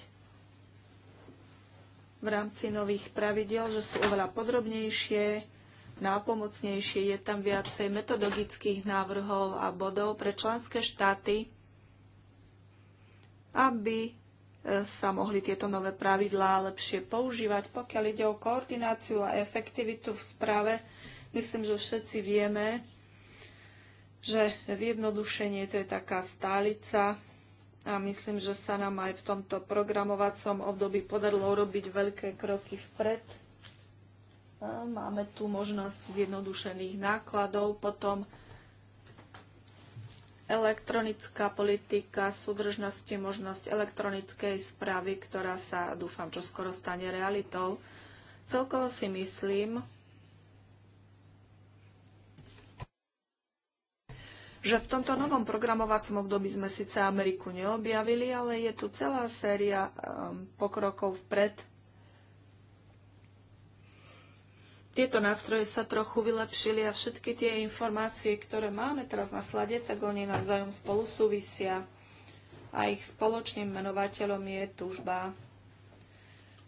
[SPEAKER 1] v rámci nových pravidel, že sú oveľa podrobnejšie, nápomocnejšie, je tam viacej metodologických návrhov a bodov pre členské štáty, aby sa mohli tieto nové pravidlá lepšie používať. Pokiaľ ide o koordináciu a efektivitu v správe, myslím, že všetci vieme, že zjednodušenie to je taká stálica a myslím, že sa nám aj v tomto programovacom období podarilo urobiť veľké kroky vpred. Máme tu možnosť zjednodušených nákladov, potom elektronická politika súdržnosti, možnosť elektronickej správy, ktorá sa, dúfam, čo skoro stane realitou. Celkovo si myslím, že v tomto novom programovacom období sme síce Ameriku neobjavili, ale je tu celá séria um, pokrokov vpred tieto nástroje sa trochu vylepšili a všetky tie informácie, ktoré máme teraz na slade, tak oni navzájom spolu súvisia a ich spoločným menovateľom je túžba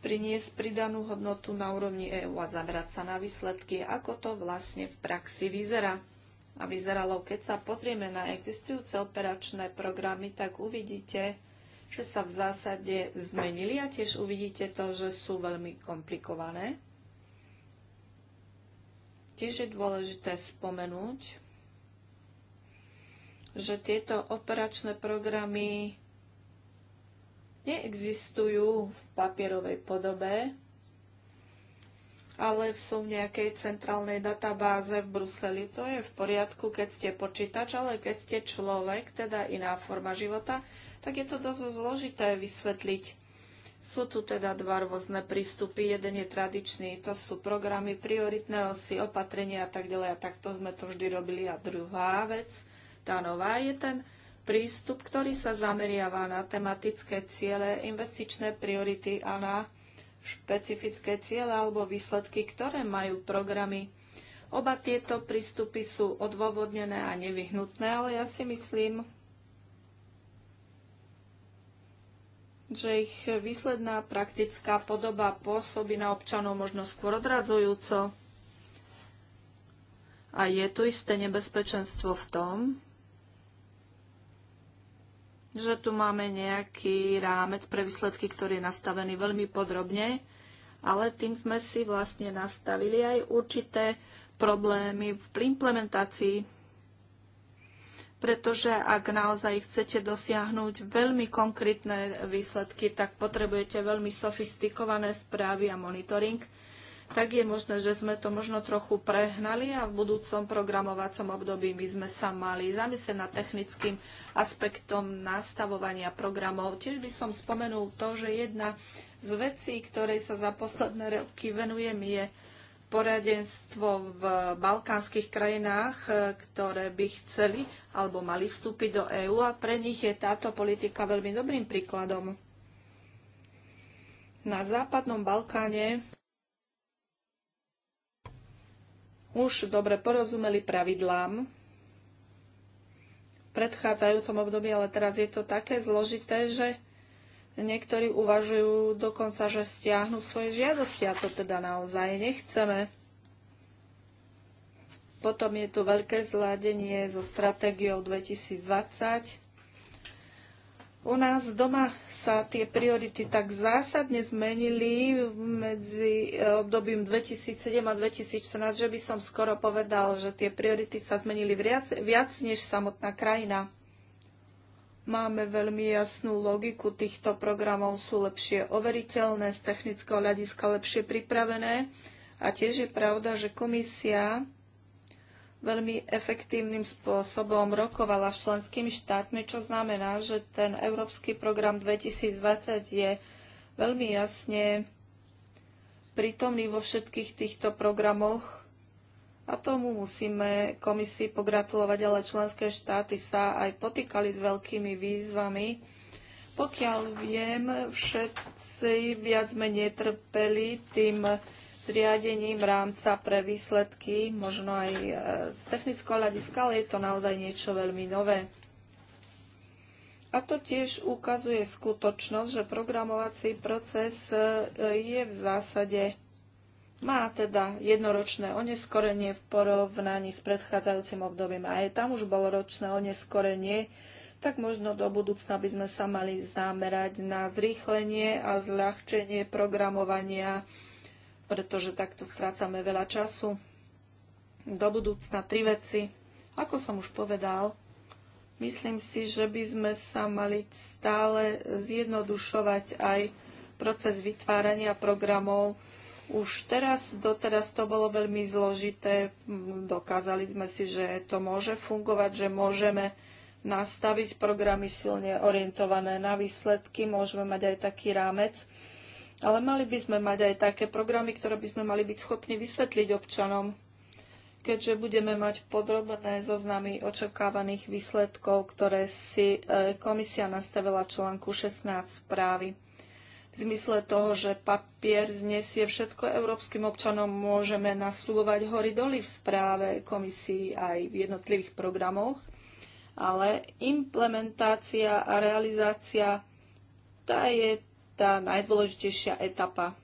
[SPEAKER 1] priniesť pridanú hodnotu na úrovni EÚ a zamerať sa na výsledky, ako to vlastne v praxi vyzerá. A vyzeralo, keď sa pozrieme na existujúce operačné programy, tak uvidíte, že sa v zásade zmenili a tiež uvidíte to, že sú veľmi komplikované Tiež je dôležité spomenúť, že tieto operačné programy neexistujú v papierovej podobe, ale sú v nejakej centrálnej databáze v Bruseli. To je v poriadku, keď ste počítač, ale keď ste človek, teda iná forma života, tak je to dosť zložité vysvetliť sú tu teda dva rôzne prístupy. Jeden je tradičný, to sú programy prioritné osy, opatrenia a tak ďalej. A takto sme to vždy robili. A druhá vec, tá nová, je ten prístup, ktorý sa zameriava na tematické ciele, investičné priority a na špecifické ciele alebo výsledky, ktoré majú programy. Oba tieto prístupy sú odôvodnené a nevyhnutné, ale ja si myslím, že ich výsledná praktická podoba pôsobí na občanov možno skôr odradzujúco. A je tu isté nebezpečenstvo v tom, že tu máme nejaký rámec pre výsledky, ktorý je nastavený veľmi podrobne, ale tým sme si vlastne nastavili aj určité problémy v implementácii pretože ak naozaj chcete dosiahnuť veľmi konkrétne výsledky, tak potrebujete veľmi sofistikované správy a monitoring, tak je možné, že sme to možno trochu prehnali a v budúcom programovacom období my sme sa mali zamyslieť nad technickým aspektom nastavovania programov. Tiež by som spomenul to, že jedna z vecí, ktorej sa za posledné roky venujem, je poradenstvo v balkánskych krajinách, e, ktoré by chceli alebo mali vstúpiť do EÚ a pre nich je táto politika veľmi dobrým príkladom. Na západnom Balkáne už dobre porozumeli pravidlám v predchádzajúcom období, ale teraz je to také zložité, že Niektorí uvažujú dokonca, že stiahnu svoje žiadosti a to teda naozaj nechceme. Potom je tu veľké zladenie so stratégiou 2020. U nás doma sa tie priority tak zásadne zmenili medzi e, obdobím 2007 a 2014, že by som skoro povedal, že tie priority sa zmenili viac, viac než samotná krajina. Máme veľmi jasnú logiku týchto programov, sú lepšie overiteľné, z technického hľadiska lepšie pripravené. A tiež je pravda, že komisia veľmi efektívnym spôsobom rokovala s členskými štátmi, čo znamená, že ten Európsky program 2020 je veľmi jasne prítomný vo všetkých týchto programoch a tomu musíme komisii pogratulovať, ale členské štáty sa aj potýkali s veľkými výzvami. Pokiaľ viem, všetci viac menej trpeli tým zriadením rámca pre výsledky, možno aj e, z technického hľadiska, ale je to naozaj niečo veľmi nové. A to tiež ukazuje skutočnosť, že programovací proces e, je v zásade má teda jednoročné oneskorenie v porovnaní s predchádzajúcim obdobím a aj tam už bolo ročné oneskorenie, tak možno do budúcna by sme sa mali zamerať na zrýchlenie a zľahčenie programovania, pretože takto strácame veľa času. Do budúcna tri veci. Ako som už povedal, myslím si, že by sme sa mali stále zjednodušovať aj proces vytvárania programov, už teraz, doteraz to bolo veľmi zložité. Dokázali sme si, že to môže fungovať, že môžeme nastaviť programy silne orientované na výsledky, môžeme mať aj taký rámec. Ale mali by sme mať aj také programy, ktoré by sme mali byť schopní vysvetliť občanom, keďže budeme mať podrobné zoznamy očakávaných výsledkov, ktoré si e, komisia nastavila v článku 16 správy v zmysle toho, že papier znesie všetko európskym občanom, môžeme nasľubovať hory doly v správe komisii aj v jednotlivých programoch, ale implementácia a realizácia tá je tá najdôležitejšia etapa.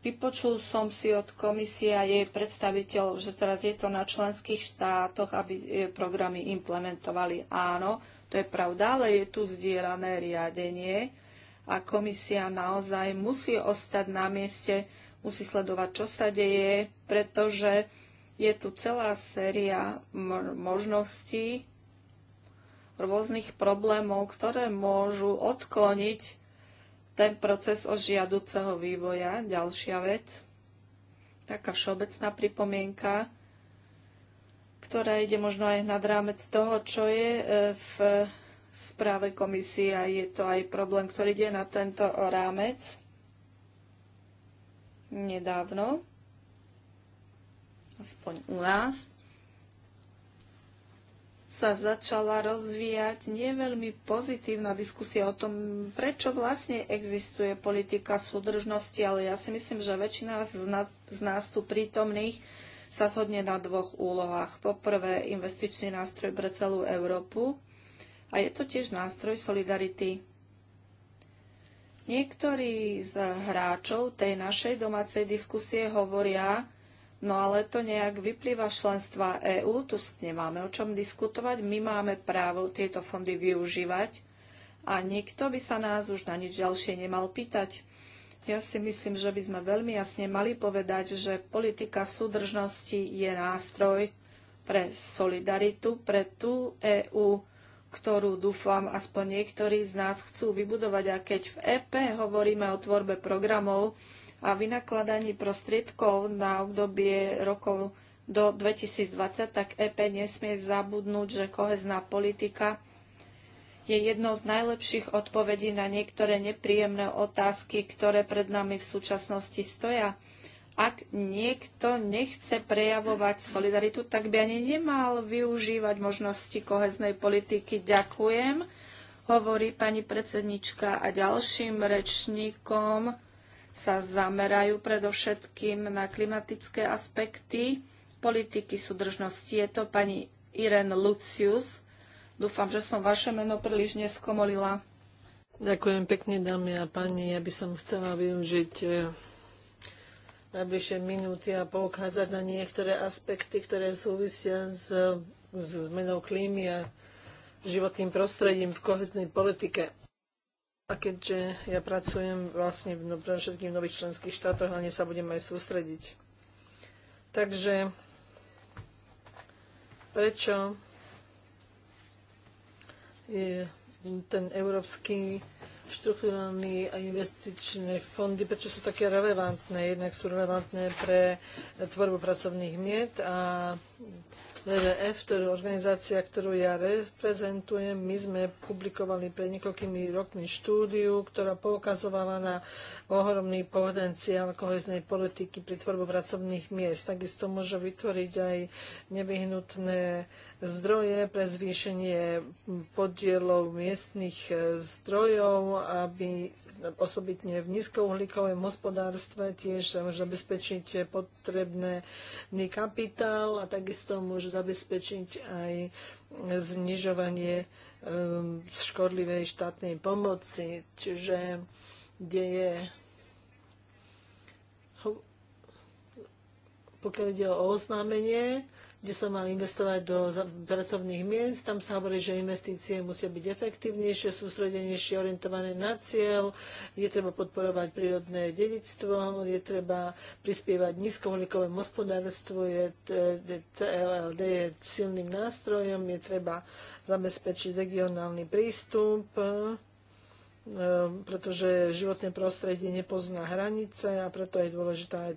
[SPEAKER 1] Vypočul som si od komisie a jej predstaviteľ, že teraz je to na členských štátoch, aby e, programy implementovali. Áno, to je pravda, ale je tu zdieľané riadenie, a komisia naozaj musí ostať na mieste, musí sledovať, čo sa deje, pretože je tu celá séria možností, rôznych problémov, ktoré môžu odkloniť ten proces od žiaduceho vývoja. Ďalšia vec, taká všeobecná pripomienka, ktorá ide možno aj nad rámec toho, čo je e, v správe komisia je to aj problém, ktorý ide na tento rámec nedávno, aspoň u nás, sa začala rozvíjať neveľmi pozitívna diskusia o tom, prečo vlastne existuje politika súdržnosti, ale ja si myslím, že väčšina z nás tu prítomných sa zhodne na dvoch úlohách. Poprvé investičný nástroj pre celú Európu, a je to tiež nástroj solidarity. Niektorí z hráčov tej našej domácej diskusie hovoria, no ale to nejak vyplýva členstva EÚ, tu nemáme o čom diskutovať, my máme právo tieto fondy využívať a nikto by sa nás už na nič ďalšie nemal pýtať. Ja si myslím, že by sme veľmi jasne mali povedať, že politika súdržnosti je nástroj pre solidaritu, pre tú EÚ, ktorú dúfam aspoň niektorí z nás chcú vybudovať. A keď v EP hovoríme o tvorbe programov a vynakladaní prostriedkov na obdobie rokov do 2020, tak EP nesmie zabudnúť, že kohezná politika je jednou z najlepších odpovedí na niektoré nepríjemné otázky, ktoré pred nami v súčasnosti stoja ak niekto nechce prejavovať solidaritu, tak by ani nemal využívať možnosti koheznej politiky. Ďakujem, hovorí pani predsednička a ďalším rečníkom sa zamerajú predovšetkým na klimatické aspekty politiky súdržnosti. Je to pani Irene Lucius. Dúfam, že som vaše meno príliš neskomolila. Ďakujem pekne, dámy a páni. Ja by som chcela
[SPEAKER 3] využiť eh, najbližšie minúty a poukázať na niektoré aspekty, ktoré súvisia s, s zmenou klímy a životným prostredím v koheznej politike. A keďže ja pracujem vlastne v, no, všetkých nových členských štátoch, hlavne sa budem aj sústrediť. Takže prečo je ten európsky štruktúrne a investičné fondy, prečo sú také relevantné. Jednak sú relevantné pre tvorbu pracovných miest a to je organizácia, ktorú ja reprezentujem, my sme publikovali pred niekoľkými rokmi štúdiu, ktorá poukazovala na ohromný potenciál koheznej politiky pri tvorbu pracovných miest. Takisto môže vytvoriť aj nevyhnutné zdroje pre zvýšenie podielov miestnych e, zdrojov, aby osobitne v nízkouhlíkovom hospodárstve tiež môže zabezpečiť potrebný kapitál a takisto môže zabezpečiť aj znižovanie e, škodlivej štátnej pomoci. Čiže kde je pokiaľ ide o oznámenie, kde sa mal investovať do pracovných miest. Tam sa hovorí, že investície musia byť efektívnejšie, sústredenejšie, orientované na cieľ, je treba podporovať prírodné dedictvo, je treba prispievať nízkoholikové hospodárstvu, je TLLD je silným nástrojom, je treba zabezpečiť regionálny prístup, Ehm, pretože životné prostredie nepozná hranice a preto je dôležitá aj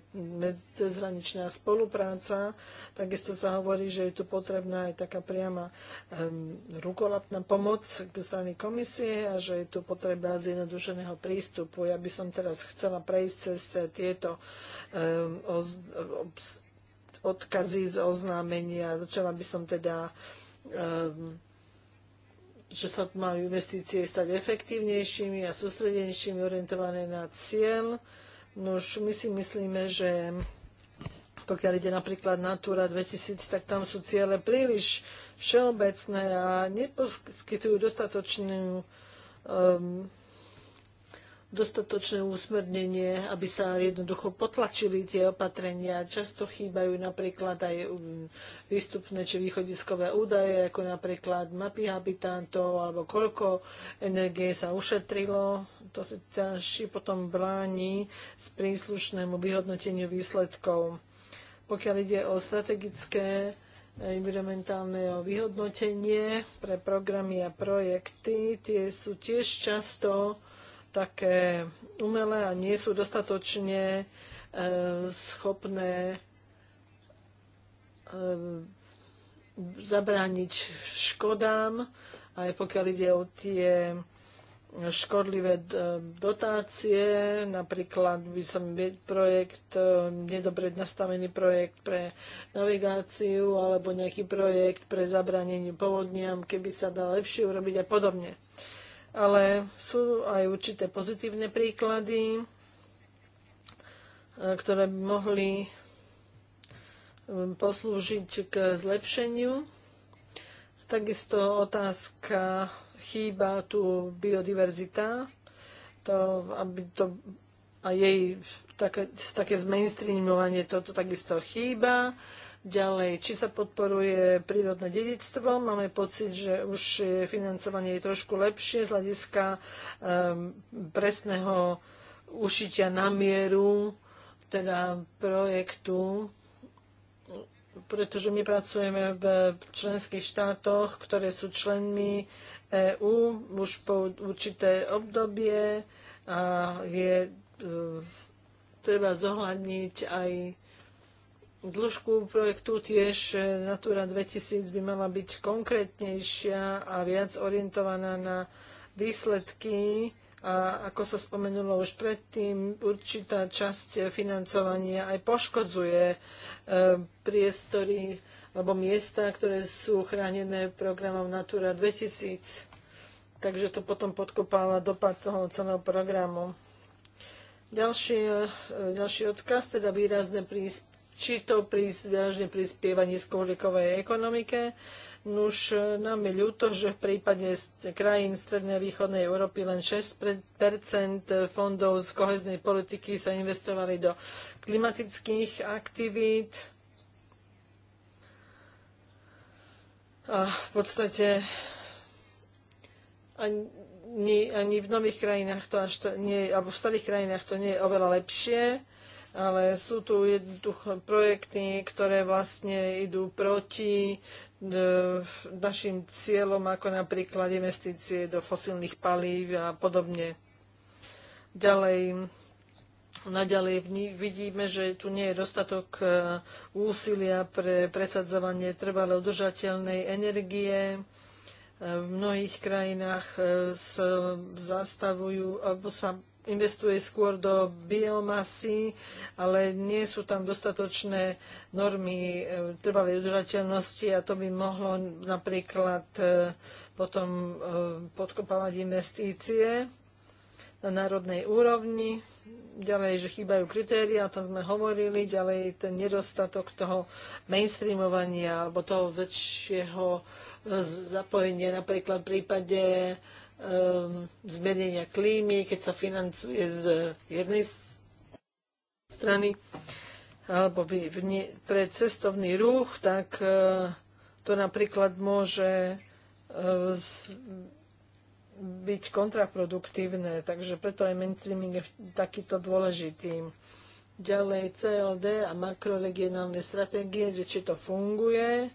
[SPEAKER 3] cezhraničná spolupráca. Takisto sa hovorí, že je tu potrebná aj taká priama um, ehm, rukolapná pomoc k strany komisie a že je tu potreba zjednodušeného prístupu. Ja by som teraz chcela prejsť cez tieto um, oz, odkazy z oznámenia. Začala by som teda um, že sa majú investície stať efektívnejšími a sústredenejšími, orientované na cieľ. No už my si myslíme, že pokiaľ ide napríklad Natura 2000, tak tam sú ciele príliš všeobecné a neposkytujú dostatočnú um, dostatočné úsmernenie, aby sa jednoducho potlačili tie opatrenia. Často chýbajú napríklad aj um, výstupné či východiskové údaje, ako napríklad mapy habitantov alebo koľko energie sa ušetrilo. To sa ďalší potom bráni s príslušnému vyhodnoteniu výsledkov. Pokiaľ ide o strategické eh, environmentálne vyhodnotenie pre programy a projekty. Tie sú tiež často také umelé a nie sú dostatočne e, schopné e, zabrániť škodám, aj pokiaľ ide o tie škodlivé e, dotácie, napríklad by som projekt, nedobre nastavený projekt pre navigáciu alebo nejaký projekt pre zabranenie povodniam, keby sa dal lepšie urobiť a podobne ale sú aj určité pozitívne príklady, e, ktoré by mohli e, poslúžiť k zlepšeniu. Takisto otázka chýba tu biodiverzita, to, aby to a jej také, také zmainstreamovanie toto takisto chýba. Ďalej, či sa podporuje prírodné dedictvo, máme pocit, že už financovanie je trošku lepšie z hľadiska um, presného ušitia na mieru, teda projektu, pretože my pracujeme v členských štátoch, ktoré sú členmi EÚ už po určité obdobie a je e, treba zohľadniť aj dĺžku projektu tiež e, Natura 2000 by mala byť konkrétnejšia a viac orientovaná na výsledky. A ako sa spomenulo už predtým, určitá časť financovania aj poškodzuje e, priestory alebo miesta, ktoré sú chránené programom Natura 2000. Takže to potom podkopáva dopad toho celého programu. Ďalší, e, ďalší odkaz, teda výrazné príspevky či to výražne prispieva nízkouhlíkovej ekonomike. Nuž nám je ľúto, že v prípade krajín Strednej a Východnej Európy len 6 fondov z koheznej politiky sa investovali do klimatických aktivít. A v podstate ani, ani v nových krajinách to až to nie je, alebo v starých krajinách to nie je oveľa lepšie ale sú tu projekty, ktoré vlastne idú proti e, našim cieľom, ako napríklad investície do fosilných palív a podobne. Ďalej, naďalej vidíme, že tu nie je dostatok e, úsilia pre presadzovanie trvale udržateľnej energie. E, v mnohých krajinách sa zastavujú, alebo sa investuje skôr do biomasy, ale nie sú tam dostatočné normy e, trvalej udržateľnosti a to by mohlo napríklad e, potom e, podkopávať investície na národnej úrovni, ďalej, že chýbajú kritéria, o tom sme hovorili, ďalej ten nedostatok toho mainstreamovania alebo toho väčšieho zapojenia napríklad v prípade Um, zmenenia klímy, keď sa financuje z jednej strany alebo pre cestovný ruch, tak uh, to napríklad môže uh, byť kontraproduktívne, takže preto aj mainstreaming je takýto dôležitý. Ďalej CLD a makroregionálne stratégie, že či to funguje.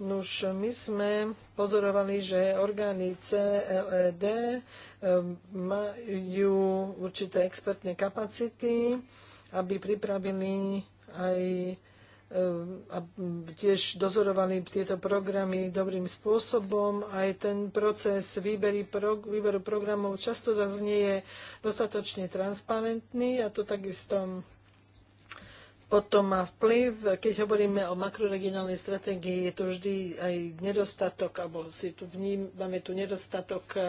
[SPEAKER 3] Nuž, my sme pozorovali, že orgány CLED majú určité expertné kapacity, aby pripravili aj a tiež dozorovali tieto programy dobrým spôsobom. Aj ten proces výberu programov často zaznie je dostatočne transparentný a to takisto potom má vplyv, keď hovoríme o makroregionálnej stratégii, je to vždy aj nedostatok, alebo si tu vnímame tu nedostatok e,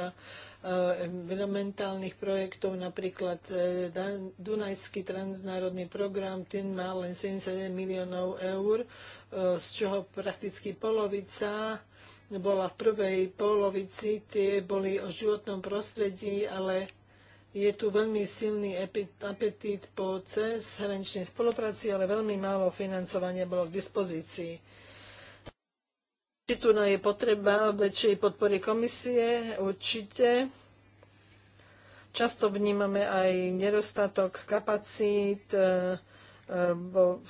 [SPEAKER 3] environmentálnych projektov, napríklad e, Dunajský transnárodný program, ten má len 77 miliónov eur, e, z čoho prakticky polovica bola v prvej polovici, tie boli o životnom prostredí, ale je tu veľmi silný apetít po cezhraničnej spolupráci, ale veľmi málo financovania bolo k dispozícii. Tu je potreba väčšej podpory komisie, určite. Často vnímame aj nedostatok kapacít, eh, eh,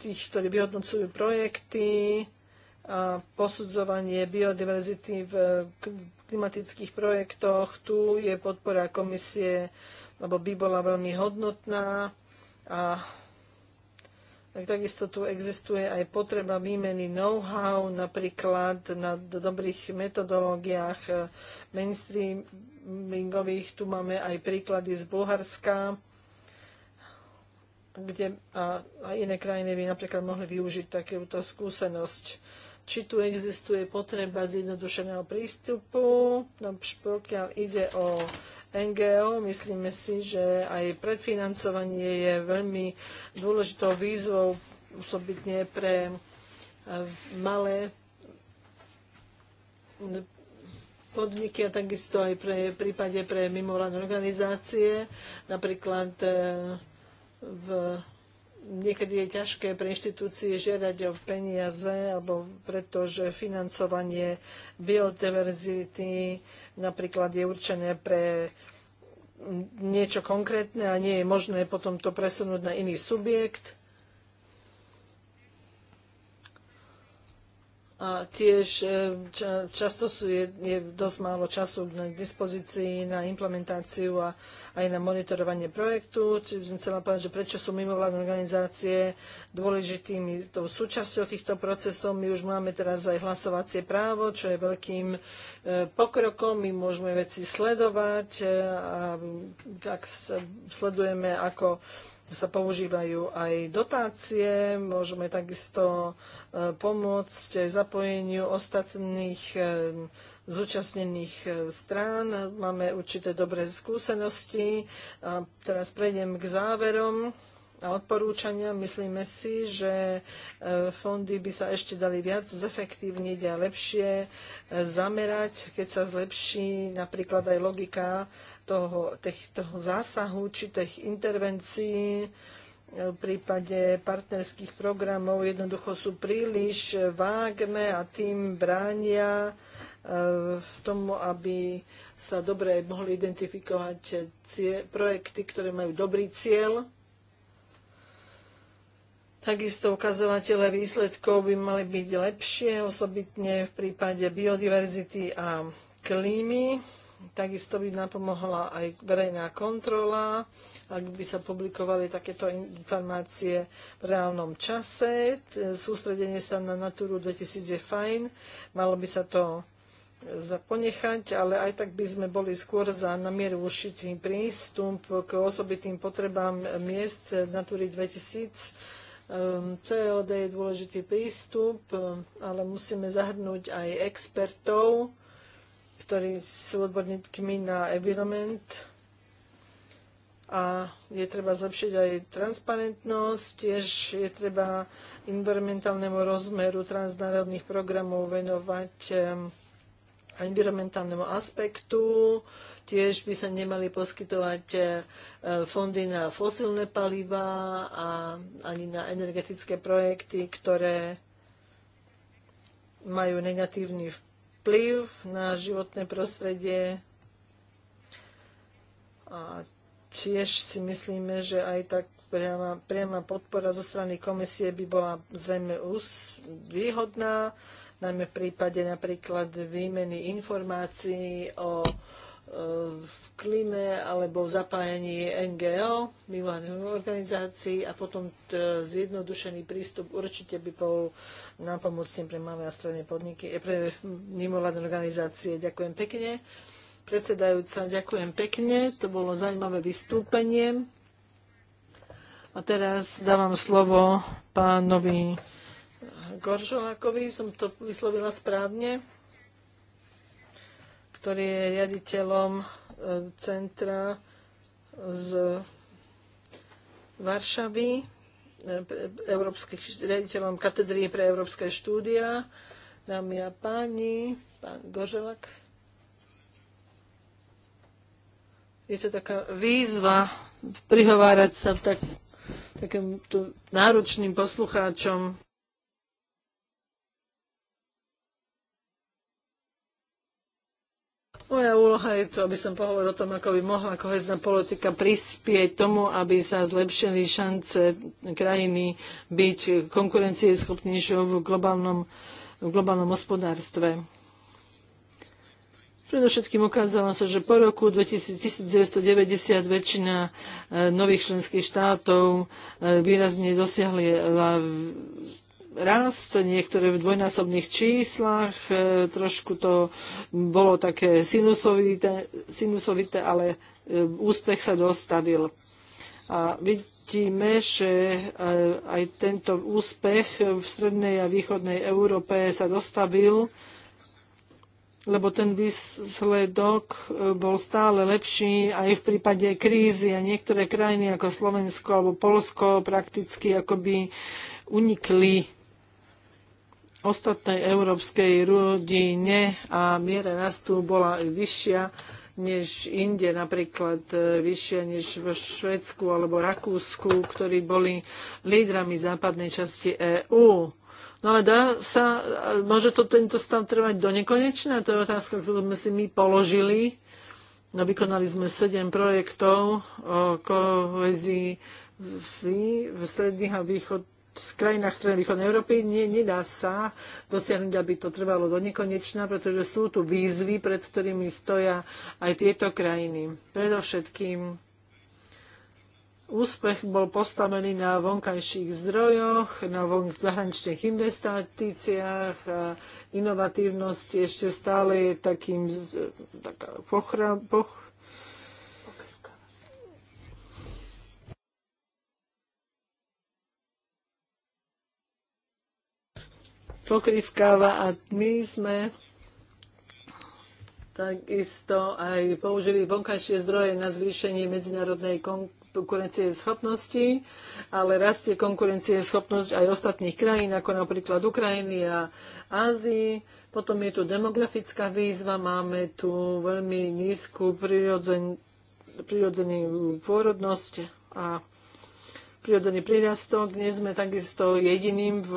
[SPEAKER 3] tých, ktorí vyhodnocujú projekty, a posudzovanie biodiverzity v klimatických projektoch. Tu je podpora komisie, lebo by bola veľmi hodnotná a tak takisto tu existuje aj potreba výmeny know-how, napríklad na dobrých metodológiách e, mainstreamingových. Tu máme aj príklady z Bulharska, kde a, a iné krajiny by napríklad mohli využiť takúto skúsenosť či tu existuje potreba zjednodušeného prístupu, no, pokiaľ ide o NGO. Myslíme si, že aj predfinancovanie je veľmi dôležitou výzvou, osobitne pre eh, malé podniky a takisto aj pre prípade pre mimovládne organizácie, napríklad eh, v niekedy je ťažké pre inštitúcie žiadať o peniaze, alebo pretože financovanie biodiverzity napríklad je určené pre niečo konkrétne a nie je možné potom to presunúť na iný subjekt. a tiež e, často sú, je, je dosť málo času k dispozícii na implementáciu a aj na monitorovanie projektu. Čiže som chcela povedať, že prečo sú mimovládne organizácie dôležitými tou súčasťou týchto procesov. My už máme teraz aj hlasovacie právo, čo je veľkým e, pokrokom. My môžeme veci sledovať e, a tak sledujeme, ako sa používajú aj dotácie, môžeme takisto e, pomôcť zapojeniu ostatných e, zúčastnených e, strán. Máme určité dobré skúsenosti. A teraz prejdem k záverom a odporúčania. Myslíme si, že fondy by sa ešte dali viac zefektívniť a lepšie zamerať, keď sa zlepší napríklad aj logika toho, tých, toho zásahu či tých intervencií v prípade partnerských programov jednoducho sú príliš vágne a tým bránia eh, v tomu, aby sa dobre mohli identifikovať projekty, ktoré majú dobrý cieľ. Takisto ukazovatele výsledkov by mali byť lepšie, osobitne v prípade biodiverzity a klímy Takisto by napomohla aj verejná kontrola, ak by sa publikovali takéto informácie v reálnom čase. Sústredenie sa na Naturu 2000 je fajn, malo by sa to zaponechať, ale aj tak by sme boli skôr za namieru ušitý prístup k osobitým potrebám miest Natúry 2000 ehm, CLD je dôležitý prístup, ehm, ale musíme zahrnúť aj expertov, ktorí sú odborníkmi na environment a je treba zlepšiť aj transparentnosť, tiež je treba environmentálnemu rozmeru transnárodných programov venovať environmentálnemu aspektu, tiež by sa nemali poskytovať e, fondy na fosílne paliva a ani na energetické projekty, ktoré majú negatívny vplyv vplyv na životné prostredie a tiež si myslíme, že aj tak priama, priama podpora zo strany komisie by bola zrejme výhodná, najmä v prípade napríklad výmeny informácií o v klíme alebo v zapájení NGO, mimovládnych organizácií a potom zjednodušený prístup určite by bol nápomocný pre malé a stredné podniky, eh, pre mimovládne organizácie. Ďakujem pekne. Predsedajúca, ďakujem pekne. To bolo zaujímavé vystúpenie. A teraz dávam slovo pánovi Goržolákovi. Som to vyslovila správne ktorý je riaditeľom e, centra z Varšavy, e, riaditeľom katedry pre európske štúdia, dámy a páni, pán Goželak. Je to taká výzva prihovárať sa tak, takým náročným poslucháčom. Moja úloha je tu, aby som pohovoril o tom, ako by mohla kohezná politika prispieť tomu, aby sa zlepšili šance krajiny byť konkurencieschopnejšou v globálnom, v globálnom hospodárstve. Predovšetkým ukázalo sa, že po roku 1990 väčšina e, nových členských štátov e, výrazne dosiahla rast, niektoré v dvojnásobných číslach, e, trošku to bolo také sinusovité, sinusovité ale e, úspech sa dostavil. A vidíme, že e, aj tento úspech v strednej a východnej Európe sa dostavil, lebo ten výsledok bol stále lepší aj v prípade krízy a niektoré krajiny ako Slovensko alebo Polsko prakticky akoby unikli ostatnej európskej rodine a miera rastu bola vyššia než inde, napríklad e, vyššia než v Švedsku alebo Rakúsku, ktorí boli lídrami západnej časti EÚ. No ale dá sa, e, môže to tento stav trvať do nekonečna? To je otázka, ktorú sme si my položili. No, vykonali sme sedem projektov o kohezii v, v stredných a východ, v krajinách Strednej východnej Európy nie, nedá sa dosiahnuť, aby to trvalo do nekonečna, pretože sú tu výzvy, pred ktorými stoja aj tieto krajiny. Predovšetkým úspech bol postavený na vonkajších zdrojoch, na zahraničných investíciách a inovatívnosť ešte stále je takým pochrom. poch- pokrývkáva a my sme takisto aj použili vonkajšie zdroje na zvýšenie medzinárodnej konkurencie schopnosti, ale rastie konkurencie schopnosť aj ostatných krajín, ako napríklad Ukrajiny a Ázii. Potom je tu demografická výzva, máme tu veľmi nízku prirodzen, prirodzenú pôrodnosť a prirodzený prirastok. Dnes sme takisto jediným v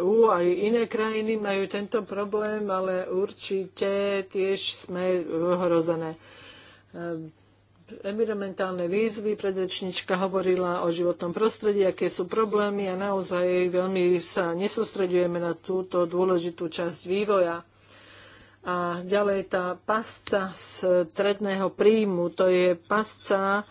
[SPEAKER 3] EÚ, aj iné krajiny majú tento problém, ale určite tiež sme ohrozené. Environmentálne výzvy, predrečnička hovorila o životnom prostredí, aké sú problémy a naozaj veľmi sa nesústredujeme na túto dôležitú časť vývoja. A ďalej tá pasca stredného príjmu, to je pasca,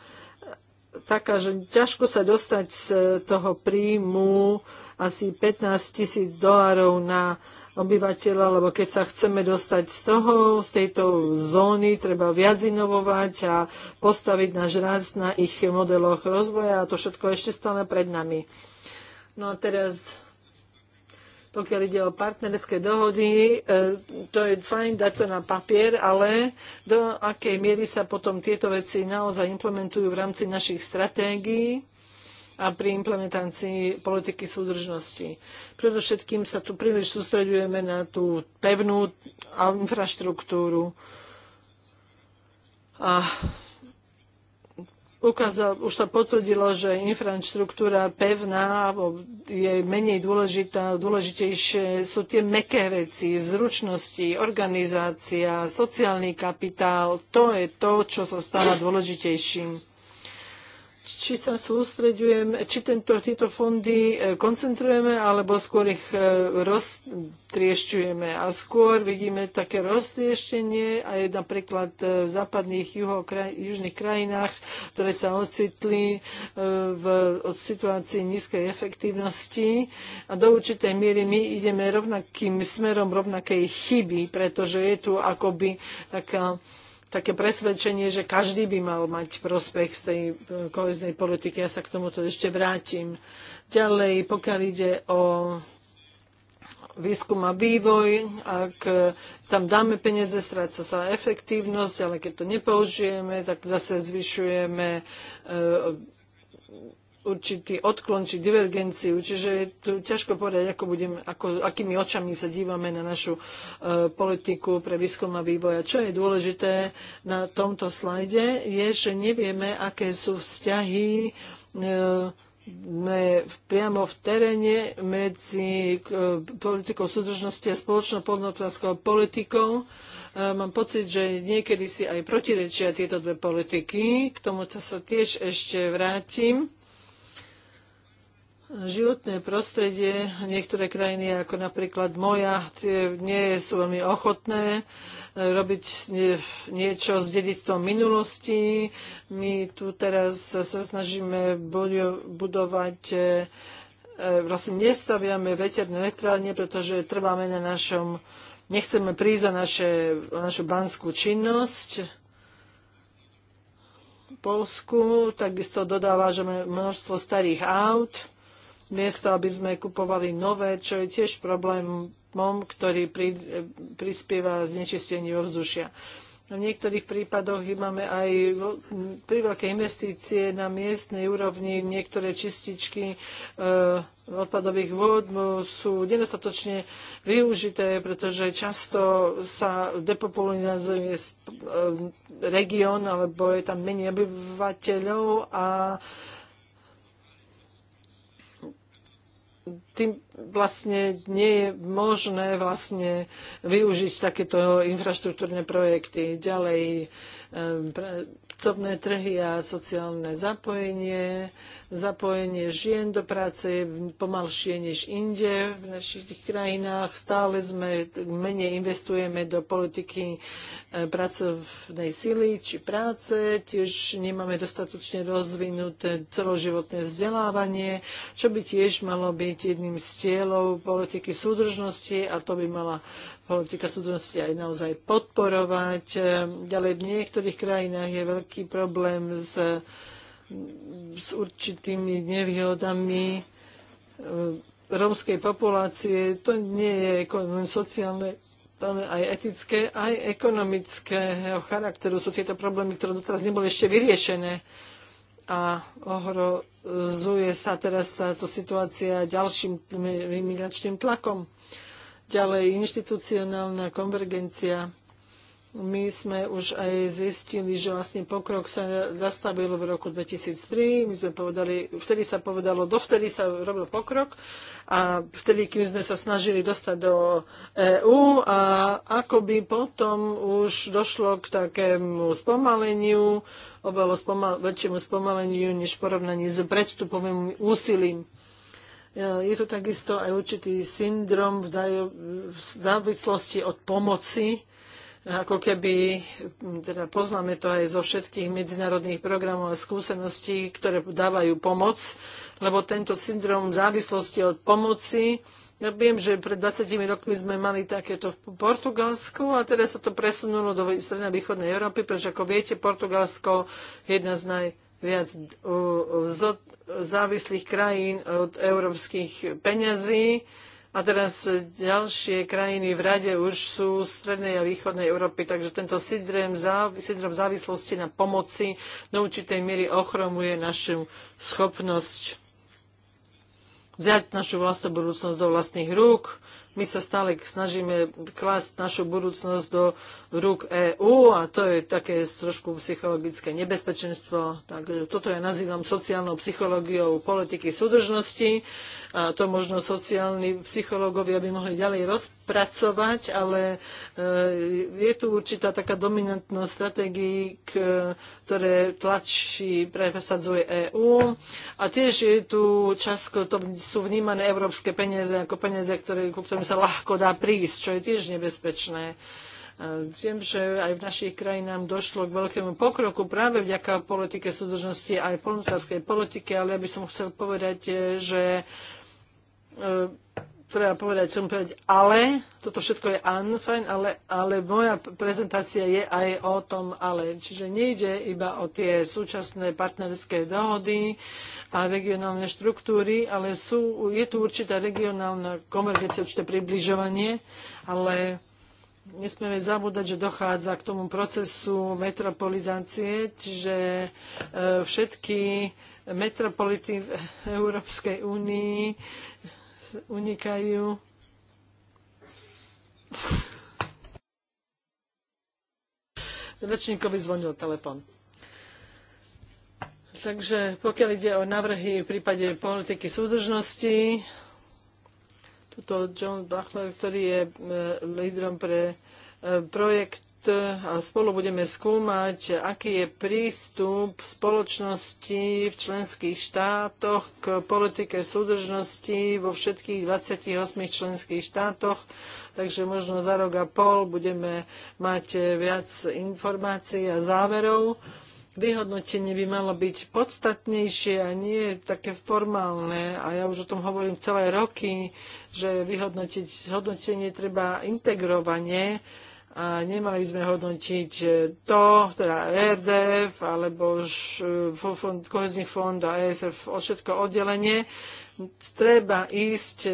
[SPEAKER 3] taká, že ťažko sa dostať z toho príjmu asi 15 tisíc dolárov na obyvateľa, lebo keď sa chceme dostať z toho, z tejto zóny, treba viac inovovať a postaviť náš rast na ich modeloch rozvoja a to všetko ešte stále pred nami. No a teraz pokiaľ ide o partnerské dohody, e, to je fajn dať to na papier, ale do akej miery sa potom tieto veci naozaj implementujú v rámci našich stratégií a pri implementácii politiky súdržnosti. Predovšetkým sa tu príliš sústredujeme na tú pevnú infraštruktúru a ukázal, už sa potvrdilo, že infraštruktúra pevná je menej dôležitá, dôležitejšie sú tie meké veci, zručnosti, organizácia, sociálny kapitál. To je to, čo sa stáva dôležitejším či sa sústreďujem, či tento, tieto fondy e, koncentrujeme, alebo skôr ich e, roztriešťujeme. A skôr vidíme také roztrieštenie aj napríklad e, v západných juho, kraj, južných krajinách, ktoré sa ocitli v situácii nízkej efektívnosti. A do určitej miery my ideme rovnakým smerom rovnakej chyby, pretože je tu akoby taká také presvedčenie, že každý by mal mať prospech z tej eh, koheznej politiky. Ja sa k tomuto ešte vrátim. Ďalej, pokiaľ ide o výskum a vývoj, ak eh, tam dáme peniaze, stráca sa efektívnosť, ale keď to nepoužijeme, tak zase zvyšujeme eh, určitý odklon či divergenciu, čiže je tu ťažko povedať, ako budem, ako, akými očami sa dívame na našu e, politiku pre výskum a vývoj. čo je dôležité na tomto slajde, je, že nevieme, aké sú vzťahy e, priamo v teréne medzi e, politikou súdržnosti a spoločnou podnotovskou politikou. E, mám pocit, že niekedy si aj protirečia tieto dve politiky. K tomu sa tiež ešte vrátim životné prostredie, niektoré krajiny ako napríklad moja, tie nie sú veľmi ochotné eh, robiť niečo s dedictvom minulosti. My tu teraz sa snažíme budovať eh, eh, vlastne nestaviame veterné elektrárne, pretože trváme na našom, nechceme prísť o, naše, o našu banskú činnosť. Polsku takisto máme množstvo starých aut miesto aby sme kupovali nové, čo je tiež problémom, ktorý pri, prispieva znečisteniu ovzdušia. V niektorých prípadoch máme aj veľké investície na miestnej úrovni. Niektoré čističky e, odpadových vôd sú nedostatočne využité, pretože často sa depopulizuje eh, región alebo je tam menej obyvateľov a e, tým vlastne nie je možné vlastne využiť takéto infraštruktúrne projekty. Ďalej pracovné trhy a sociálne zapojenie, zapojenie žien do práce je pomalšie než inde v našich krajinách. Stále sme menej investujeme do politiky pracovnej sily či práce, tiež nemáme dostatočne rozvinuté celoživotné vzdelávanie, čo by tiež malo byť jedným z cieľov politiky súdržnosti a to by mala politika súdržnosti aj naozaj podporovať. Ďalej v niektorých krajinách je veľký problém s, s určitými nevýhodami eh, rómskej populácie. To nie je len sociálne ale aj etické, aj ekonomického charakteru sú tieto problémy, ktoré doteraz neboli ešte vyriešené a ohro, zuje sa teraz táto situácia ďalším imigračným tlakom. Ďalej inštitucionálna konvergencia my sme už aj zistili, že vlastne pokrok sa zastavil v roku 2003. My sme povedali, vtedy sa povedalo, dovtedy sa robil pokrok a vtedy, kým sme sa snažili dostať do EÚ a akoby potom už došlo k takému spomaleniu, oveľa spomal, väčšiemu spomaleniu než v porovnaní s predstupovým úsilím. E, je to takisto aj určitý syndrom v závislosti od pomoci, ako keby, teda poznáme to aj zo všetkých medzinárodných programov a skúseností, ktoré dávajú pomoc, lebo tento syndrom závislosti od pomoci, ja viem, že pred 20 rokmi sme mali takéto v Portugalsku a teraz sa to presunulo do strednej východnej Európy, pretože ako viete, Portugalsko je jedna z najviac závislých krajín od európskych peňazí a teraz ďalšie krajiny v rade už sú z strednej a východnej Európy, takže tento syndrom, záv- syndrom závislosti na pomoci do určitej miery ochromuje našu schopnosť vziať našu vlastnú budúcnosť do vlastných rúk. My sa stále snažíme klásť našu budúcnosť do rúk EÚ a to je také trošku psychologické nebezpečenstvo. Takže toto ja nazývam sociálnou psychológiou politiky súdržnosti a to možno sociálni psychológovia by mohli ďalej rozpracovať, ale e, je tu určitá taká dominantnosť stratégií, ktoré tlačí, presadzuje EÚ a tiež je tu často to sú vnímané európske peniaze ako peniaze, ktoré, ku ktorým sa ľahko dá prísť, čo je tiež nebezpečné. E, viem, že aj v našich krajinách došlo k veľkému pokroku práve vďaka politike súdržnosti aj polnotárskej politike, ale ja by som chcel povedať, e, že E, treba povedať, som povedať, ale, toto všetko je unfajn, ale, ale moja prezentácia je aj o tom ale. Čiže nejde iba o tie súčasné partnerské dohody a regionálne štruktúry, ale sú, je tu určitá regionálna konvergencia, určité približovanie, ale nesmieme zabúdať, že dochádza k tomu procesu metropolizácie, čiže e, všetky metropolity v Európskej únii unikajú. Rečníkovi zvonil telefon. Takže pokiaľ ide o navrhy v prípade politiky súdržnosti, tuto John Bachler, ktorý je e, lídrom pre e, projekt a spolu budeme skúmať, aký je prístup spoločnosti v členských štátoch k politike súdržnosti vo všetkých 28 členských štátoch. Takže možno za rok a pol budeme mať viac informácií a záverov. Vyhodnotenie by malo byť podstatnejšie a nie také formálne. A ja už o tom hovorím celé roky, že vyhodnotenie treba integrovanie a nemali by sme hodnotiť e, to, teda RDF alebo e, kohezný fond a ESF o všetko oddelenie. Treba ísť e,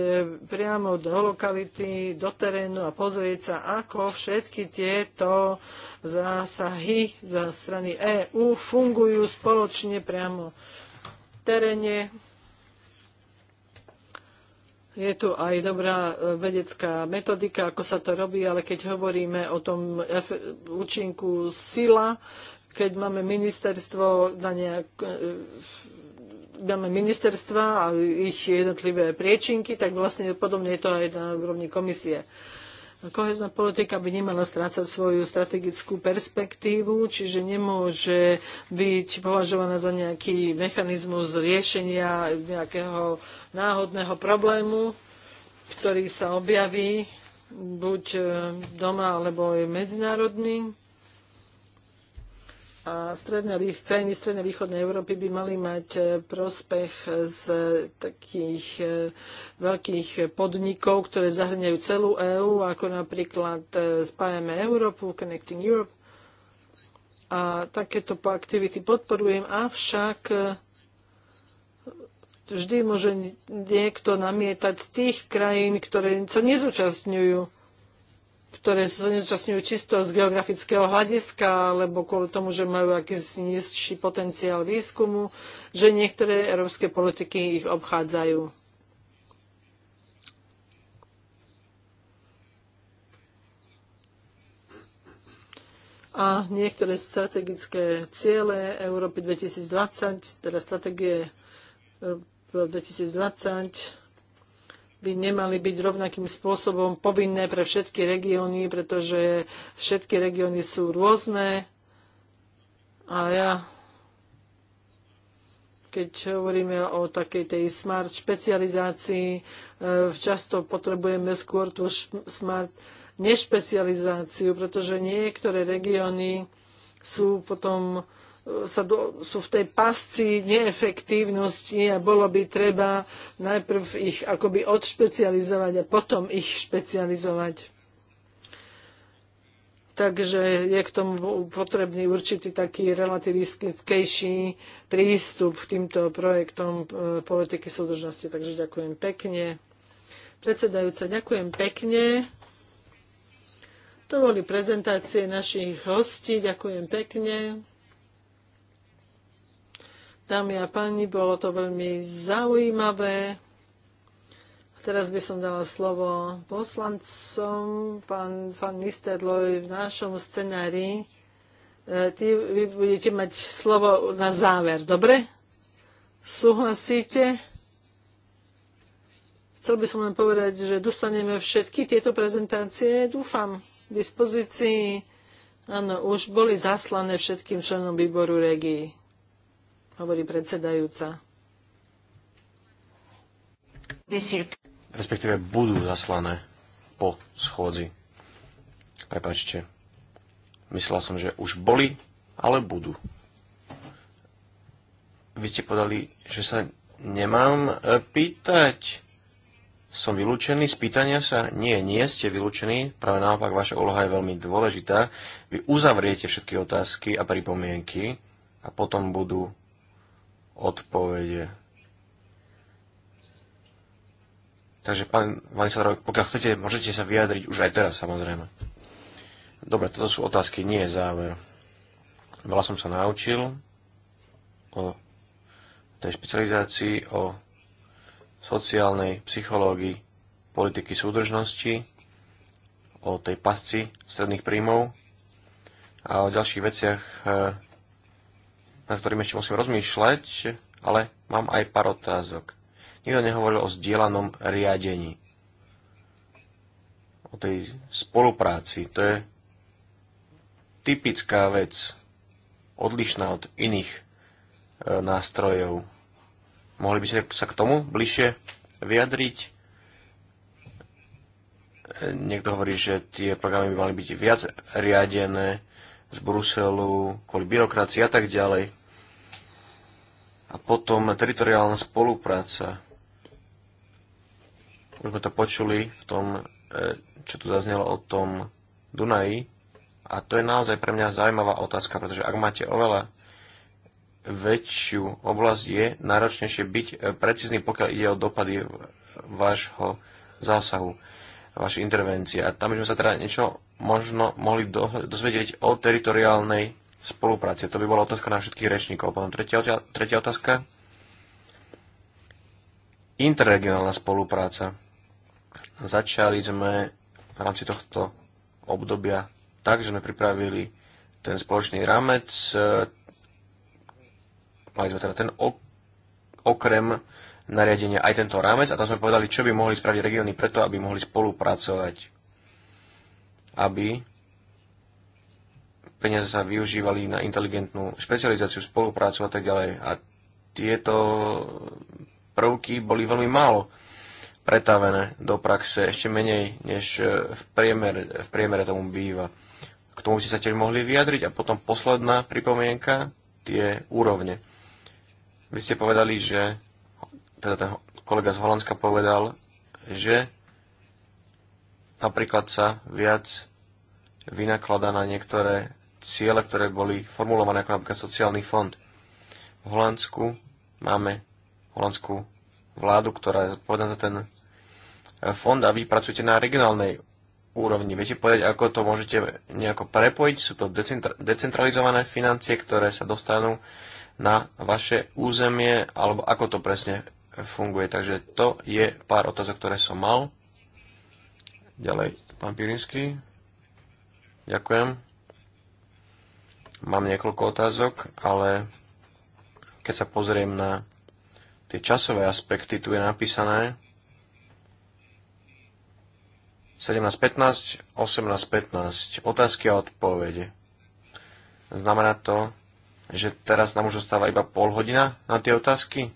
[SPEAKER 3] priamo do lokality, do terénu a pozrieť sa, ako všetky tieto zásahy za strany EÚ fungujú spoločne priamo v teréne je tu aj dobrá e, vedecká metodika, ako sa to robí, ale keď hovoríme o tom účinku sila, keď máme ministerstvo na nejak, e, e, máme ministerstva a ich jednotlivé priečinky, tak vlastne podobne je to aj na úrovni komisie. Kohezná politika by nemala strácať svoju strategickú perspektívu, čiže nemôže byť považovaná za nejaký mechanizmus riešenia nejakého náhodného problému, ktorý sa objaví buď eh, doma alebo je medzinárodný a stredné, krajiny strednej východnej Európy by mali mať e, prospech z takých e, veľkých podnikov, ktoré zahrňajú celú EÚ, ako napríklad e, Spájame Európu, Connecting Europe. A takéto aktivity podporujem, avšak vždy môže niekto namietať z tých krajín, ktoré sa nezúčastňujú ktoré sa nezúčastňujú čisto z geografického hľadiska, alebo kvôli tomu, že majú akýsi nižší potenciál výskumu, že niektoré európske politiky ich obchádzajú. A niektoré strategické ciele Európy 2020, teda strategie 2020, by nemali byť rovnakým spôsobom povinné pre všetky regióny, pretože všetky regióny sú rôzne. A ja, keď hovoríme o takej tej smart špecializácii, e, často potrebujeme skôr tú smart nešpecializáciu, pretože niektoré regióny sú potom sa do, sú v tej pasci neefektívnosti a bolo by treba najprv ich akoby odšpecializovať a potom ich špecializovať. Takže je k tomu potrebný určitý taký relativistickejší prístup k týmto projektom e, politiky súdržnosti. Takže ďakujem pekne. Predsedajúca, ďakujem pekne. To boli prezentácie našich hostí. Ďakujem pekne. Dámy a páni, bolo to veľmi zaujímavé. Teraz by som dala slovo poslancom. Pán, pán Nisterloj, v našom scenári e, ty, vy budete mať slovo na záver, dobre? Súhlasíte? Chcel by som len povedať, že dostaneme všetky tieto prezentácie, dúfam, k dispozícii. Áno, už boli zaslané všetkým členom výboru regii hovorí predsedajúca.
[SPEAKER 2] Respektíve budú zaslané po schôdzi. Prepačte. Myslel som, že už boli, ale budú. Vy ste podali, že sa nemám e, pýtať. Som vylúčený z pýtania sa? Nie, nie ste vylúčení. Práve naopak, vaša úloha je veľmi dôležitá. Vy uzavriete všetky otázky a pripomienky a potom budú odpovede. Takže, pán Vanisladrov, pokiaľ chcete, môžete sa vyjadriť už aj teraz, samozrejme. Dobre, toto sú otázky, nie je záver. Veľa som sa naučil o tej špecializácii, o sociálnej psychológii politiky súdržnosti, o tej pasci stredných príjmov a o ďalších veciach, eh, nad ktorým ešte musím rozmýšľať, ale mám aj pár otázok. Nikto nehovoril o zdieľanom riadení, o tej spolupráci. To je typická vec, odlišná od iných e, nástrojov. Mohli by ste sa k tomu bližšie vyjadriť? E, niekto hovorí, že tie programy by mali byť viac riadené z Bruselu kvôli byrokracii a tak ďalej. A potom teritoriálna spolupráca. Už sme to počuli v tom, e, čo tu zaznelo o tom Dunaji. A to je naozaj pre mňa zaujímavá otázka, pretože ak máte oveľa väčšiu oblasť, je náročnejšie byť e, precízny, pokiaľ ide o dopady vášho zásahu, vašej intervencie. A tam by sme sa teda niečo možno mohli dozvedieť o teritoriálnej spolupráce. To by bola otázka na všetkých rečníkov. Potom tretia, tretia otázka. Interregionálna spolupráca. Začali sme v rámci tohto obdobia tak, že sme pripravili ten spoločný ramec. Mali sme teda ten okrem nariadenia aj tento rámec a tam sme povedali, čo by mohli spraviť regióny preto, aby mohli spolupracovať, aby peniaze sa využívali na inteligentnú špecializáciu, spoluprácu a tak ďalej. A tieto prvky boli veľmi málo pretavené do praxe, ešte menej, než e, v priemere, v priemere tomu býva. K tomu ste sa tiež mohli vyjadriť. A potom posledná pripomienka, tie úrovne. Vy ste povedali, že, teda ten kolega z Holandska povedal, že napríklad sa viac vynaklada na niektoré ciele, ktoré boli formulované ako napríklad sociálny fond. V Holandsku máme holandskú vládu, ktorá je zodpovedná za ten e, fond a vy pracujete na regionálnej úrovni. Viete povedať, ako to môžete nejako prepojiť? Sú to decentra- decentralizované financie, ktoré sa dostanú na vaše územie, alebo ako to presne funguje. Takže to je pár otázok, ktoré som mal. Ďalej, pán Pirinsky. Ďakujem. Mám niekoľko otázok, ale keď sa pozriem na tie časové aspekty, tu je napísané 17.15, 18.15. Otázky a odpovede. Znamená to, že teraz nám už zostáva iba pol hodina na tie otázky?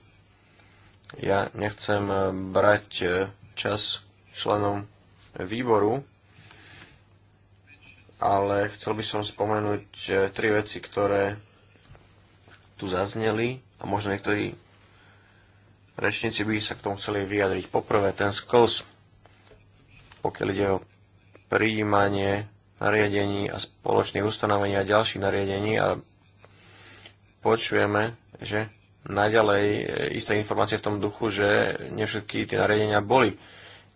[SPEAKER 2] Ja nechcem brať e, čas členom výboru, ale chcel by som spomenúť tri veci, ktoré tu zazneli a možno niektorí rečníci by sa k tomu chceli vyjadriť. Poprvé, ten skos, pokiaľ ide o prijímanie nariadení a spoločných ustanovení a ďalších nariadení a počujeme, že naďalej isté informácie v tom duchu, že nevšetky tie nariadenia boli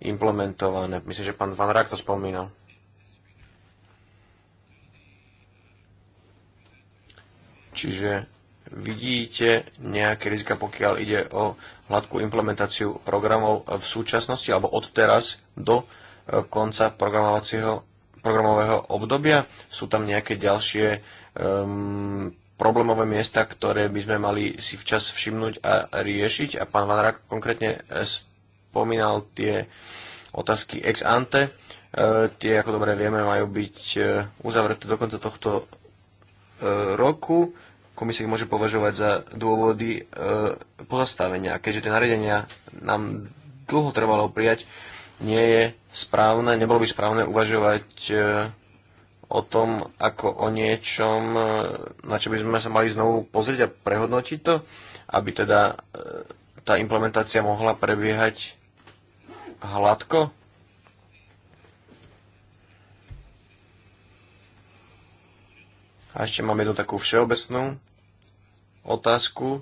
[SPEAKER 2] implementované. Myslím, že pán Van Rák to spomínal. Čiže vidíte nejaké rizika, pokiaľ ide o hladkú implementáciu programov v súčasnosti alebo od teraz do e, konca programovacieho programového obdobia? Sú tam nejaké ďalšie um, problémové miesta, ktoré by sme mali si včas všimnúť a riešiť? A pán Van konkrétne e, spomínal tie otázky ex ante. E, tie, ako dobre vieme, majú byť e, uzavreté do konca tohto e, roku. E, komisia ich môže považovať za dôvody e, pozastavenia. Keďže tie nariadenia nám dlho trvalo prijať, nie je správne, nebolo by správne uvažovať e, o tom, ako o niečom, e, na čo by sme sa mali znovu pozrieť a prehodnotiť to, aby teda e, tá implementácia mohla prebiehať hladko. A ešte mám jednu takú všeobecnú otázku. E,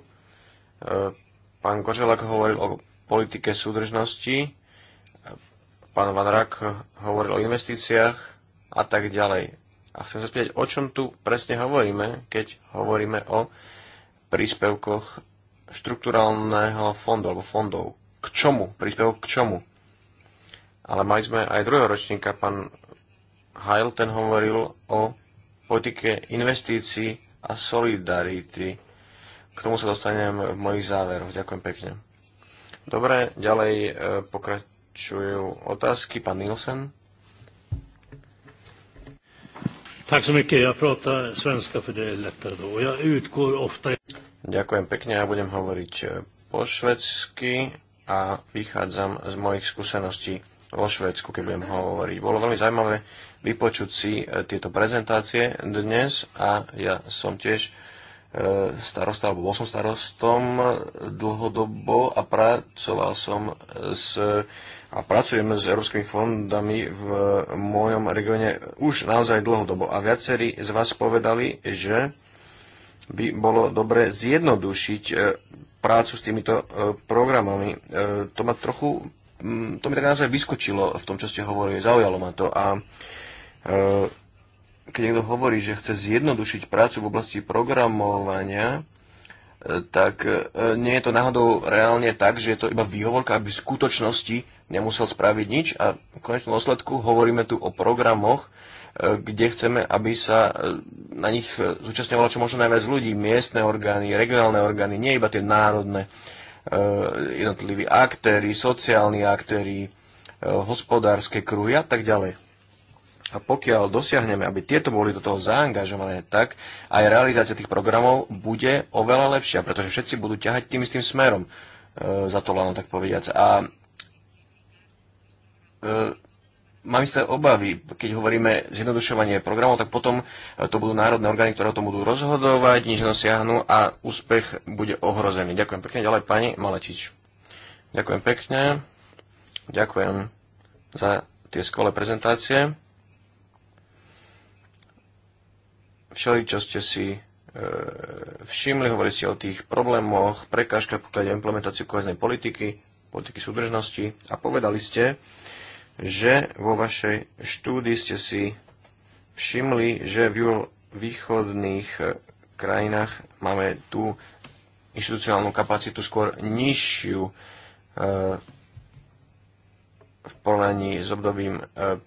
[SPEAKER 2] pán Koželak hovoril o politike súdržnosti, e, pán Van Rak hovoril o investíciách a tak ďalej. A chcem sa spýtať, o čom tu presne hovoríme, keď hovoríme o príspevkoch štrukturálneho fondu alebo fondov. K čomu? Príspevok k čomu? Ale mali sme aj druhého ročníka, pán Heil, ten hovoril o politike investícií a solidarity. K tomu sa dostanem v mojich záveroch. Ďakujem pekne. Dobre, ďalej e, pokračujú otázky. Pán Nielsen. Tak som
[SPEAKER 3] mycket. ja pratar svenska för det är
[SPEAKER 2] do. Ja utgår ofta... Ďakujem pekne, ja budem hovoriť e, po švedsky a vychádzam z mojich skúseností vo Švedsku, keď budem hovoriť. Bolo veľmi zaujímavé vypočuť si e, tieto prezentácie dnes a ja som tiež E, starosta, alebo bol som starostom e, dlhodobo a pracoval som s, a pracujem s európskymi fondami v mojom regióne už naozaj dlhodobo. A viacerí z vás povedali, že by bolo dobre zjednodušiť e, prácu s týmito programami. To ma trochu, mm, to mi tak naozaj vyskočilo v tom, čo ste hovorili, zaujalo ma to. A keď niekto hovorí, že chce zjednodušiť prácu v oblasti programovania, e, tak e, nie je to náhodou reálne tak, že je to iba výhovorka, aby v skutočnosti nemusel spraviť nič a v konečnom dôsledku hovoríme tu o programoch, e, kde chceme, aby sa na nich zúčastňovalo čo možno najviac ľudí, miestne orgány, regionálne orgány, nie iba tie národné jednotliví aktéry, sociálni aktéry, hospodárske kruhy a tak ďalej. A pokiaľ dosiahneme, aby tieto boli do toho zaangažované, tak aj realizácia tých programov bude oveľa lepšia, pretože všetci budú ťahať tým istým smerom e, za to len tak povediac. A e, mám isté obavy, keď hovoríme zjednodušovanie programov, tak potom e, to budú národné orgány, ktoré o tom budú rozhodovať, nič nosiahnu a úspech bude ohrozený. Ďakujem pekne. Ďalej pani Maletič. Ďakujem pekne. Ďakujem za tie skvelé prezentácie. začali, čo ste si e, všimli, hovorili ste o tých problémoch, prekážkach, pokiaľ ide o implementáciu koheznej politiky, politiky súdržnosti a povedali ste, že vo vašej štúdii ste si všimli, že v východných e, krajinách máme tú inštitucionálnu kapacitu skôr nižšiu e, v porovnaní s obdobím e,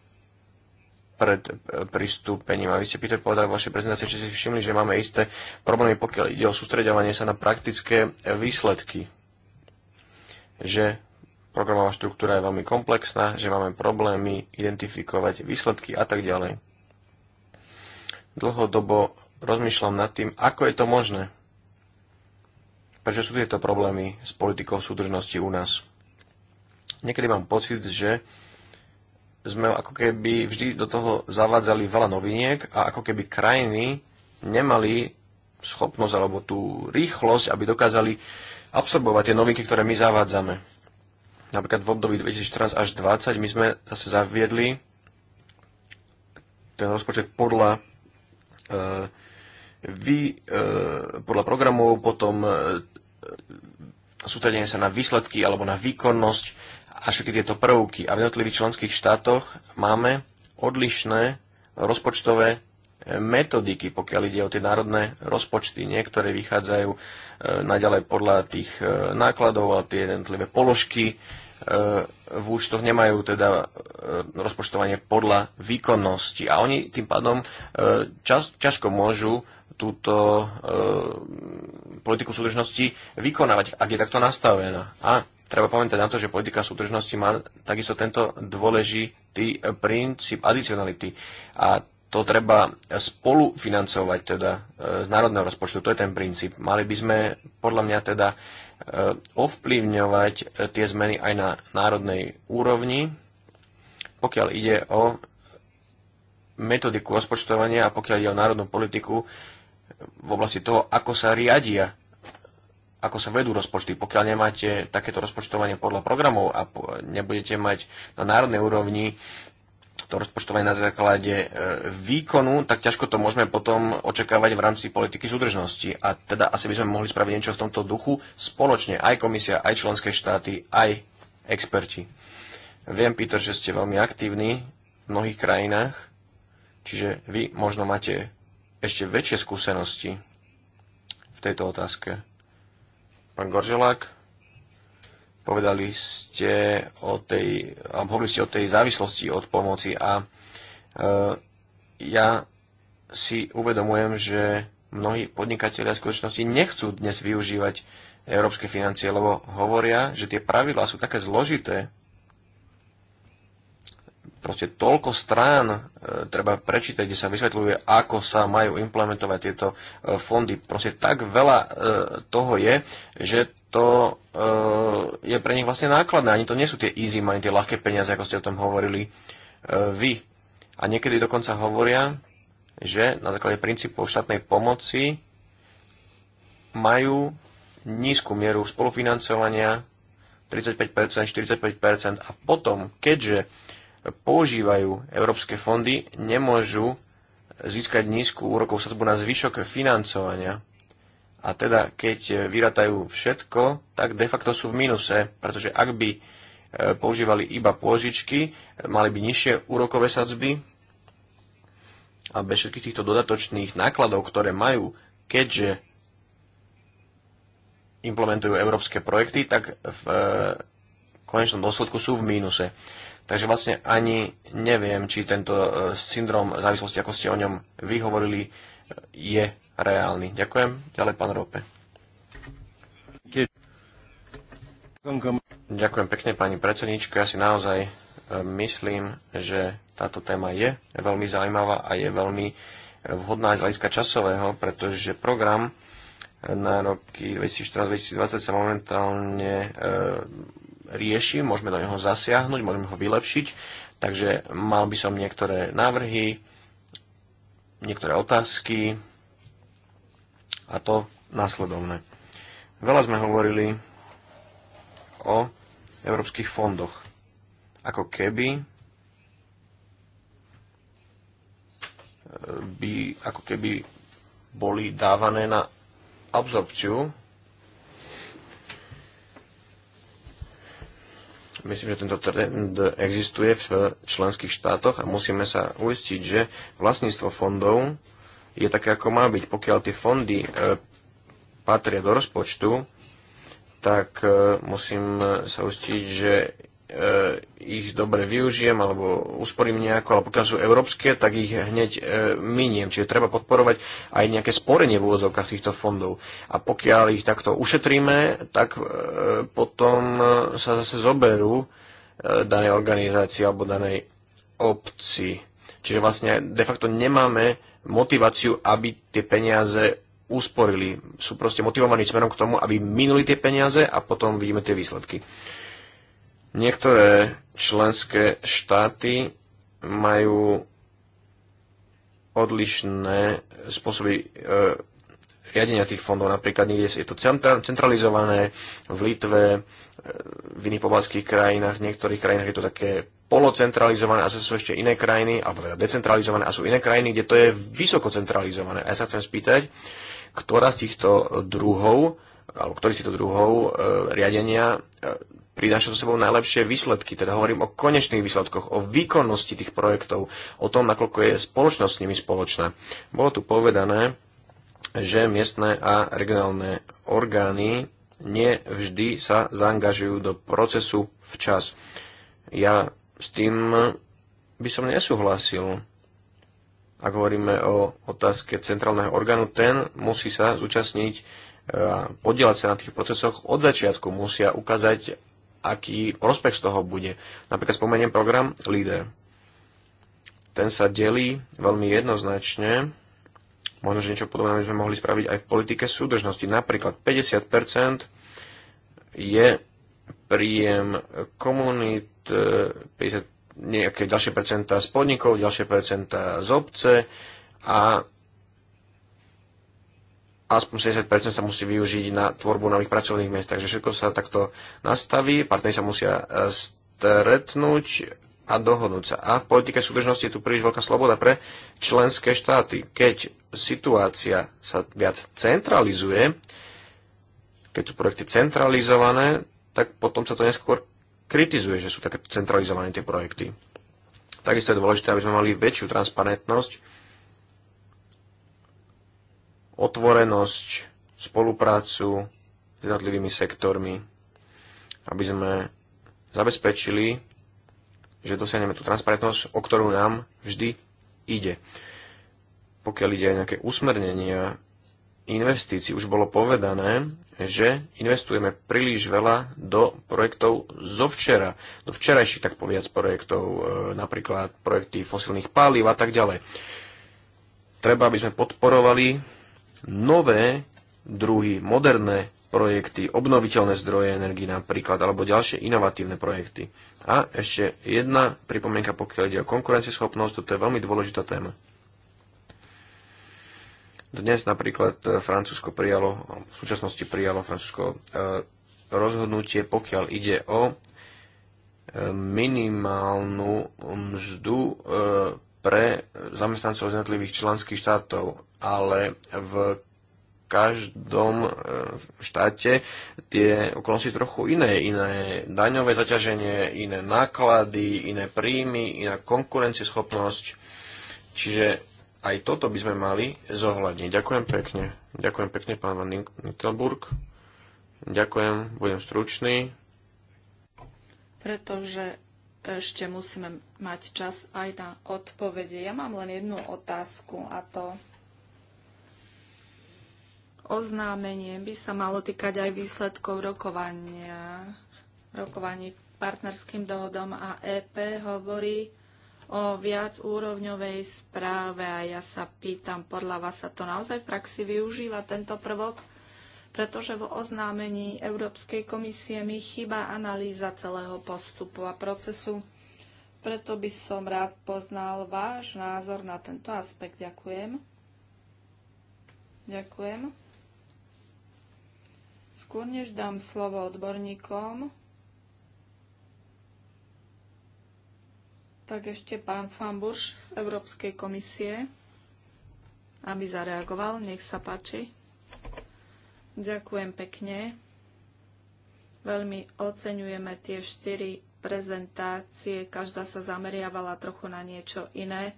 [SPEAKER 2] pred eh, pristúpením. A vy ste, Peter, povedali v vašej prezentácii, že ste si všimli, že máme isté problémy, pokiaľ ide o sústredovanie sa na praktické eh, výsledky. Že programová štruktúra je veľmi komplexná, že máme problémy identifikovať výsledky a tak ďalej. Dlhodobo rozmýšľam nad tým, ako je to možné. Prečo sú tieto problémy s politikou súdržnosti u nás? Niekedy mám pocit, že sme ako keby vždy do toho zavádzali veľa noviniek a ako keby krajiny nemali schopnosť alebo tú rýchlosť, aby dokázali absorbovať tie novinky, ktoré my zavádzame. Napríklad v období 2014 až 2020 my sme zase zaviedli ten rozpočet podľa, e, vy, e, podľa programov, potom e, sústredenie sa na výsledky alebo na výkonnosť, a všetky tieto prvky. A v jednotlivých členských štátoch máme odlišné rozpočtové e, metodiky, pokiaľ ide o tie národné rozpočty. Niektoré vychádzajú e, naďalej podľa tých e, nákladov, a tie jednotlivé položky e, v účtoch nemajú teda e, rozpočtovanie podľa výkonnosti. A oni tým pádom e, čas, ťažko môžu túto politiku súdržnosti vykonávať, ak je takto nastavená. A treba pamätať na to, že politika súdržnosti má takisto tento dôležitý princíp adicionality. A to treba spolufinancovať teda e, z národného rozpočtu. To je ten princíp. Mali by sme podľa mňa teda e, ovplyvňovať e, tie zmeny aj na národnej úrovni, pokiaľ ide o metodiku rozpočtovania a pokiaľ ide o národnú politiku v oblasti toho, ako sa riadia ako sa vedú rozpočty. Pokiaľ nemáte takéto rozpočtovanie podľa programov a nebudete mať na národnej úrovni to rozpočtovanie na základe e, výkonu, tak ťažko to môžeme potom očakávať v rámci politiky súdržnosti. A teda asi by sme mohli spraviť niečo v tomto duchu spoločne, aj komisia, aj členské štáty, aj experti. Viem, Peter, že ste veľmi aktívni v mnohých krajinách, čiže vy možno máte ešte väčšie skúsenosti v tejto otázke. Pán Goržalák, povedali ste o tej, alebo hovorili ste o tej závislosti od pomoci a e, ja si uvedomujem, že mnohí podnikatelia v skutočnosti nechcú dnes využívať európske financie, lebo hovoria, že tie pravidlá sú také zložité, proste toľko strán e, treba prečítať, kde sa vysvetľuje, ako sa majú implementovať tieto e, fondy. Proste tak veľa e, toho je, že to e, je pre nich vlastne nákladné. Ani to nie sú tie easy money, tie ľahké peniaze, ako ste o tom hovorili e, vy. A niekedy dokonca hovoria, že na základe princípov štátnej pomoci majú nízku mieru spolufinancovania 35%, 45% a potom, keďže používajú európske fondy, nemôžu získať nízku úrokovú sadzbu na zvyšok financovania. A teda, keď vyratajú všetko, tak de facto sú v mínuse, pretože ak by e, používali iba pôžičky, mali by nižšie úrokové sadzby a bez všetkých týchto dodatočných nákladov, ktoré majú, keďže implementujú európske projekty, tak v e, konečnom dôsledku sú v mínuse. Takže vlastne ani neviem, či tento e, syndrom závislosti, ako ste o ňom vyhovorili, e, je reálny. Ďakujem. Ďalej pán Rope. Ďakujem pekne, pani predsednička. Ja si naozaj e, myslím, že táto téma je veľmi zaujímavá a je veľmi vhodná aj z hľadiska časového, pretože program na roky 2014-2020 sa momentálne rieši, môžeme do neho zasiahnuť, môžeme ho vylepšiť. Takže mal by som niektoré návrhy, niektoré otázky a to následovné. Veľa sme hovorili o európskych fondoch. Ako keby eh, by, ako keby boli dávané na absorpciu Myslím, že tento trend existuje v členských štátoch a musíme sa uistiť, že vlastníctvo fondov je také, ako má byť. Pokiaľ tie fondy e, patria do rozpočtu, tak e, musím sa uistiť, že E, ich dobre využijem alebo usporím nejako, ale pokiaľ sú európske, tak ich hneď e, miniem. Čiže treba podporovať aj nejaké sporenie v úvodzovkách týchto fondov. A pokiaľ ich takto ušetríme, tak e, potom e, sa zase zoberú e, danej organizácii alebo danej obci. Čiže vlastne de facto nemáme motiváciu, aby tie peniaze usporili. Sú proste motivovaní smerom k tomu, aby minuli tie peniaze a potom vidíme tie výsledky. Niektoré členské štáty majú odlišné spôsoby e, riadenia tých fondov. Napríklad niekde je to centralizované, v Litve, e, v iných pobalských krajinách, v niektorých krajinách je to také polocentralizované a sú ešte iné krajiny, alebo teda decentralizované a sú iné krajiny, kde to je vysoko centralizované. A ja sa chcem spýtať, ktorá z týchto druhov, alebo ktorý z týchto druhov e, riadenia e, prináša so sebou najlepšie výsledky. Teda hovorím o konečných výsledkoch, o výkonnosti tých projektov, o tom, nakoľko je spoločnosť s nimi spoločná. Bolo tu povedané, že miestne a regionálne orgány nevždy sa zaangažujú do procesu včas. Ja s tým by som nesúhlasil. Ak hovoríme o otázke centrálneho orgánu, ten musí sa zúčastniť a podielať sa na tých procesoch od začiatku. Musia ukázať, aký prospech z toho bude. Napríklad spomeniem program LEADER. Ten sa delí veľmi jednoznačne. Možno, že niečo podobné by sme mohli spraviť aj v politike súdržnosti. Napríklad 50% je príjem komunit, 50, e, nejaké ďalšie percentá z podnikov, ďalšie percentá z obce a aspoň 70% sa musí využiť na tvorbu nových pracovných miest. Takže všetko sa takto nastaví, partneri sa musia e, stretnúť a dohodnúť sa. A v politike súdržnosti je tu príliš veľká sloboda pre členské štáty. Keď situácia sa viac centralizuje, keď sú projekty centralizované, tak potom sa to neskôr kritizuje, že sú také centralizované tie projekty. Takisto je dôležité, aby sme mali väčšiu transparentnosť otvorenosť, spoluprácu s jednotlivými sektormi, aby sme zabezpečili, že dosiahneme tú transparentnosť, o ktorú nám vždy ide. Pokiaľ ide aj nejaké usmernenia investícií, už bolo povedané, že investujeme príliš veľa do projektov zo včera, do včerajších, tak povedať, projektov, e, napríklad projekty fosilných palív a tak ďalej. Treba, aby sme podporovali nové druhy, moderné projekty, obnoviteľné zdroje energii napríklad, alebo ďalšie inovatívne projekty. A ešte jedna pripomienka, pokiaľ ide o konkurencieschopnosť, toto je veľmi dôležitá téma. Dnes napríklad e, Francúzsko prijalo, v súčasnosti prijalo Francúzsko e, rozhodnutie, pokiaľ ide o e, minimálnu mzdu pre zamestnancov z jednotlivých členských štátov, ale v každom e, štáte tie okolnosti trochu iné. Iné daňové zaťaženie, iné náklady, iné príjmy, iná konkurencieschopnosť. Čiže aj toto by sme mali zohľadniť. Ďakujem pekne. Ďakujem pekne, pán Van Nittelburg. Ďakujem, budem stručný.
[SPEAKER 1] Pretože ešte musíme mať čas aj na odpovede. Ja mám len jednu otázku a to oznámenie by sa malo týkať aj výsledkov rokovania, rokovaní partnerským dohodom a EP hovorí o viac úrovňovej správe a ja sa pýtam, podľa vás sa to naozaj v praxi využíva tento prvok? pretože vo oznámení Európskej komisie mi chýba analýza celého postupu a procesu. Preto by som rád poznal váš názor na tento aspekt. Ďakujem. Ďakujem. Skôr než dám slovo odborníkom, tak ešte pán Fambuš z Európskej komisie, aby zareagoval. Nech sa páči. Ďakujem pekne. Veľmi oceňujeme tie štyri prezentácie. Každá sa zameriavala trochu na niečo iné.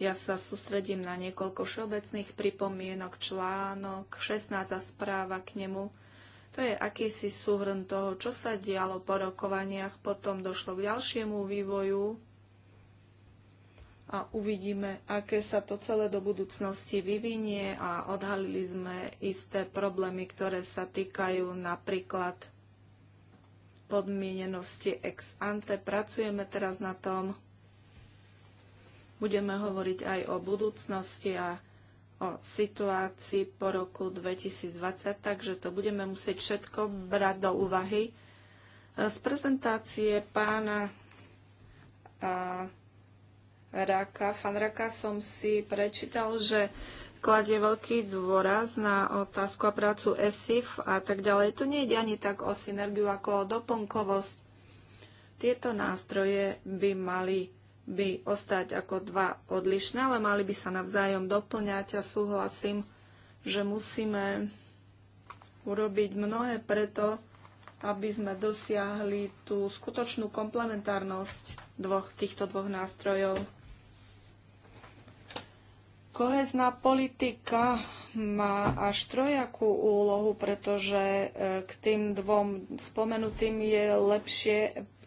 [SPEAKER 1] Ja sa sústredím na niekoľko všeobecných pripomienok, článok, 16 a správa k nemu. To je akýsi súhrn toho, čo sa dialo po rokovaniach, potom došlo k ďalšiemu vývoju a uvidíme, aké sa to celé do budúcnosti vyvinie a odhalili sme isté problémy, ktoré sa týkajú napríklad podmienenosti ex ante. Pracujeme teraz na tom. Budeme hovoriť aj o budúcnosti a o situácii po roku 2020, takže to budeme musieť všetko brať do úvahy. Z prezentácie pána Raka, fan Raka som si prečítal, že kladie veľký dôraz na otázku a prácu ESIF a tak ďalej. Tu nejde ani tak o synergiu ako o doplnkovosť. Tieto nástroje by mali by ostať ako dva odlišné, ale mali by sa navzájom doplňať a súhlasím, že musíme urobiť mnohé preto, aby sme dosiahli tú skutočnú komplementárnosť dvoch, týchto dvoch nástrojov. Kohezná politika má až trojakú úlohu, pretože e, k tým dvom spomenutým je lepšie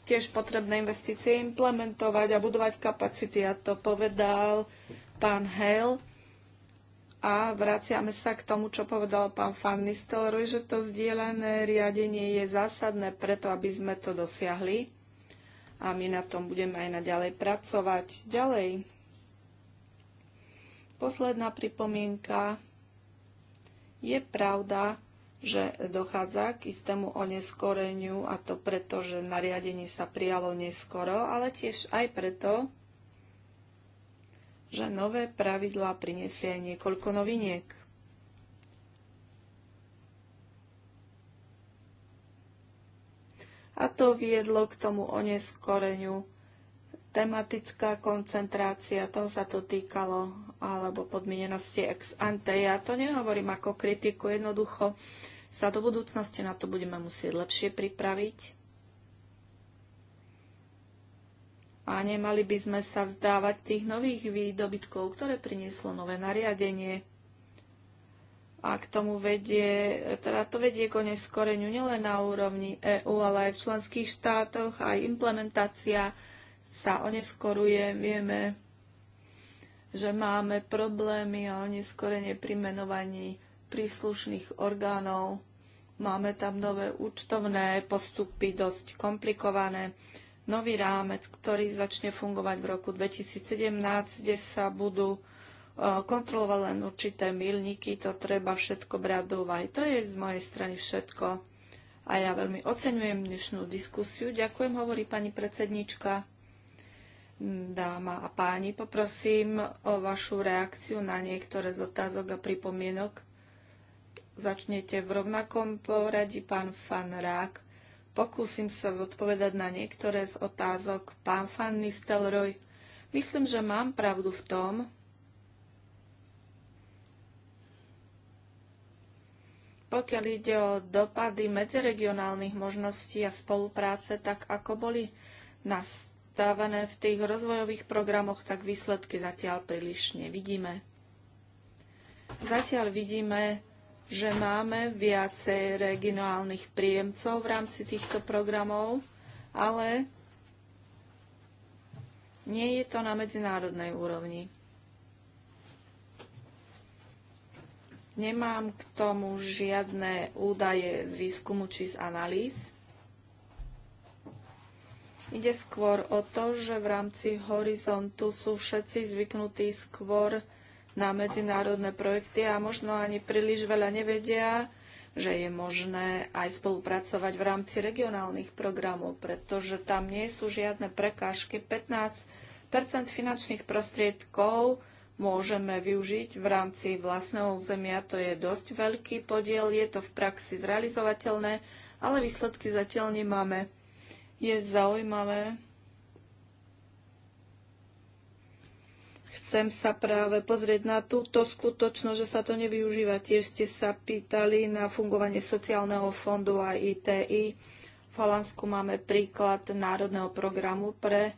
[SPEAKER 1] tiež potrebné investície implementovať a budovať kapacity. A to povedal pán Hale. A vraciame sa k tomu, čo povedal pán Van Nistelrooy, že to zdieľané riadenie je zásadné preto, aby sme to dosiahli. A my na tom budeme aj naďalej pracovať. Ďalej Posledná pripomienka. Je pravda, že dochádza k istému oneskoreniu a to preto, že nariadenie sa prijalo neskoro, ale tiež aj preto, že nové pravidlá prinesie niekoľko noviniek. A to viedlo k tomu oneskoreniu tematická koncentrácia, toho sa to týkalo, alebo podmienenosti ex ante. Ja to nehovorím ako kritiku, jednoducho sa do budúcnosti na to budeme musieť lepšie pripraviť. A nemali by sme sa vzdávať tých nových výdobytkov, ktoré prinieslo nové nariadenie. A k tomu vedie, teda to vedie k oneskoreniu nielen na úrovni EÚ, ale aj v členských štátoch, aj implementácia sa oneskoruje, vieme, že máme problémy a oneskorenie pri menovaní príslušných orgánov. Máme tam nové účtovné postupy, dosť komplikované. Nový rámec, ktorý začne fungovať v roku 2017, kde sa budú e, kontrolovať len určité milníky, to treba všetko brať do úvahy. To je z mojej strany všetko. A ja veľmi oceňujem dnešnú diskusiu. Ďakujem, hovorí pani predsednička. Dáma a páni, poprosím o vašu reakciu na niektoré z otázok a pripomienok. Začnete v rovnakom poradí, pán rák, Pokúsim sa zodpovedať na niektoré z otázok. Pán Fan Nistelroj, myslím, že mám pravdu v tom, pokiaľ ide o dopady medziregionálnych možností a spolupráce, tak ako boli nastavené dávané v tých rozvojových programoch, tak výsledky zatiaľ príliš nevidíme. Zatiaľ vidíme, že máme viacej regionálnych príjemcov v rámci týchto programov, ale nie je to na medzinárodnej úrovni. Nemám k tomu žiadne údaje z výskumu či z analýz, Ide skôr o to, že v rámci horizontu sú všetci zvyknutí skôr na medzinárodné projekty a možno ani príliš veľa nevedia, že je možné aj spolupracovať v rámci regionálnych programov, pretože tam nie sú žiadne prekážky. 15 finančných prostriedkov môžeme využiť v rámci vlastného územia. To je dosť veľký podiel, je to v praxi zrealizovateľné, ale výsledky zatiaľ nemáme je zaujímavé. Chcem sa práve pozrieť na túto skutočnosť, že sa to nevyužíva. Tiež ste sa pýtali na fungovanie sociálneho fondu a ITI. V Holandsku máme príklad národného programu pre,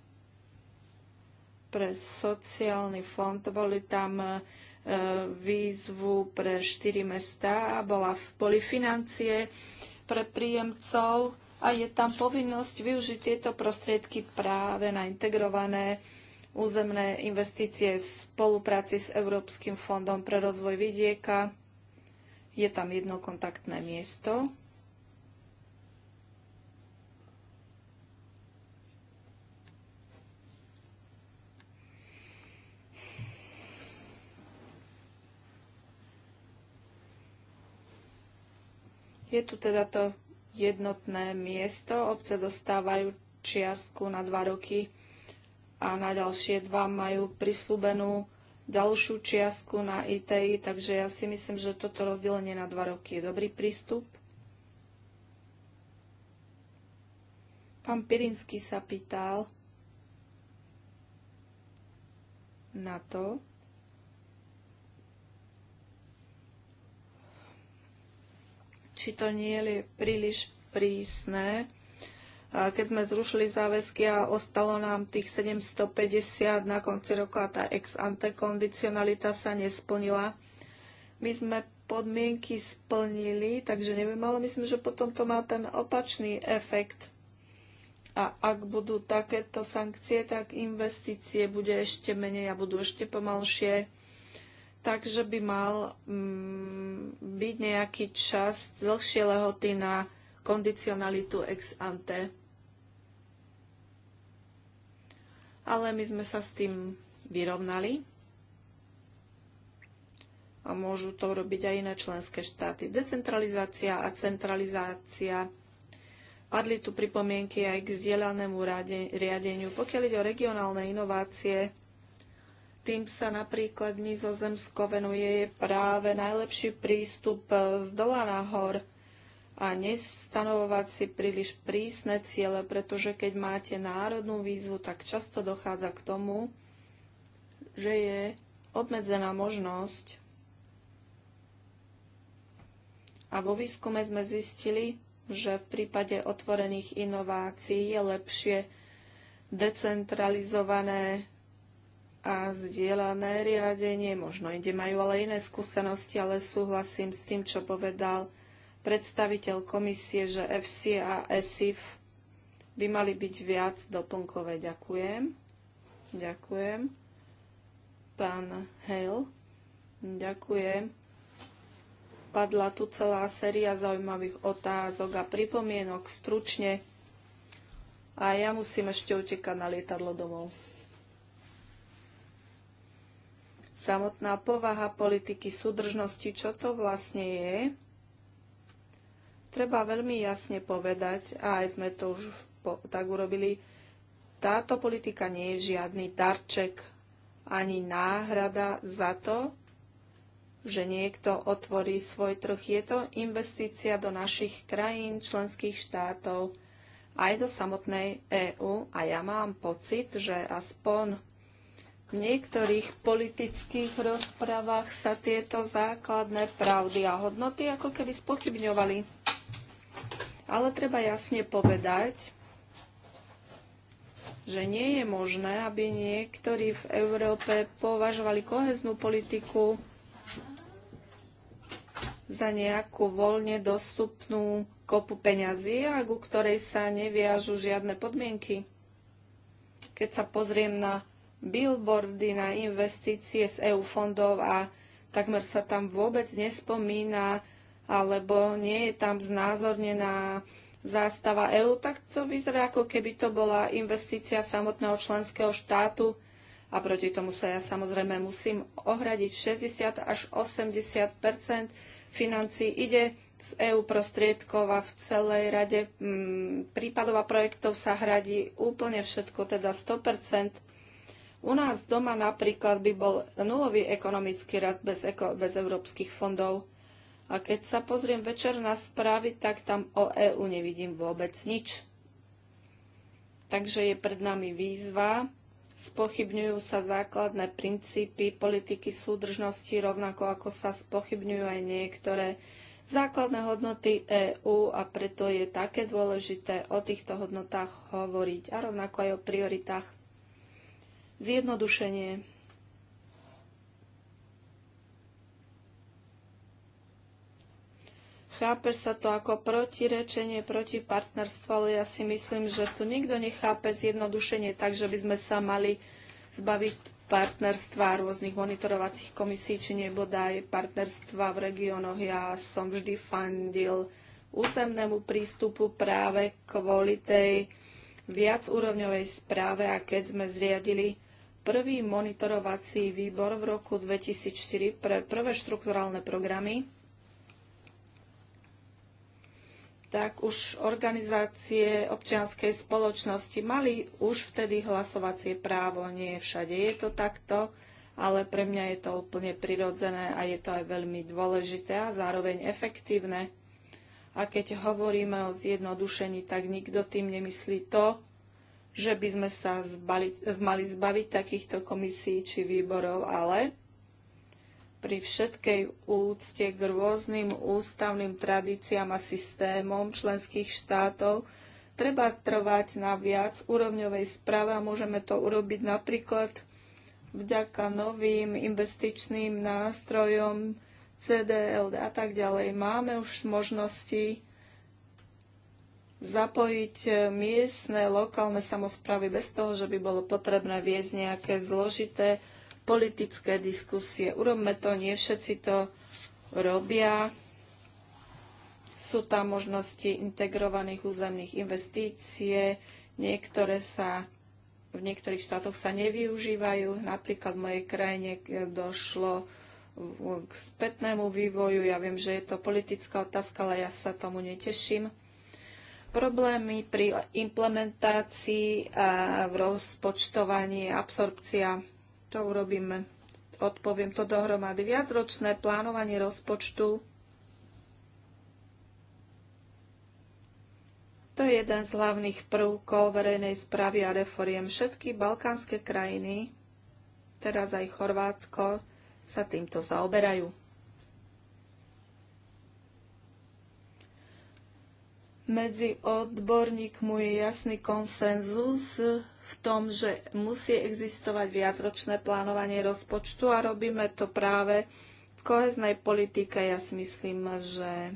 [SPEAKER 1] pre sociálny fond. Boli tam e, výzvu pre štyri mesta a bola, boli financie pre príjemcov a je tam povinnosť využiť tieto prostriedky práve na integrované územné investície v spolupráci s Európskym fondom pre rozvoj vidieka. Je tam jedno kontaktné miesto. Je tu teda to jednotné miesto. Obce dostávajú čiastku na dva roky a na ďalšie dva majú prislúbenú ďalšiu čiastku na ITI, takže ja si myslím, že toto rozdelenie na dva roky je dobrý prístup. Pán Pirinsky sa pýtal na to, či to nie je príliš prísne. Keď sme zrušili záväzky a ostalo nám tých 750 na konci roka a tá ex ante kondicionalita sa nesplnila. My sme podmienky splnili, takže neviem, ale myslím, že potom to má ten opačný efekt. A ak budú takéto sankcie, tak investície bude ešte menej a budú ešte pomalšie takže by mal mm, byť nejaký čas dlhšie lehoty na kondicionalitu ex ante. Ale my sme sa s tým vyrovnali a môžu to robiť aj iné členské štáty. Decentralizácia a centralizácia. Padli tu pripomienky aj k zdieľanému riadeniu. Pokiaľ ide o regionálne inovácie, tým sa napríklad Nizozemsko venuje práve najlepší prístup e, z dola nahor a nestanovovať si príliš prísne ciele, pretože keď máte národnú výzvu, tak často dochádza k tomu, že je obmedzená možnosť. A vo výskume sme zistili, že v prípade otvorených inovácií je lepšie decentralizované a zdieľané riadenie. Možno inde majú ale iné skúsenosti, ale súhlasím s tým, čo povedal predstaviteľ komisie, že FC a ESIF by mali byť viac doplnkové. Ďakujem. Ďakujem. Pán Hale. Ďakujem. Padla tu celá séria zaujímavých otázok a pripomienok stručne. A ja musím ešte utekať na lietadlo domov. samotná povaha politiky súdržnosti, čo to vlastne je, treba veľmi jasne povedať, a aj sme to už tak urobili, táto politika nie je žiadny darček ani náhrada za to, že niekto otvorí svoj trh. Je to investícia do našich krajín, členských štátov, aj do samotnej EÚ a ja mám pocit, že aspoň v niektorých politických rozprávach sa tieto základné pravdy a hodnoty ako keby spochybňovali. Ale treba jasne povedať, že nie je možné, aby niektorí v Európe považovali koheznú politiku za nejakú voľne dostupnú kopu peňazí a ku ktorej sa neviažu žiadne podmienky. Keď sa pozriem na billboardy na investície z EU fondov a takmer sa tam vôbec nespomína alebo nie je tam znázornená zástava EÚ, tak to vyzerá, ako keby to bola investícia samotného členského štátu. A proti tomu sa ja samozrejme musím ohradiť. 60 až 80 financí ide z EÚ prostriedkov a v celej rade mm, prípadov a projektov sa hradí úplne všetko, teda 100 u nás doma napríklad by bol nulový ekonomický rast bez, eko, bez európskych fondov. A keď sa pozriem večer na správy, tak tam o EÚ nevidím vôbec nič. Takže je pred nami výzva. Spochybňujú sa základné princípy politiky súdržnosti, rovnako ako sa spochybňujú aj niektoré základné hodnoty EÚ a preto je také dôležité o týchto hodnotách hovoriť a rovnako aj o prioritách Zjednodušenie. Chápe sa to ako protirečenie proti partnerstvu, ale ja si myslím, že tu nikto nechápe zjednodušenie, takže by sme sa mali zbaviť partnerstva rôznych monitorovacích komisí, či nebodaj partnerstva v regiónoch. Ja som vždy fandil územnému prístupu práve kvôli tej viacúrovňovej správe a keď sme zriadili prvý monitorovací výbor v roku 2004 pre prvé štrukturálne programy, tak už organizácie občianskej spoločnosti mali už vtedy hlasovacie právo. Nie všade je to takto, ale pre mňa je to úplne prirodzené a je to aj veľmi dôležité a zároveň efektívne. A keď hovoríme o zjednodušení, tak nikto tým nemyslí to, že by sme sa zbali, mali zbaviť takýchto komisí či výborov, ale pri všetkej úcte k rôznym ústavným tradíciám a systémom členských štátov treba trvať na viac úrovňovej správe a môžeme to urobiť napríklad vďaka novým investičným nástrojom CDLD a tak ďalej. Máme už možnosti zapojiť e, miestne, lokálne samozprávy bez toho, že by bolo potrebné viesť nejaké zložité politické diskusie. Urobme to, nie všetci to robia. Sú tam možnosti integrovaných územných investície, niektoré sa v niektorých štátoch sa nevyužívajú. Napríklad v mojej krajine e, došlo k spätnému vývoju. Ja viem, že je to politická otázka, ale ja sa tomu neteším problémy pri implementácii a v rozpočtovaní absorpcia. To urobíme. Odpoviem to dohromady. Viacročné plánovanie rozpočtu To je jeden z hlavných prvkov verejnej správy a reforiem. Všetky balkánske krajiny, teraz aj Chorvátsko, sa týmto zaoberajú. Medzi odborníkmi je jasný konsenzus v tom, že musí existovať viacročné plánovanie rozpočtu a robíme to práve v koheznej politike. Ja si myslím, že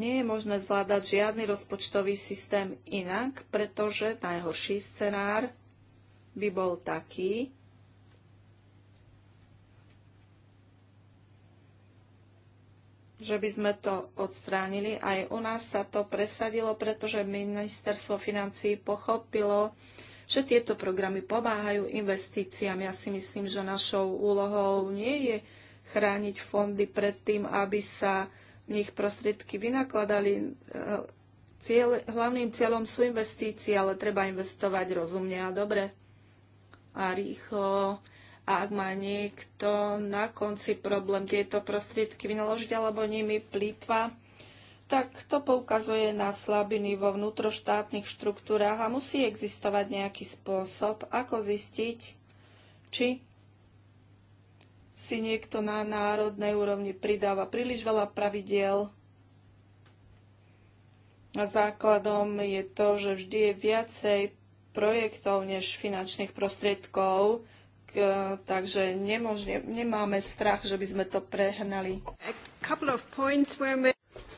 [SPEAKER 1] nie je možné zvládať žiadny rozpočtový systém inak, pretože najhorší scenár by bol taký, že by sme to odstránili. Aj u nás sa to presadilo, pretože ministerstvo financí pochopilo, že tieto programy pomáhajú investíciám. Ja si myslím, že našou úlohou nie je chrániť fondy pred tým, aby sa v nich prostriedky vynakladali. E, Cieľ, hlavným cieľom sú investície, ale treba investovať rozumne a dobre a rýchlo a ak má niekto na konci problém tieto prostriedky vynaložiť alebo nimi plýtva, tak to poukazuje na slabiny vo vnútroštátnych štruktúrách a musí existovať nejaký spôsob, ako zistiť, či si niekto na národnej úrovni pridáva príliš veľa pravidiel. A základom je to, že vždy je viacej projektov než finančných prostriedkov, E, takže ne, nemáme strach, že by sme to prehnali.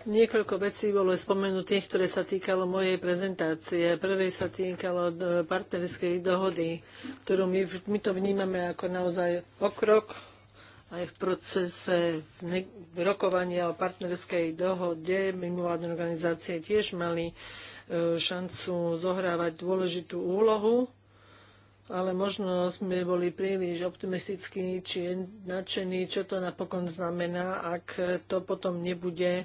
[SPEAKER 3] Niekoľko vecí bolo spomenutých, ktoré sa týkalo mojej prezentácie. Prvej sa týkalo e, partnerskej dohody, ktorú my, my to vnímame ako naozaj pokrok aj v procese rokovania o partnerskej dohode. Mimovládne organizácie tiež mali e, šancu zohrávať dôležitú úlohu ale možno sme boli príliš optimistickí či nadšení, čo to napokon znamená, ak to potom nebude e,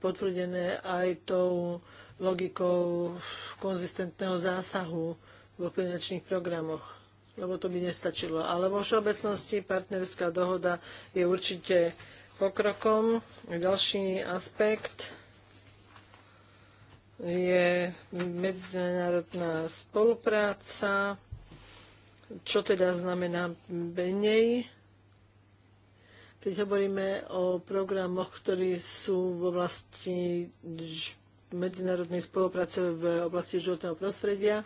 [SPEAKER 3] potvrdené aj tou logikou konzistentného zásahu v finančných programoch lebo to by nestačilo. Ale vo všeobecnosti partnerská dohoda je určite pokrokom. Ďalší aspekt je medzinárodná spolupráca čo teda znamená menej, keď hovoríme o programoch, ktorí sú v oblasti medzinárodnej spolupráce v oblasti životného prostredia.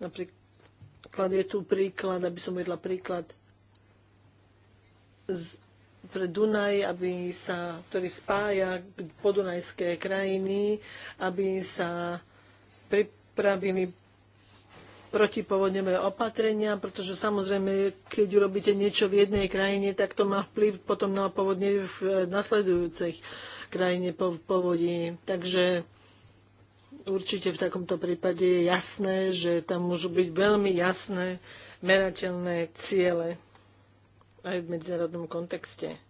[SPEAKER 3] Napríklad je tu príklad, aby som vedla príklad z, pre Dunaj, aby sa, ktorý spája podunajské krajiny, aby sa pripravili protipovodňové opatrenia, pretože samozrejme, keď urobíte niečo v jednej krajine, tak to má vplyv potom na povodne v nasledujúcej krajine po povodí. Takže určite v takomto prípade je jasné, že tam môžu byť veľmi jasné merateľné ciele aj v medzinárodnom kontexte.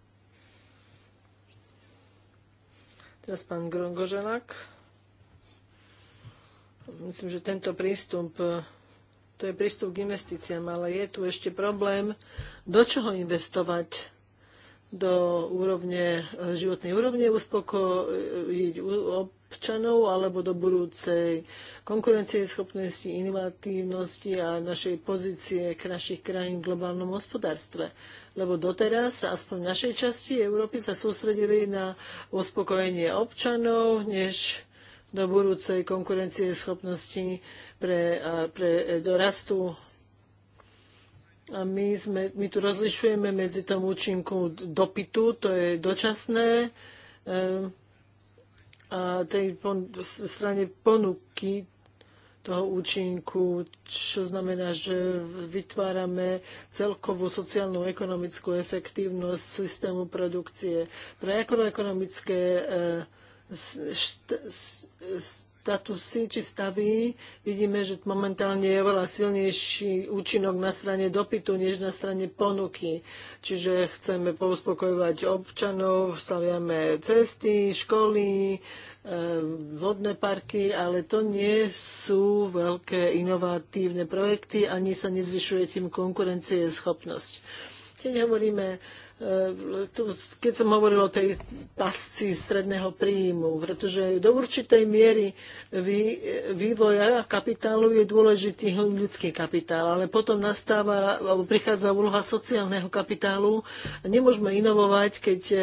[SPEAKER 3] Teraz pán Grongoželák. Myslím, že tento prístup to je prístup k investíciám, ale je tu ešte problém, do čoho investovať do úrovne, e, životnej úrovne uspokojiť občanov alebo do budúcej konkurencieschopnosti, inovatívnosti a našej pozície k našich krajín v globálnom hospodárstve. Lebo doteraz, aspoň v našej časti Európy, sa sústredili na uspokojenie občanov, než do budúcej konkurencie schopnosti pre, pre e, dorastu. A my, sme, my tu rozlišujeme medzi tom účinku dopytu, to je dočasné, e, a tej pon- strane ponuky toho účinku, čo znamená, že vytvárame celkovú sociálnu ekonomickú efektívnosť systému produkcie. Pre ekonomické e, statusy či stavy, vidíme, že momentálne je oveľa silnejší účinok na strane dopytu, než na strane ponuky. Čiže chceme pouspokojovať občanov, staviame cesty, školy, e, vodné parky, ale to nie sú veľké inovatívne projekty, ani sa nezvyšuje tým konkurencie schopnosť. Keď hovoríme E, keď som hovoril o tej pasci stredného príjmu, pretože do určitej miery vývoja kapitálu je dôležitý ľudský kapitál, ale potom nastáva, alebo prichádza úloha sociálneho kapitálu. Nemôžeme inovovať, keď e,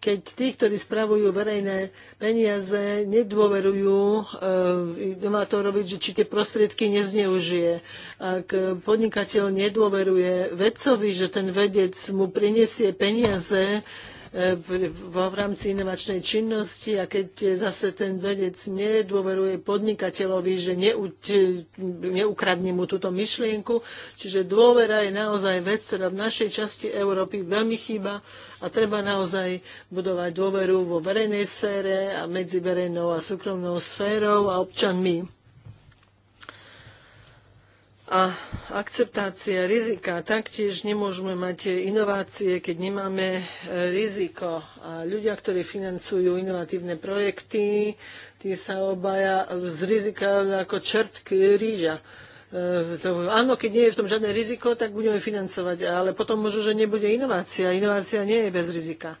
[SPEAKER 3] keď tí, ktorí spravujú verejné peniaze, nedôverujú e, že či tie prostriedky nezneužije. Ak podnikateľ nedôveruje vedcovi, že ten vedec mu prinesie peniaze, v rámci inovačnej činnosti a keď zase ten vedec nedôveruje podnikateľovi, že neukradne mu túto myšlienku. Čiže dôvera je naozaj vec, ktorá v našej časti Európy veľmi chýba a treba naozaj budovať dôveru vo verejnej sfére a medzi verejnou a súkromnou sférou a občanmi a akceptácia rizika. Taktiež nemôžeme mať inovácie, keď nemáme e, riziko. A ľudia, ktorí financujú inovatívne projekty, tí sa obaja z rizika ako čert kríža. E, to, áno, keď nie je v tom žiadne riziko, tak budeme financovať, ale potom možno, že nebude inovácia. Inovácia nie je bez rizika.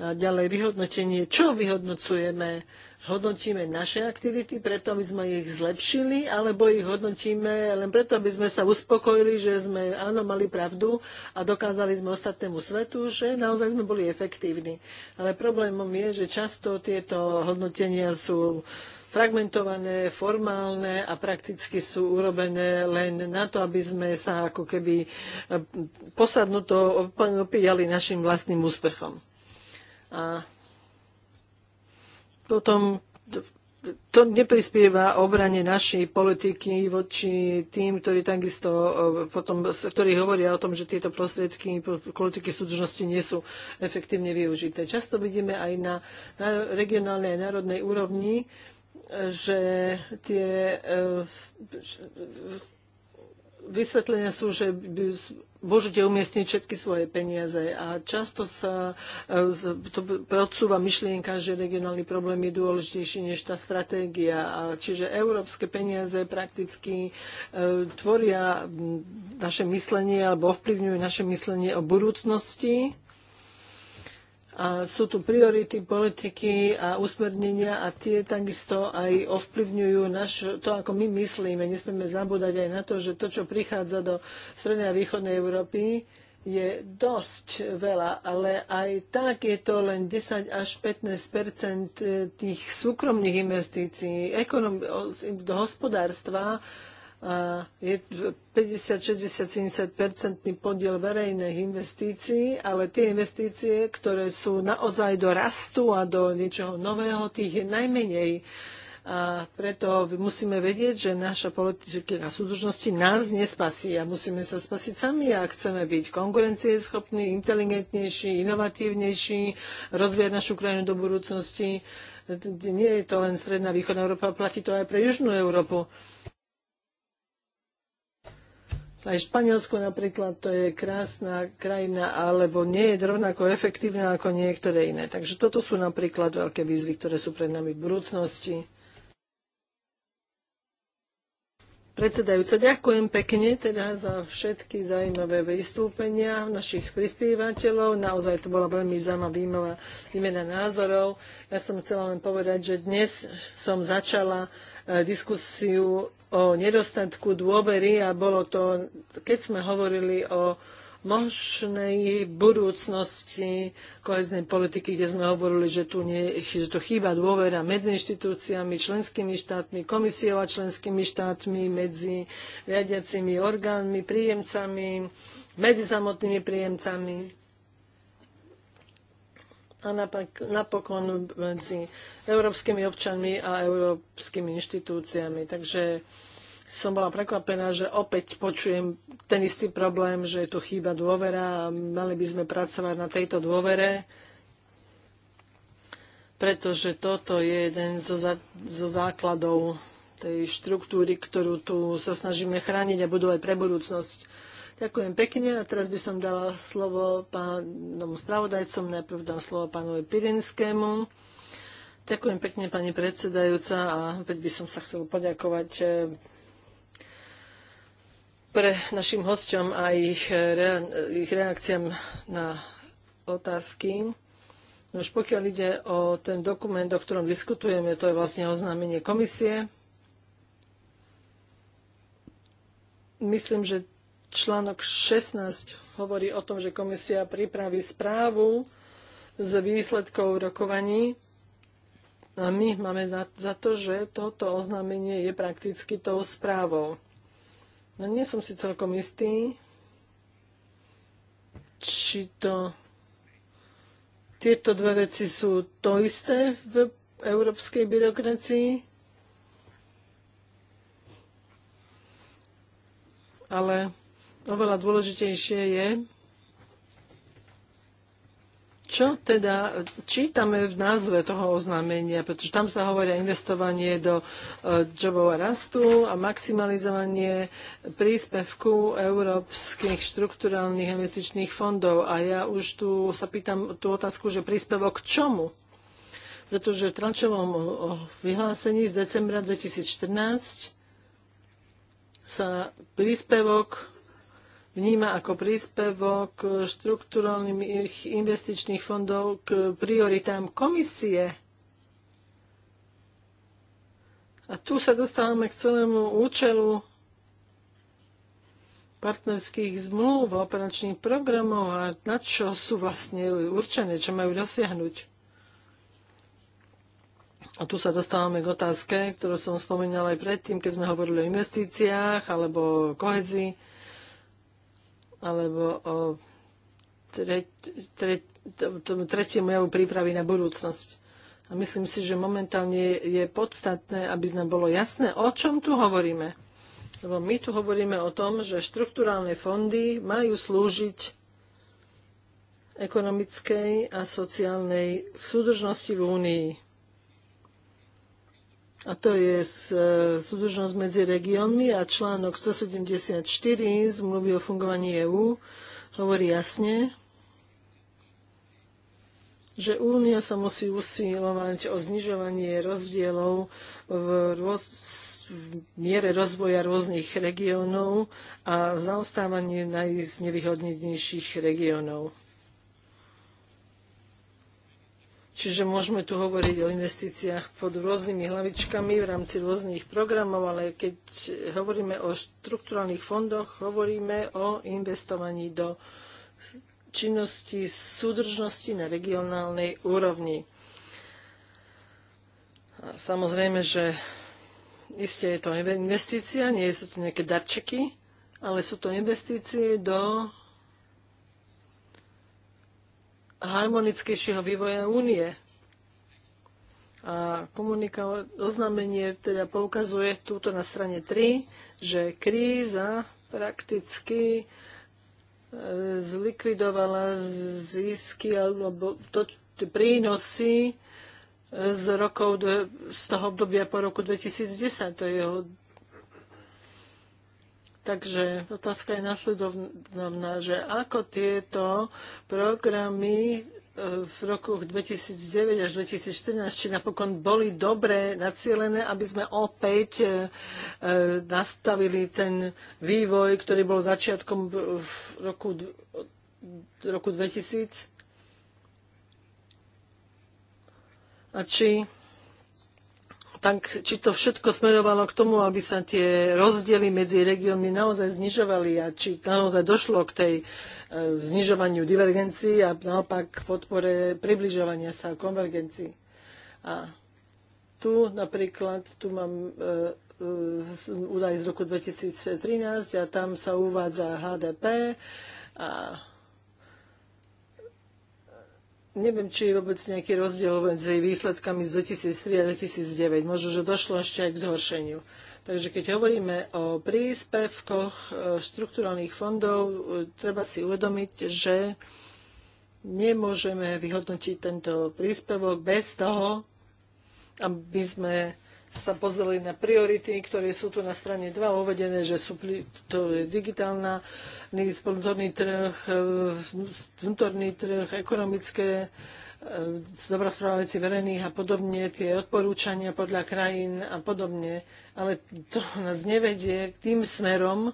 [SPEAKER 3] A ďalej vyhodnotenie. Čo vyhodnocujeme? hodnotíme naše aktivity, preto aby sme ich zlepšili, alebo ich hodnotíme len preto, aby sme sa uspokojili, že sme áno, mali pravdu a dokázali sme ostatnému svetu, že naozaj sme boli efektívni. Ale problémom je, že často tieto hodnotenia sú fragmentované, formálne a prakticky sú urobené len na to, aby sme sa ako keby e, posadnuto opíjali našim vlastným úspechom. A potom to neprispieva obrane našej politiky voči tým, ktorí takisto eh, potom, ktorí hovoria o tom, že tieto prostriedky politiky súdržnosti nie sú efektívne využité. Často vidíme aj na, regionálnej a národnej úrovni, že tie eh, vysvetlenia sú, že môžete umiestniť všetky svoje peniaze. A často sa e, to odsúva myšlienka, že regionálny problém je dôležitejší než tá stratégia. A čiže európske peniaze prakticky e, tvoria naše myslenie alebo ovplyvňujú naše myslenie o budúcnosti a sú tu priority politiky a usmernenia a tie takisto aj ovplyvňujú naš, to, ako my myslíme. Nesmieme zabúdať aj na to, že to, čo prichádza do Strednej a Východnej Európy, je dosť veľa, ale aj tak je to len 10 až 15 tých súkromných investícií ekonom- do hospodárstva je 50, 60, 70 percentný podiel verejných investícií, ale tie investície, ktoré sú naozaj do rastu a do niečoho nového, tých je najmenej. A preto musíme vedieť, že naša politika na súdržnosti nás nespasí a musíme sa spasiť sami, a chceme byť konkurencieschopní, inteligentnejší, inovatívnejší, rozvíjať našu krajinu do budúcnosti. Nie je to len Stredná východná Európa, platí to aj pre Južnú Európu. Aj Španielsko napríklad, to je krásna krajina, alebo nie je rovnako efektívna ako niektoré iné. Takže toto sú napríklad veľké výzvy, ktoré sú pred nami v budúcnosti. Predsedajúca, ďakujem pekne teda za všetky zaujímavé vystúpenia našich prispievateľov. Naozaj to bola veľmi zaujímavá výmena názorov. Ja som chcela len povedať, že dnes som začala Eh, diskusiu o nedostatku dôvery a bolo to, keď sme hovorili o možnej budúcnosti koheznej politiky, kde sme hovorili, že tu nie, že to chýba dôvera medzi inštitúciami, členskými štátmi, komisiou a členskými štátmi, medzi riadiacimi orgánmi, príjemcami, medzi samotnými príjemcami a napokon medzi európskymi občanmi a európskymi inštitúciami. Takže som bola prekvapená, že opäť počujem ten istý problém, že je tu chýba dôvera a mali by sme pracovať na tejto dôvere, pretože toto je jeden zo, za, zo základov tej štruktúry, ktorú tu sa snažíme chrániť a budovať pre budúcnosť. Ďakujem pekne a teraz by som dala slovo pánom spravodajcom. Najprv dám slovo pánovi Pirinskému. Ďakujem pekne, pani predsedajúca, a opäť by som sa chcel poďakovať eh, pre našim hosťom a ich, ich reakciám na otázky. Už pokiaľ ide o ten dokument, o ktorom diskutujeme, to je vlastne oznámenie komisie. Myslím, že Článok 16 hovorí o tom, že komisia pripraví správu z výsledkov rokovaní a my máme za to, že toto oznámenie je prakticky tou správou. No nie som si celkom istý, či to... Tieto dve veci sú to isté v európskej byrokracii, ale oveľa dôležitejšie je, čo teda čítame v názve toho oznámenia, pretože tam sa hovorí investovanie do e, jobov a rastu a maximalizovanie príspevku európskych štrukturálnych investičných fondov. A ja už tu sa pýtam tú otázku, že príspevok k čomu? Pretože v trančovom vyhlásení z decembra 2014 sa príspevok vníma ako príspevok štruktúrnych investičných fondov k prioritám komisie. A tu sa dostávame k celému účelu partnerských zmluv, operačných programov a na čo sú vlastne určené, čo majú dosiahnuť. A tu sa dostávame k otázke, ktorú som spomínala aj predtým, keď sme hovorili o investíciách alebo kohezii alebo o tre, tre, tomu tretiemu javu prípravy na budúcnosť. A myslím si, že momentálne je podstatné, aby nám bolo jasné, o čom tu hovoríme. Lebo my tu hovoríme o tom, že štrukturálne fondy majú slúžiť ekonomickej a sociálnej súdržnosti v Únii a to je e, súdržnosť medzi regiónmi a článok 174 zmluvy o fungovaní EÚ hovorí jasne, že Únia sa musí usilovať o znižovanie rozdielov v, roz, v miere rozvoja rôznych regiónov a zaostávanie najznevýhodnejších regiónov. Čiže môžeme tu hovoriť o investíciách pod rôznymi hlavičkami v rámci rôznych programov, ale keď hovoríme o štrukturálnych fondoch, hovoríme o investovaní do činnosti súdržnosti na regionálnej úrovni. A samozrejme, že isté je to investícia, nie sú to nejaké darčeky, ale sú to investície do harmonickejšieho vývoja únie. A komunika- oznámenie teda poukazuje túto na strane 3, že kríza prakticky e, zlikvidovala zisky alebo to, prínosy e, z, rokov, z toho obdobia po roku 2010. To je jeho Takže otázka je nasledovná, že ako tieto programy e, v rokoch 2009 až 2014, či napokon boli dobre nacielené, aby sme opäť e, e, nastavili ten vývoj, ktorý bol začiatkom v roku, roku 2000? A či tak či to všetko smerovalo k tomu, aby sa tie rozdiely medzi regiónmi naozaj znižovali a či naozaj došlo k tej e, znižovaniu divergencií a naopak podpore približovania sa konvergencií. A tu napríklad, tu mám e, e, údaj z roku 2013 a tam sa uvádza HDP a neviem, či je vôbec nejaký rozdiel medzi výsledkami z 2003 a 2009. Možno, že došlo ešte aj k zhoršeniu. Takže keď hovoríme o príspevkoch e, štrukturálnych fondov, e, treba si uvedomiť, že nemôžeme vyhodnotiť tento príspevok bez toho, aby sme sa pozreli na priority, ktoré sú tu na strane 2 uvedené, že sú to je digitálna, vnútorný trh, e, vnútorný trh, ekonomické e, dobrá správa veci verejných a podobne, tie odporúčania podľa krajín a podobne. Ale to nás nevedie k tým smerom,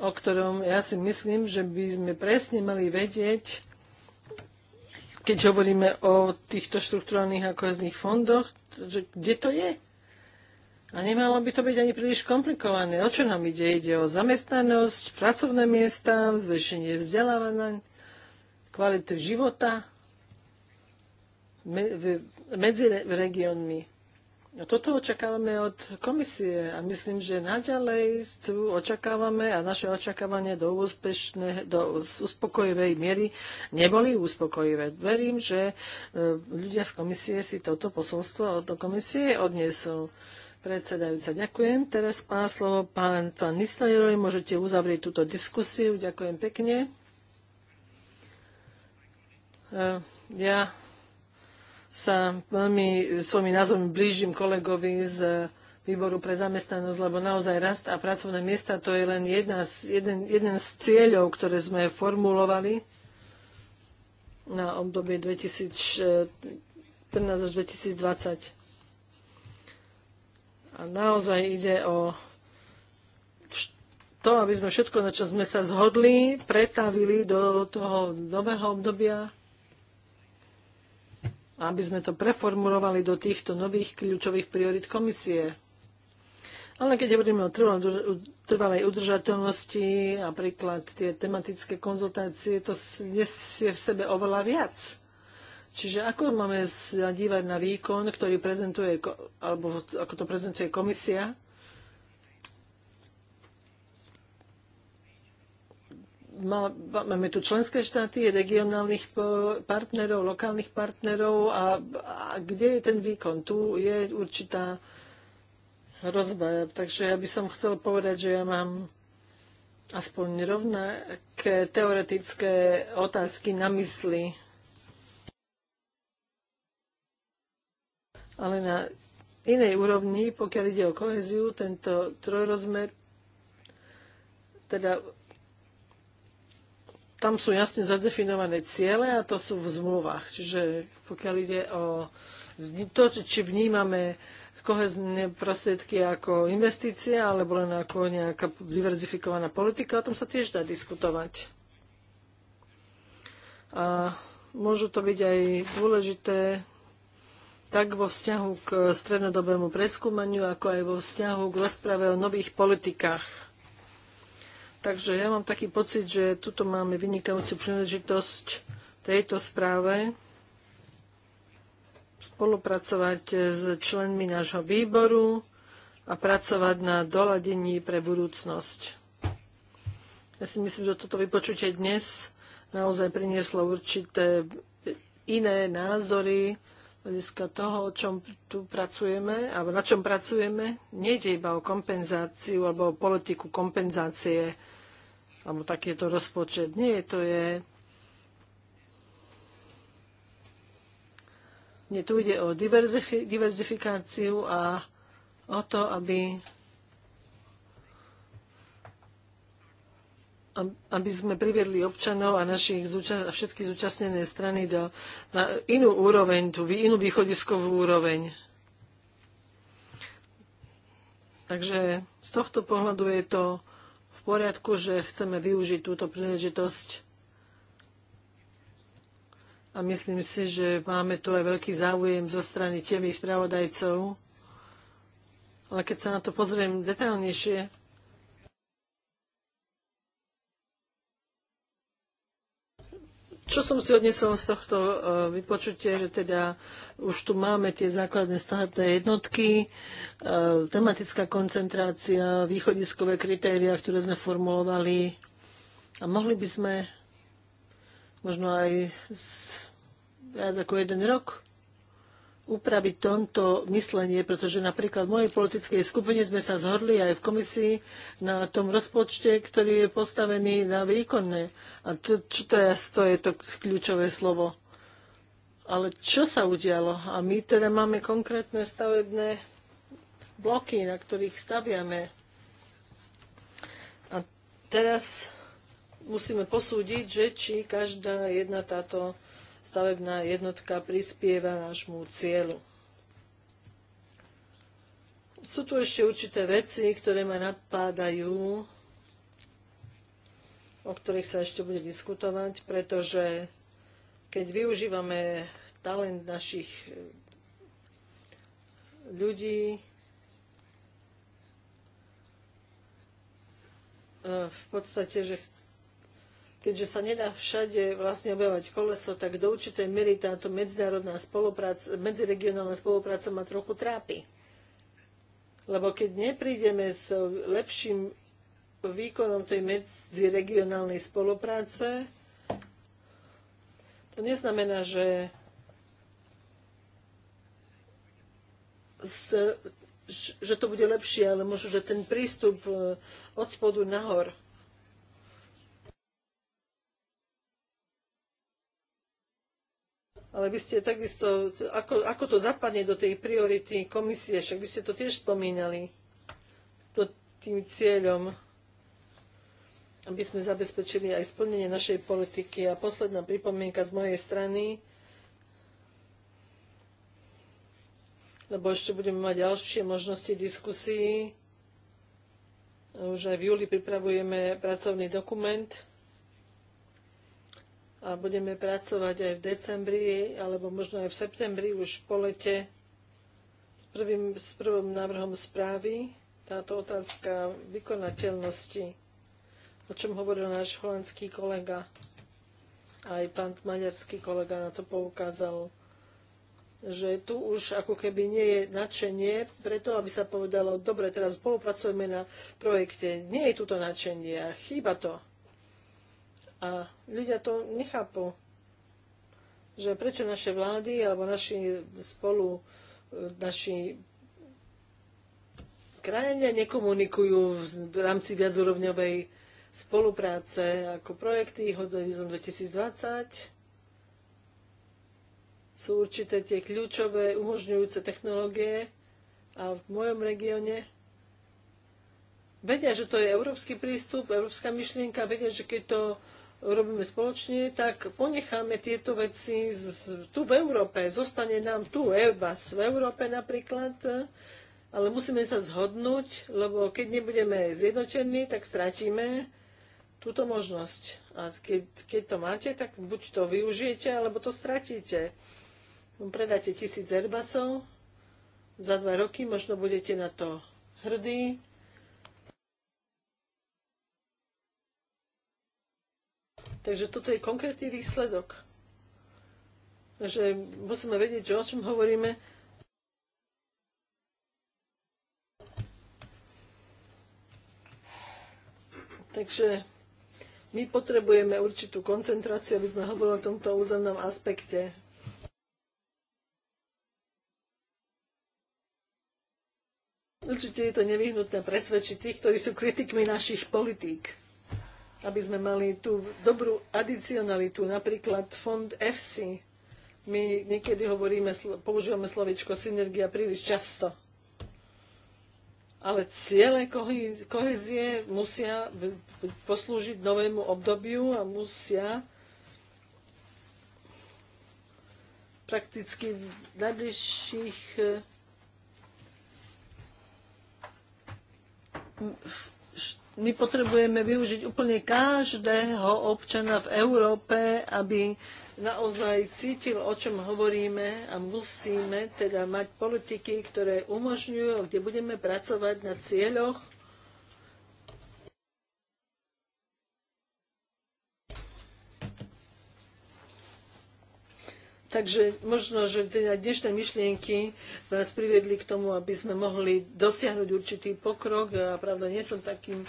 [SPEAKER 3] o ktorom ja si myslím, že by sme presne mali vedieť, keď hovoríme o týchto štruktúrnych a kohezných fondoch, že kde to je? A nemalo by to byť ani príliš komplikované. O čo nám ide? Ide o zamestnanosť, pracovné miesta, zvýšenie vzdelávania, kvalitu života medzi regiónmi. A toto očakávame od komisie a myslím, že naďalej tu očakávame a naše očakávanie do, úspešné, do uspokojivej miery neboli uspokojivé. Verím, že e, ľudia z komisie si toto posolstvo od komisie odnesú. Predsedajúca, ďakujem. Teraz pán slovo pán, pán Nisleroj. Môžete uzavrieť túto diskusiu. Ďakujem pekne. E, ja sa veľmi svojimi názvami blížim kolegovi z výboru pre zamestnanosť, lebo naozaj rast a pracovné miesta to je len jedna z, jeden, jeden z cieľov, ktoré sme formulovali na obdobie 2014 e, až 2020. A naozaj ide o to, aby sme všetko, na čo sme sa zhodli, pretavili do toho nového obdobia, aby sme to preformulovali do týchto nových kľúčových priorit komisie. Ale keď hovoríme o trvalej udržateľnosti, napríklad tie tematické konzultácie, to nesie v sebe oveľa viac. Čiže ako máme sa dívať na výkon, ktorý prezentuje, alebo ako to prezentuje komisia? Máme tu členské štáty, regionálnych partnerov, lokálnych partnerov a, a kde je ten výkon? Tu je určitá hrozba. Takže ja by som chcel povedať, že ja mám aspoň rovnaké teoretické otázky na mysli ale na inej úrovni, pokiaľ ide o koheziu, tento trojrozmer, teda tam sú jasne zadefinované ciele a to sú v zmluvách. Čiže pokiaľ ide o to, či vnímame kohezné prostriedky ako investícia alebo len ako nejaká diverzifikovaná politika, o tom sa tiež dá diskutovať. A môžu to byť aj dôležité tak vo vzťahu k strednodobému preskúmaniu, ako aj vo vzťahu k rozprave o nových politikách. Takže ja mám taký pocit, že tuto máme vynikajúcu príležitosť tejto správe spolupracovať s členmi nášho výboru a pracovať na doladení pre budúcnosť. Ja si myslím, že toto vypočutie dnes naozaj prinieslo určité iné názory, hľadiska toho, o čom tu pracujeme, alebo na čom pracujeme, nejde iba o kompenzáciu alebo o politiku kompenzácie, alebo takýto rozpočet. Nie, to je... Nie, tu ide o diverzifikáciu a o to, aby aby sme priviedli občanov a našich zúča- všetky zúčastnené strany do, na inú úroveň, tú inú východiskovú úroveň. Takže z tohto pohľadu je to v poriadku, že chceme využiť túto príležitosť a myslím si, že máme tu aj veľký záujem zo strany tiemých spravodajcov. Ale keď sa na to pozriem detailnejšie, Čo som si odnesol z tohto eh, vypočutia, že teda už tu máme tie základné stavebné jednotky, eh, tematická koncentrácia, východiskové kritéria, ktoré sme formulovali a mohli by sme možno aj z, viac ako jeden rok upraviť tomto myslenie, pretože napríklad v mojej politickej skupine sme sa zhodli aj v komisii na tom rozpočte, ktorý je postavený na výkonné. A to, čo je, to je to kľúčové slovo. Ale čo sa udialo? A my teda máme konkrétne stavebné bloky, na ktorých staviame. A teraz musíme posúdiť, že či každá jedna táto stavebná jednotka prispieva nášmu cieľu. Sú tu ešte určité veci, ktoré ma napádajú, o ktorých sa ešte bude diskutovať, pretože keď využívame talent našich eh, ľudí, eh, v podstate, že keďže sa nedá všade vlastne objavať koleso, tak do určitej miery táto medzinárodná spolupráca, medziregionálna spolupráca ma trochu trápi. Lebo keď neprídeme s lepším výkonom tej medziregionálnej spolupráce, to neznamená, že že to bude lepšie, ale možno, že ten prístup eh, od spodu nahor Ale vy ste takisto, ako, ako to zapadne do tej priority komisie, však vy ste to tiež spomínali, to tým cieľom, aby sme zabezpečili aj splnenie našej politiky. A posledná pripomienka z mojej strany, lebo ešte budeme mať ďalšie možnosti diskusí. Už aj v júli pripravujeme pracovný dokument a budeme pracovať aj v decembri, alebo možno aj v septembri, už po lete, s prvým, s prvým návrhom správy, táto otázka vykonateľnosti, o čom hovoril náš holandský kolega. Aj pán maďarský kolega na to poukázal, že tu už ako keby nie je nadšenie preto, aby sa povedalo, dobre, teraz spolupracujeme na projekte. Nie je tu to nadšenie a chýba to. A ľudia to nechápu, že prečo naše vlády alebo naši spolu, naši krajania nekomunikujú v rámci viacúrovňovej spolupráce ako projekty Horizon 2020 sú určité tie kľúčové umožňujúce technológie a v mojom regióne vedia, že to je európsky prístup, európska myšlienka, vedia, že keď to robíme spoločne, tak ponecháme tieto veci z, tu v Európe. Zostane nám tu EBAS v Európe napríklad, ale musíme sa zhodnúť, lebo keď nebudeme zjednotení, tak stratíme túto možnosť. A keď, keď to máte, tak buď to využijete, alebo to stratíte. Predáte tisíc Airbusov, za dva roky možno budete na to hrdí, Takže toto je konkrétny výsledok. Že musíme vedieť, že o čom hovoríme. Takže my potrebujeme určitú koncentráciu, aby sme hovorili o tomto územnom aspekte. Určite je to nevyhnutné presvedčiť tých, ktorí sú kritikmi našich politík aby sme mali tú dobrú adicionalitu, napríklad fond FC. My niekedy hovoríme, používame slovičko synergia príliš často. Ale ciele kohezie musia poslúžiť novému obdobiu a musia prakticky v najbližších e, my potrebujeme využiť úplne každého občana v Európe, aby naozaj cítil, o čom hovoríme a musíme teda mať politiky, ktoré umožňujú, kde budeme pracovať na cieľoch Takže možno, že teda dnešné myšlienky nás privedli k tomu, aby sme mohli dosiahnuť určitý pokrok. A pravda, nie som takým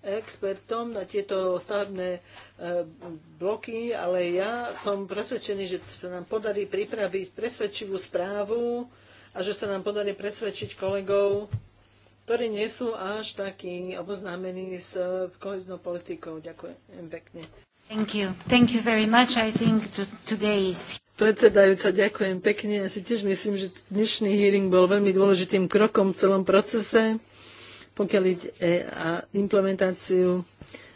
[SPEAKER 3] expertom na tieto stavebné e, bloky, ale ja som presvedčený, že sa nám podarí pripraviť presvedčivú správu a že sa nám podarí presvedčiť kolegov, ktorí nie sú až takí oboznámení s e, koheznou politikou. Ďakujem pekne. Predsedajúca, ďakujem pekne. Ja si tiež myslím, že dnešný hearing bol veľmi dôležitým krokom v celom procese, pokiaľ ide e, a implementáciu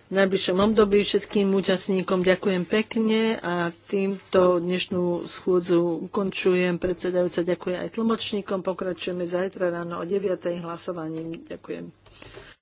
[SPEAKER 3] v najbližšom období. Všetkým účastníkom ďakujem pekne a týmto dnešnú schôdzu ukončujem. Predsedajúca ďakujem aj tlmočníkom. Pokračujeme zajtra ráno o 9. hlasovaním. Ďakujem.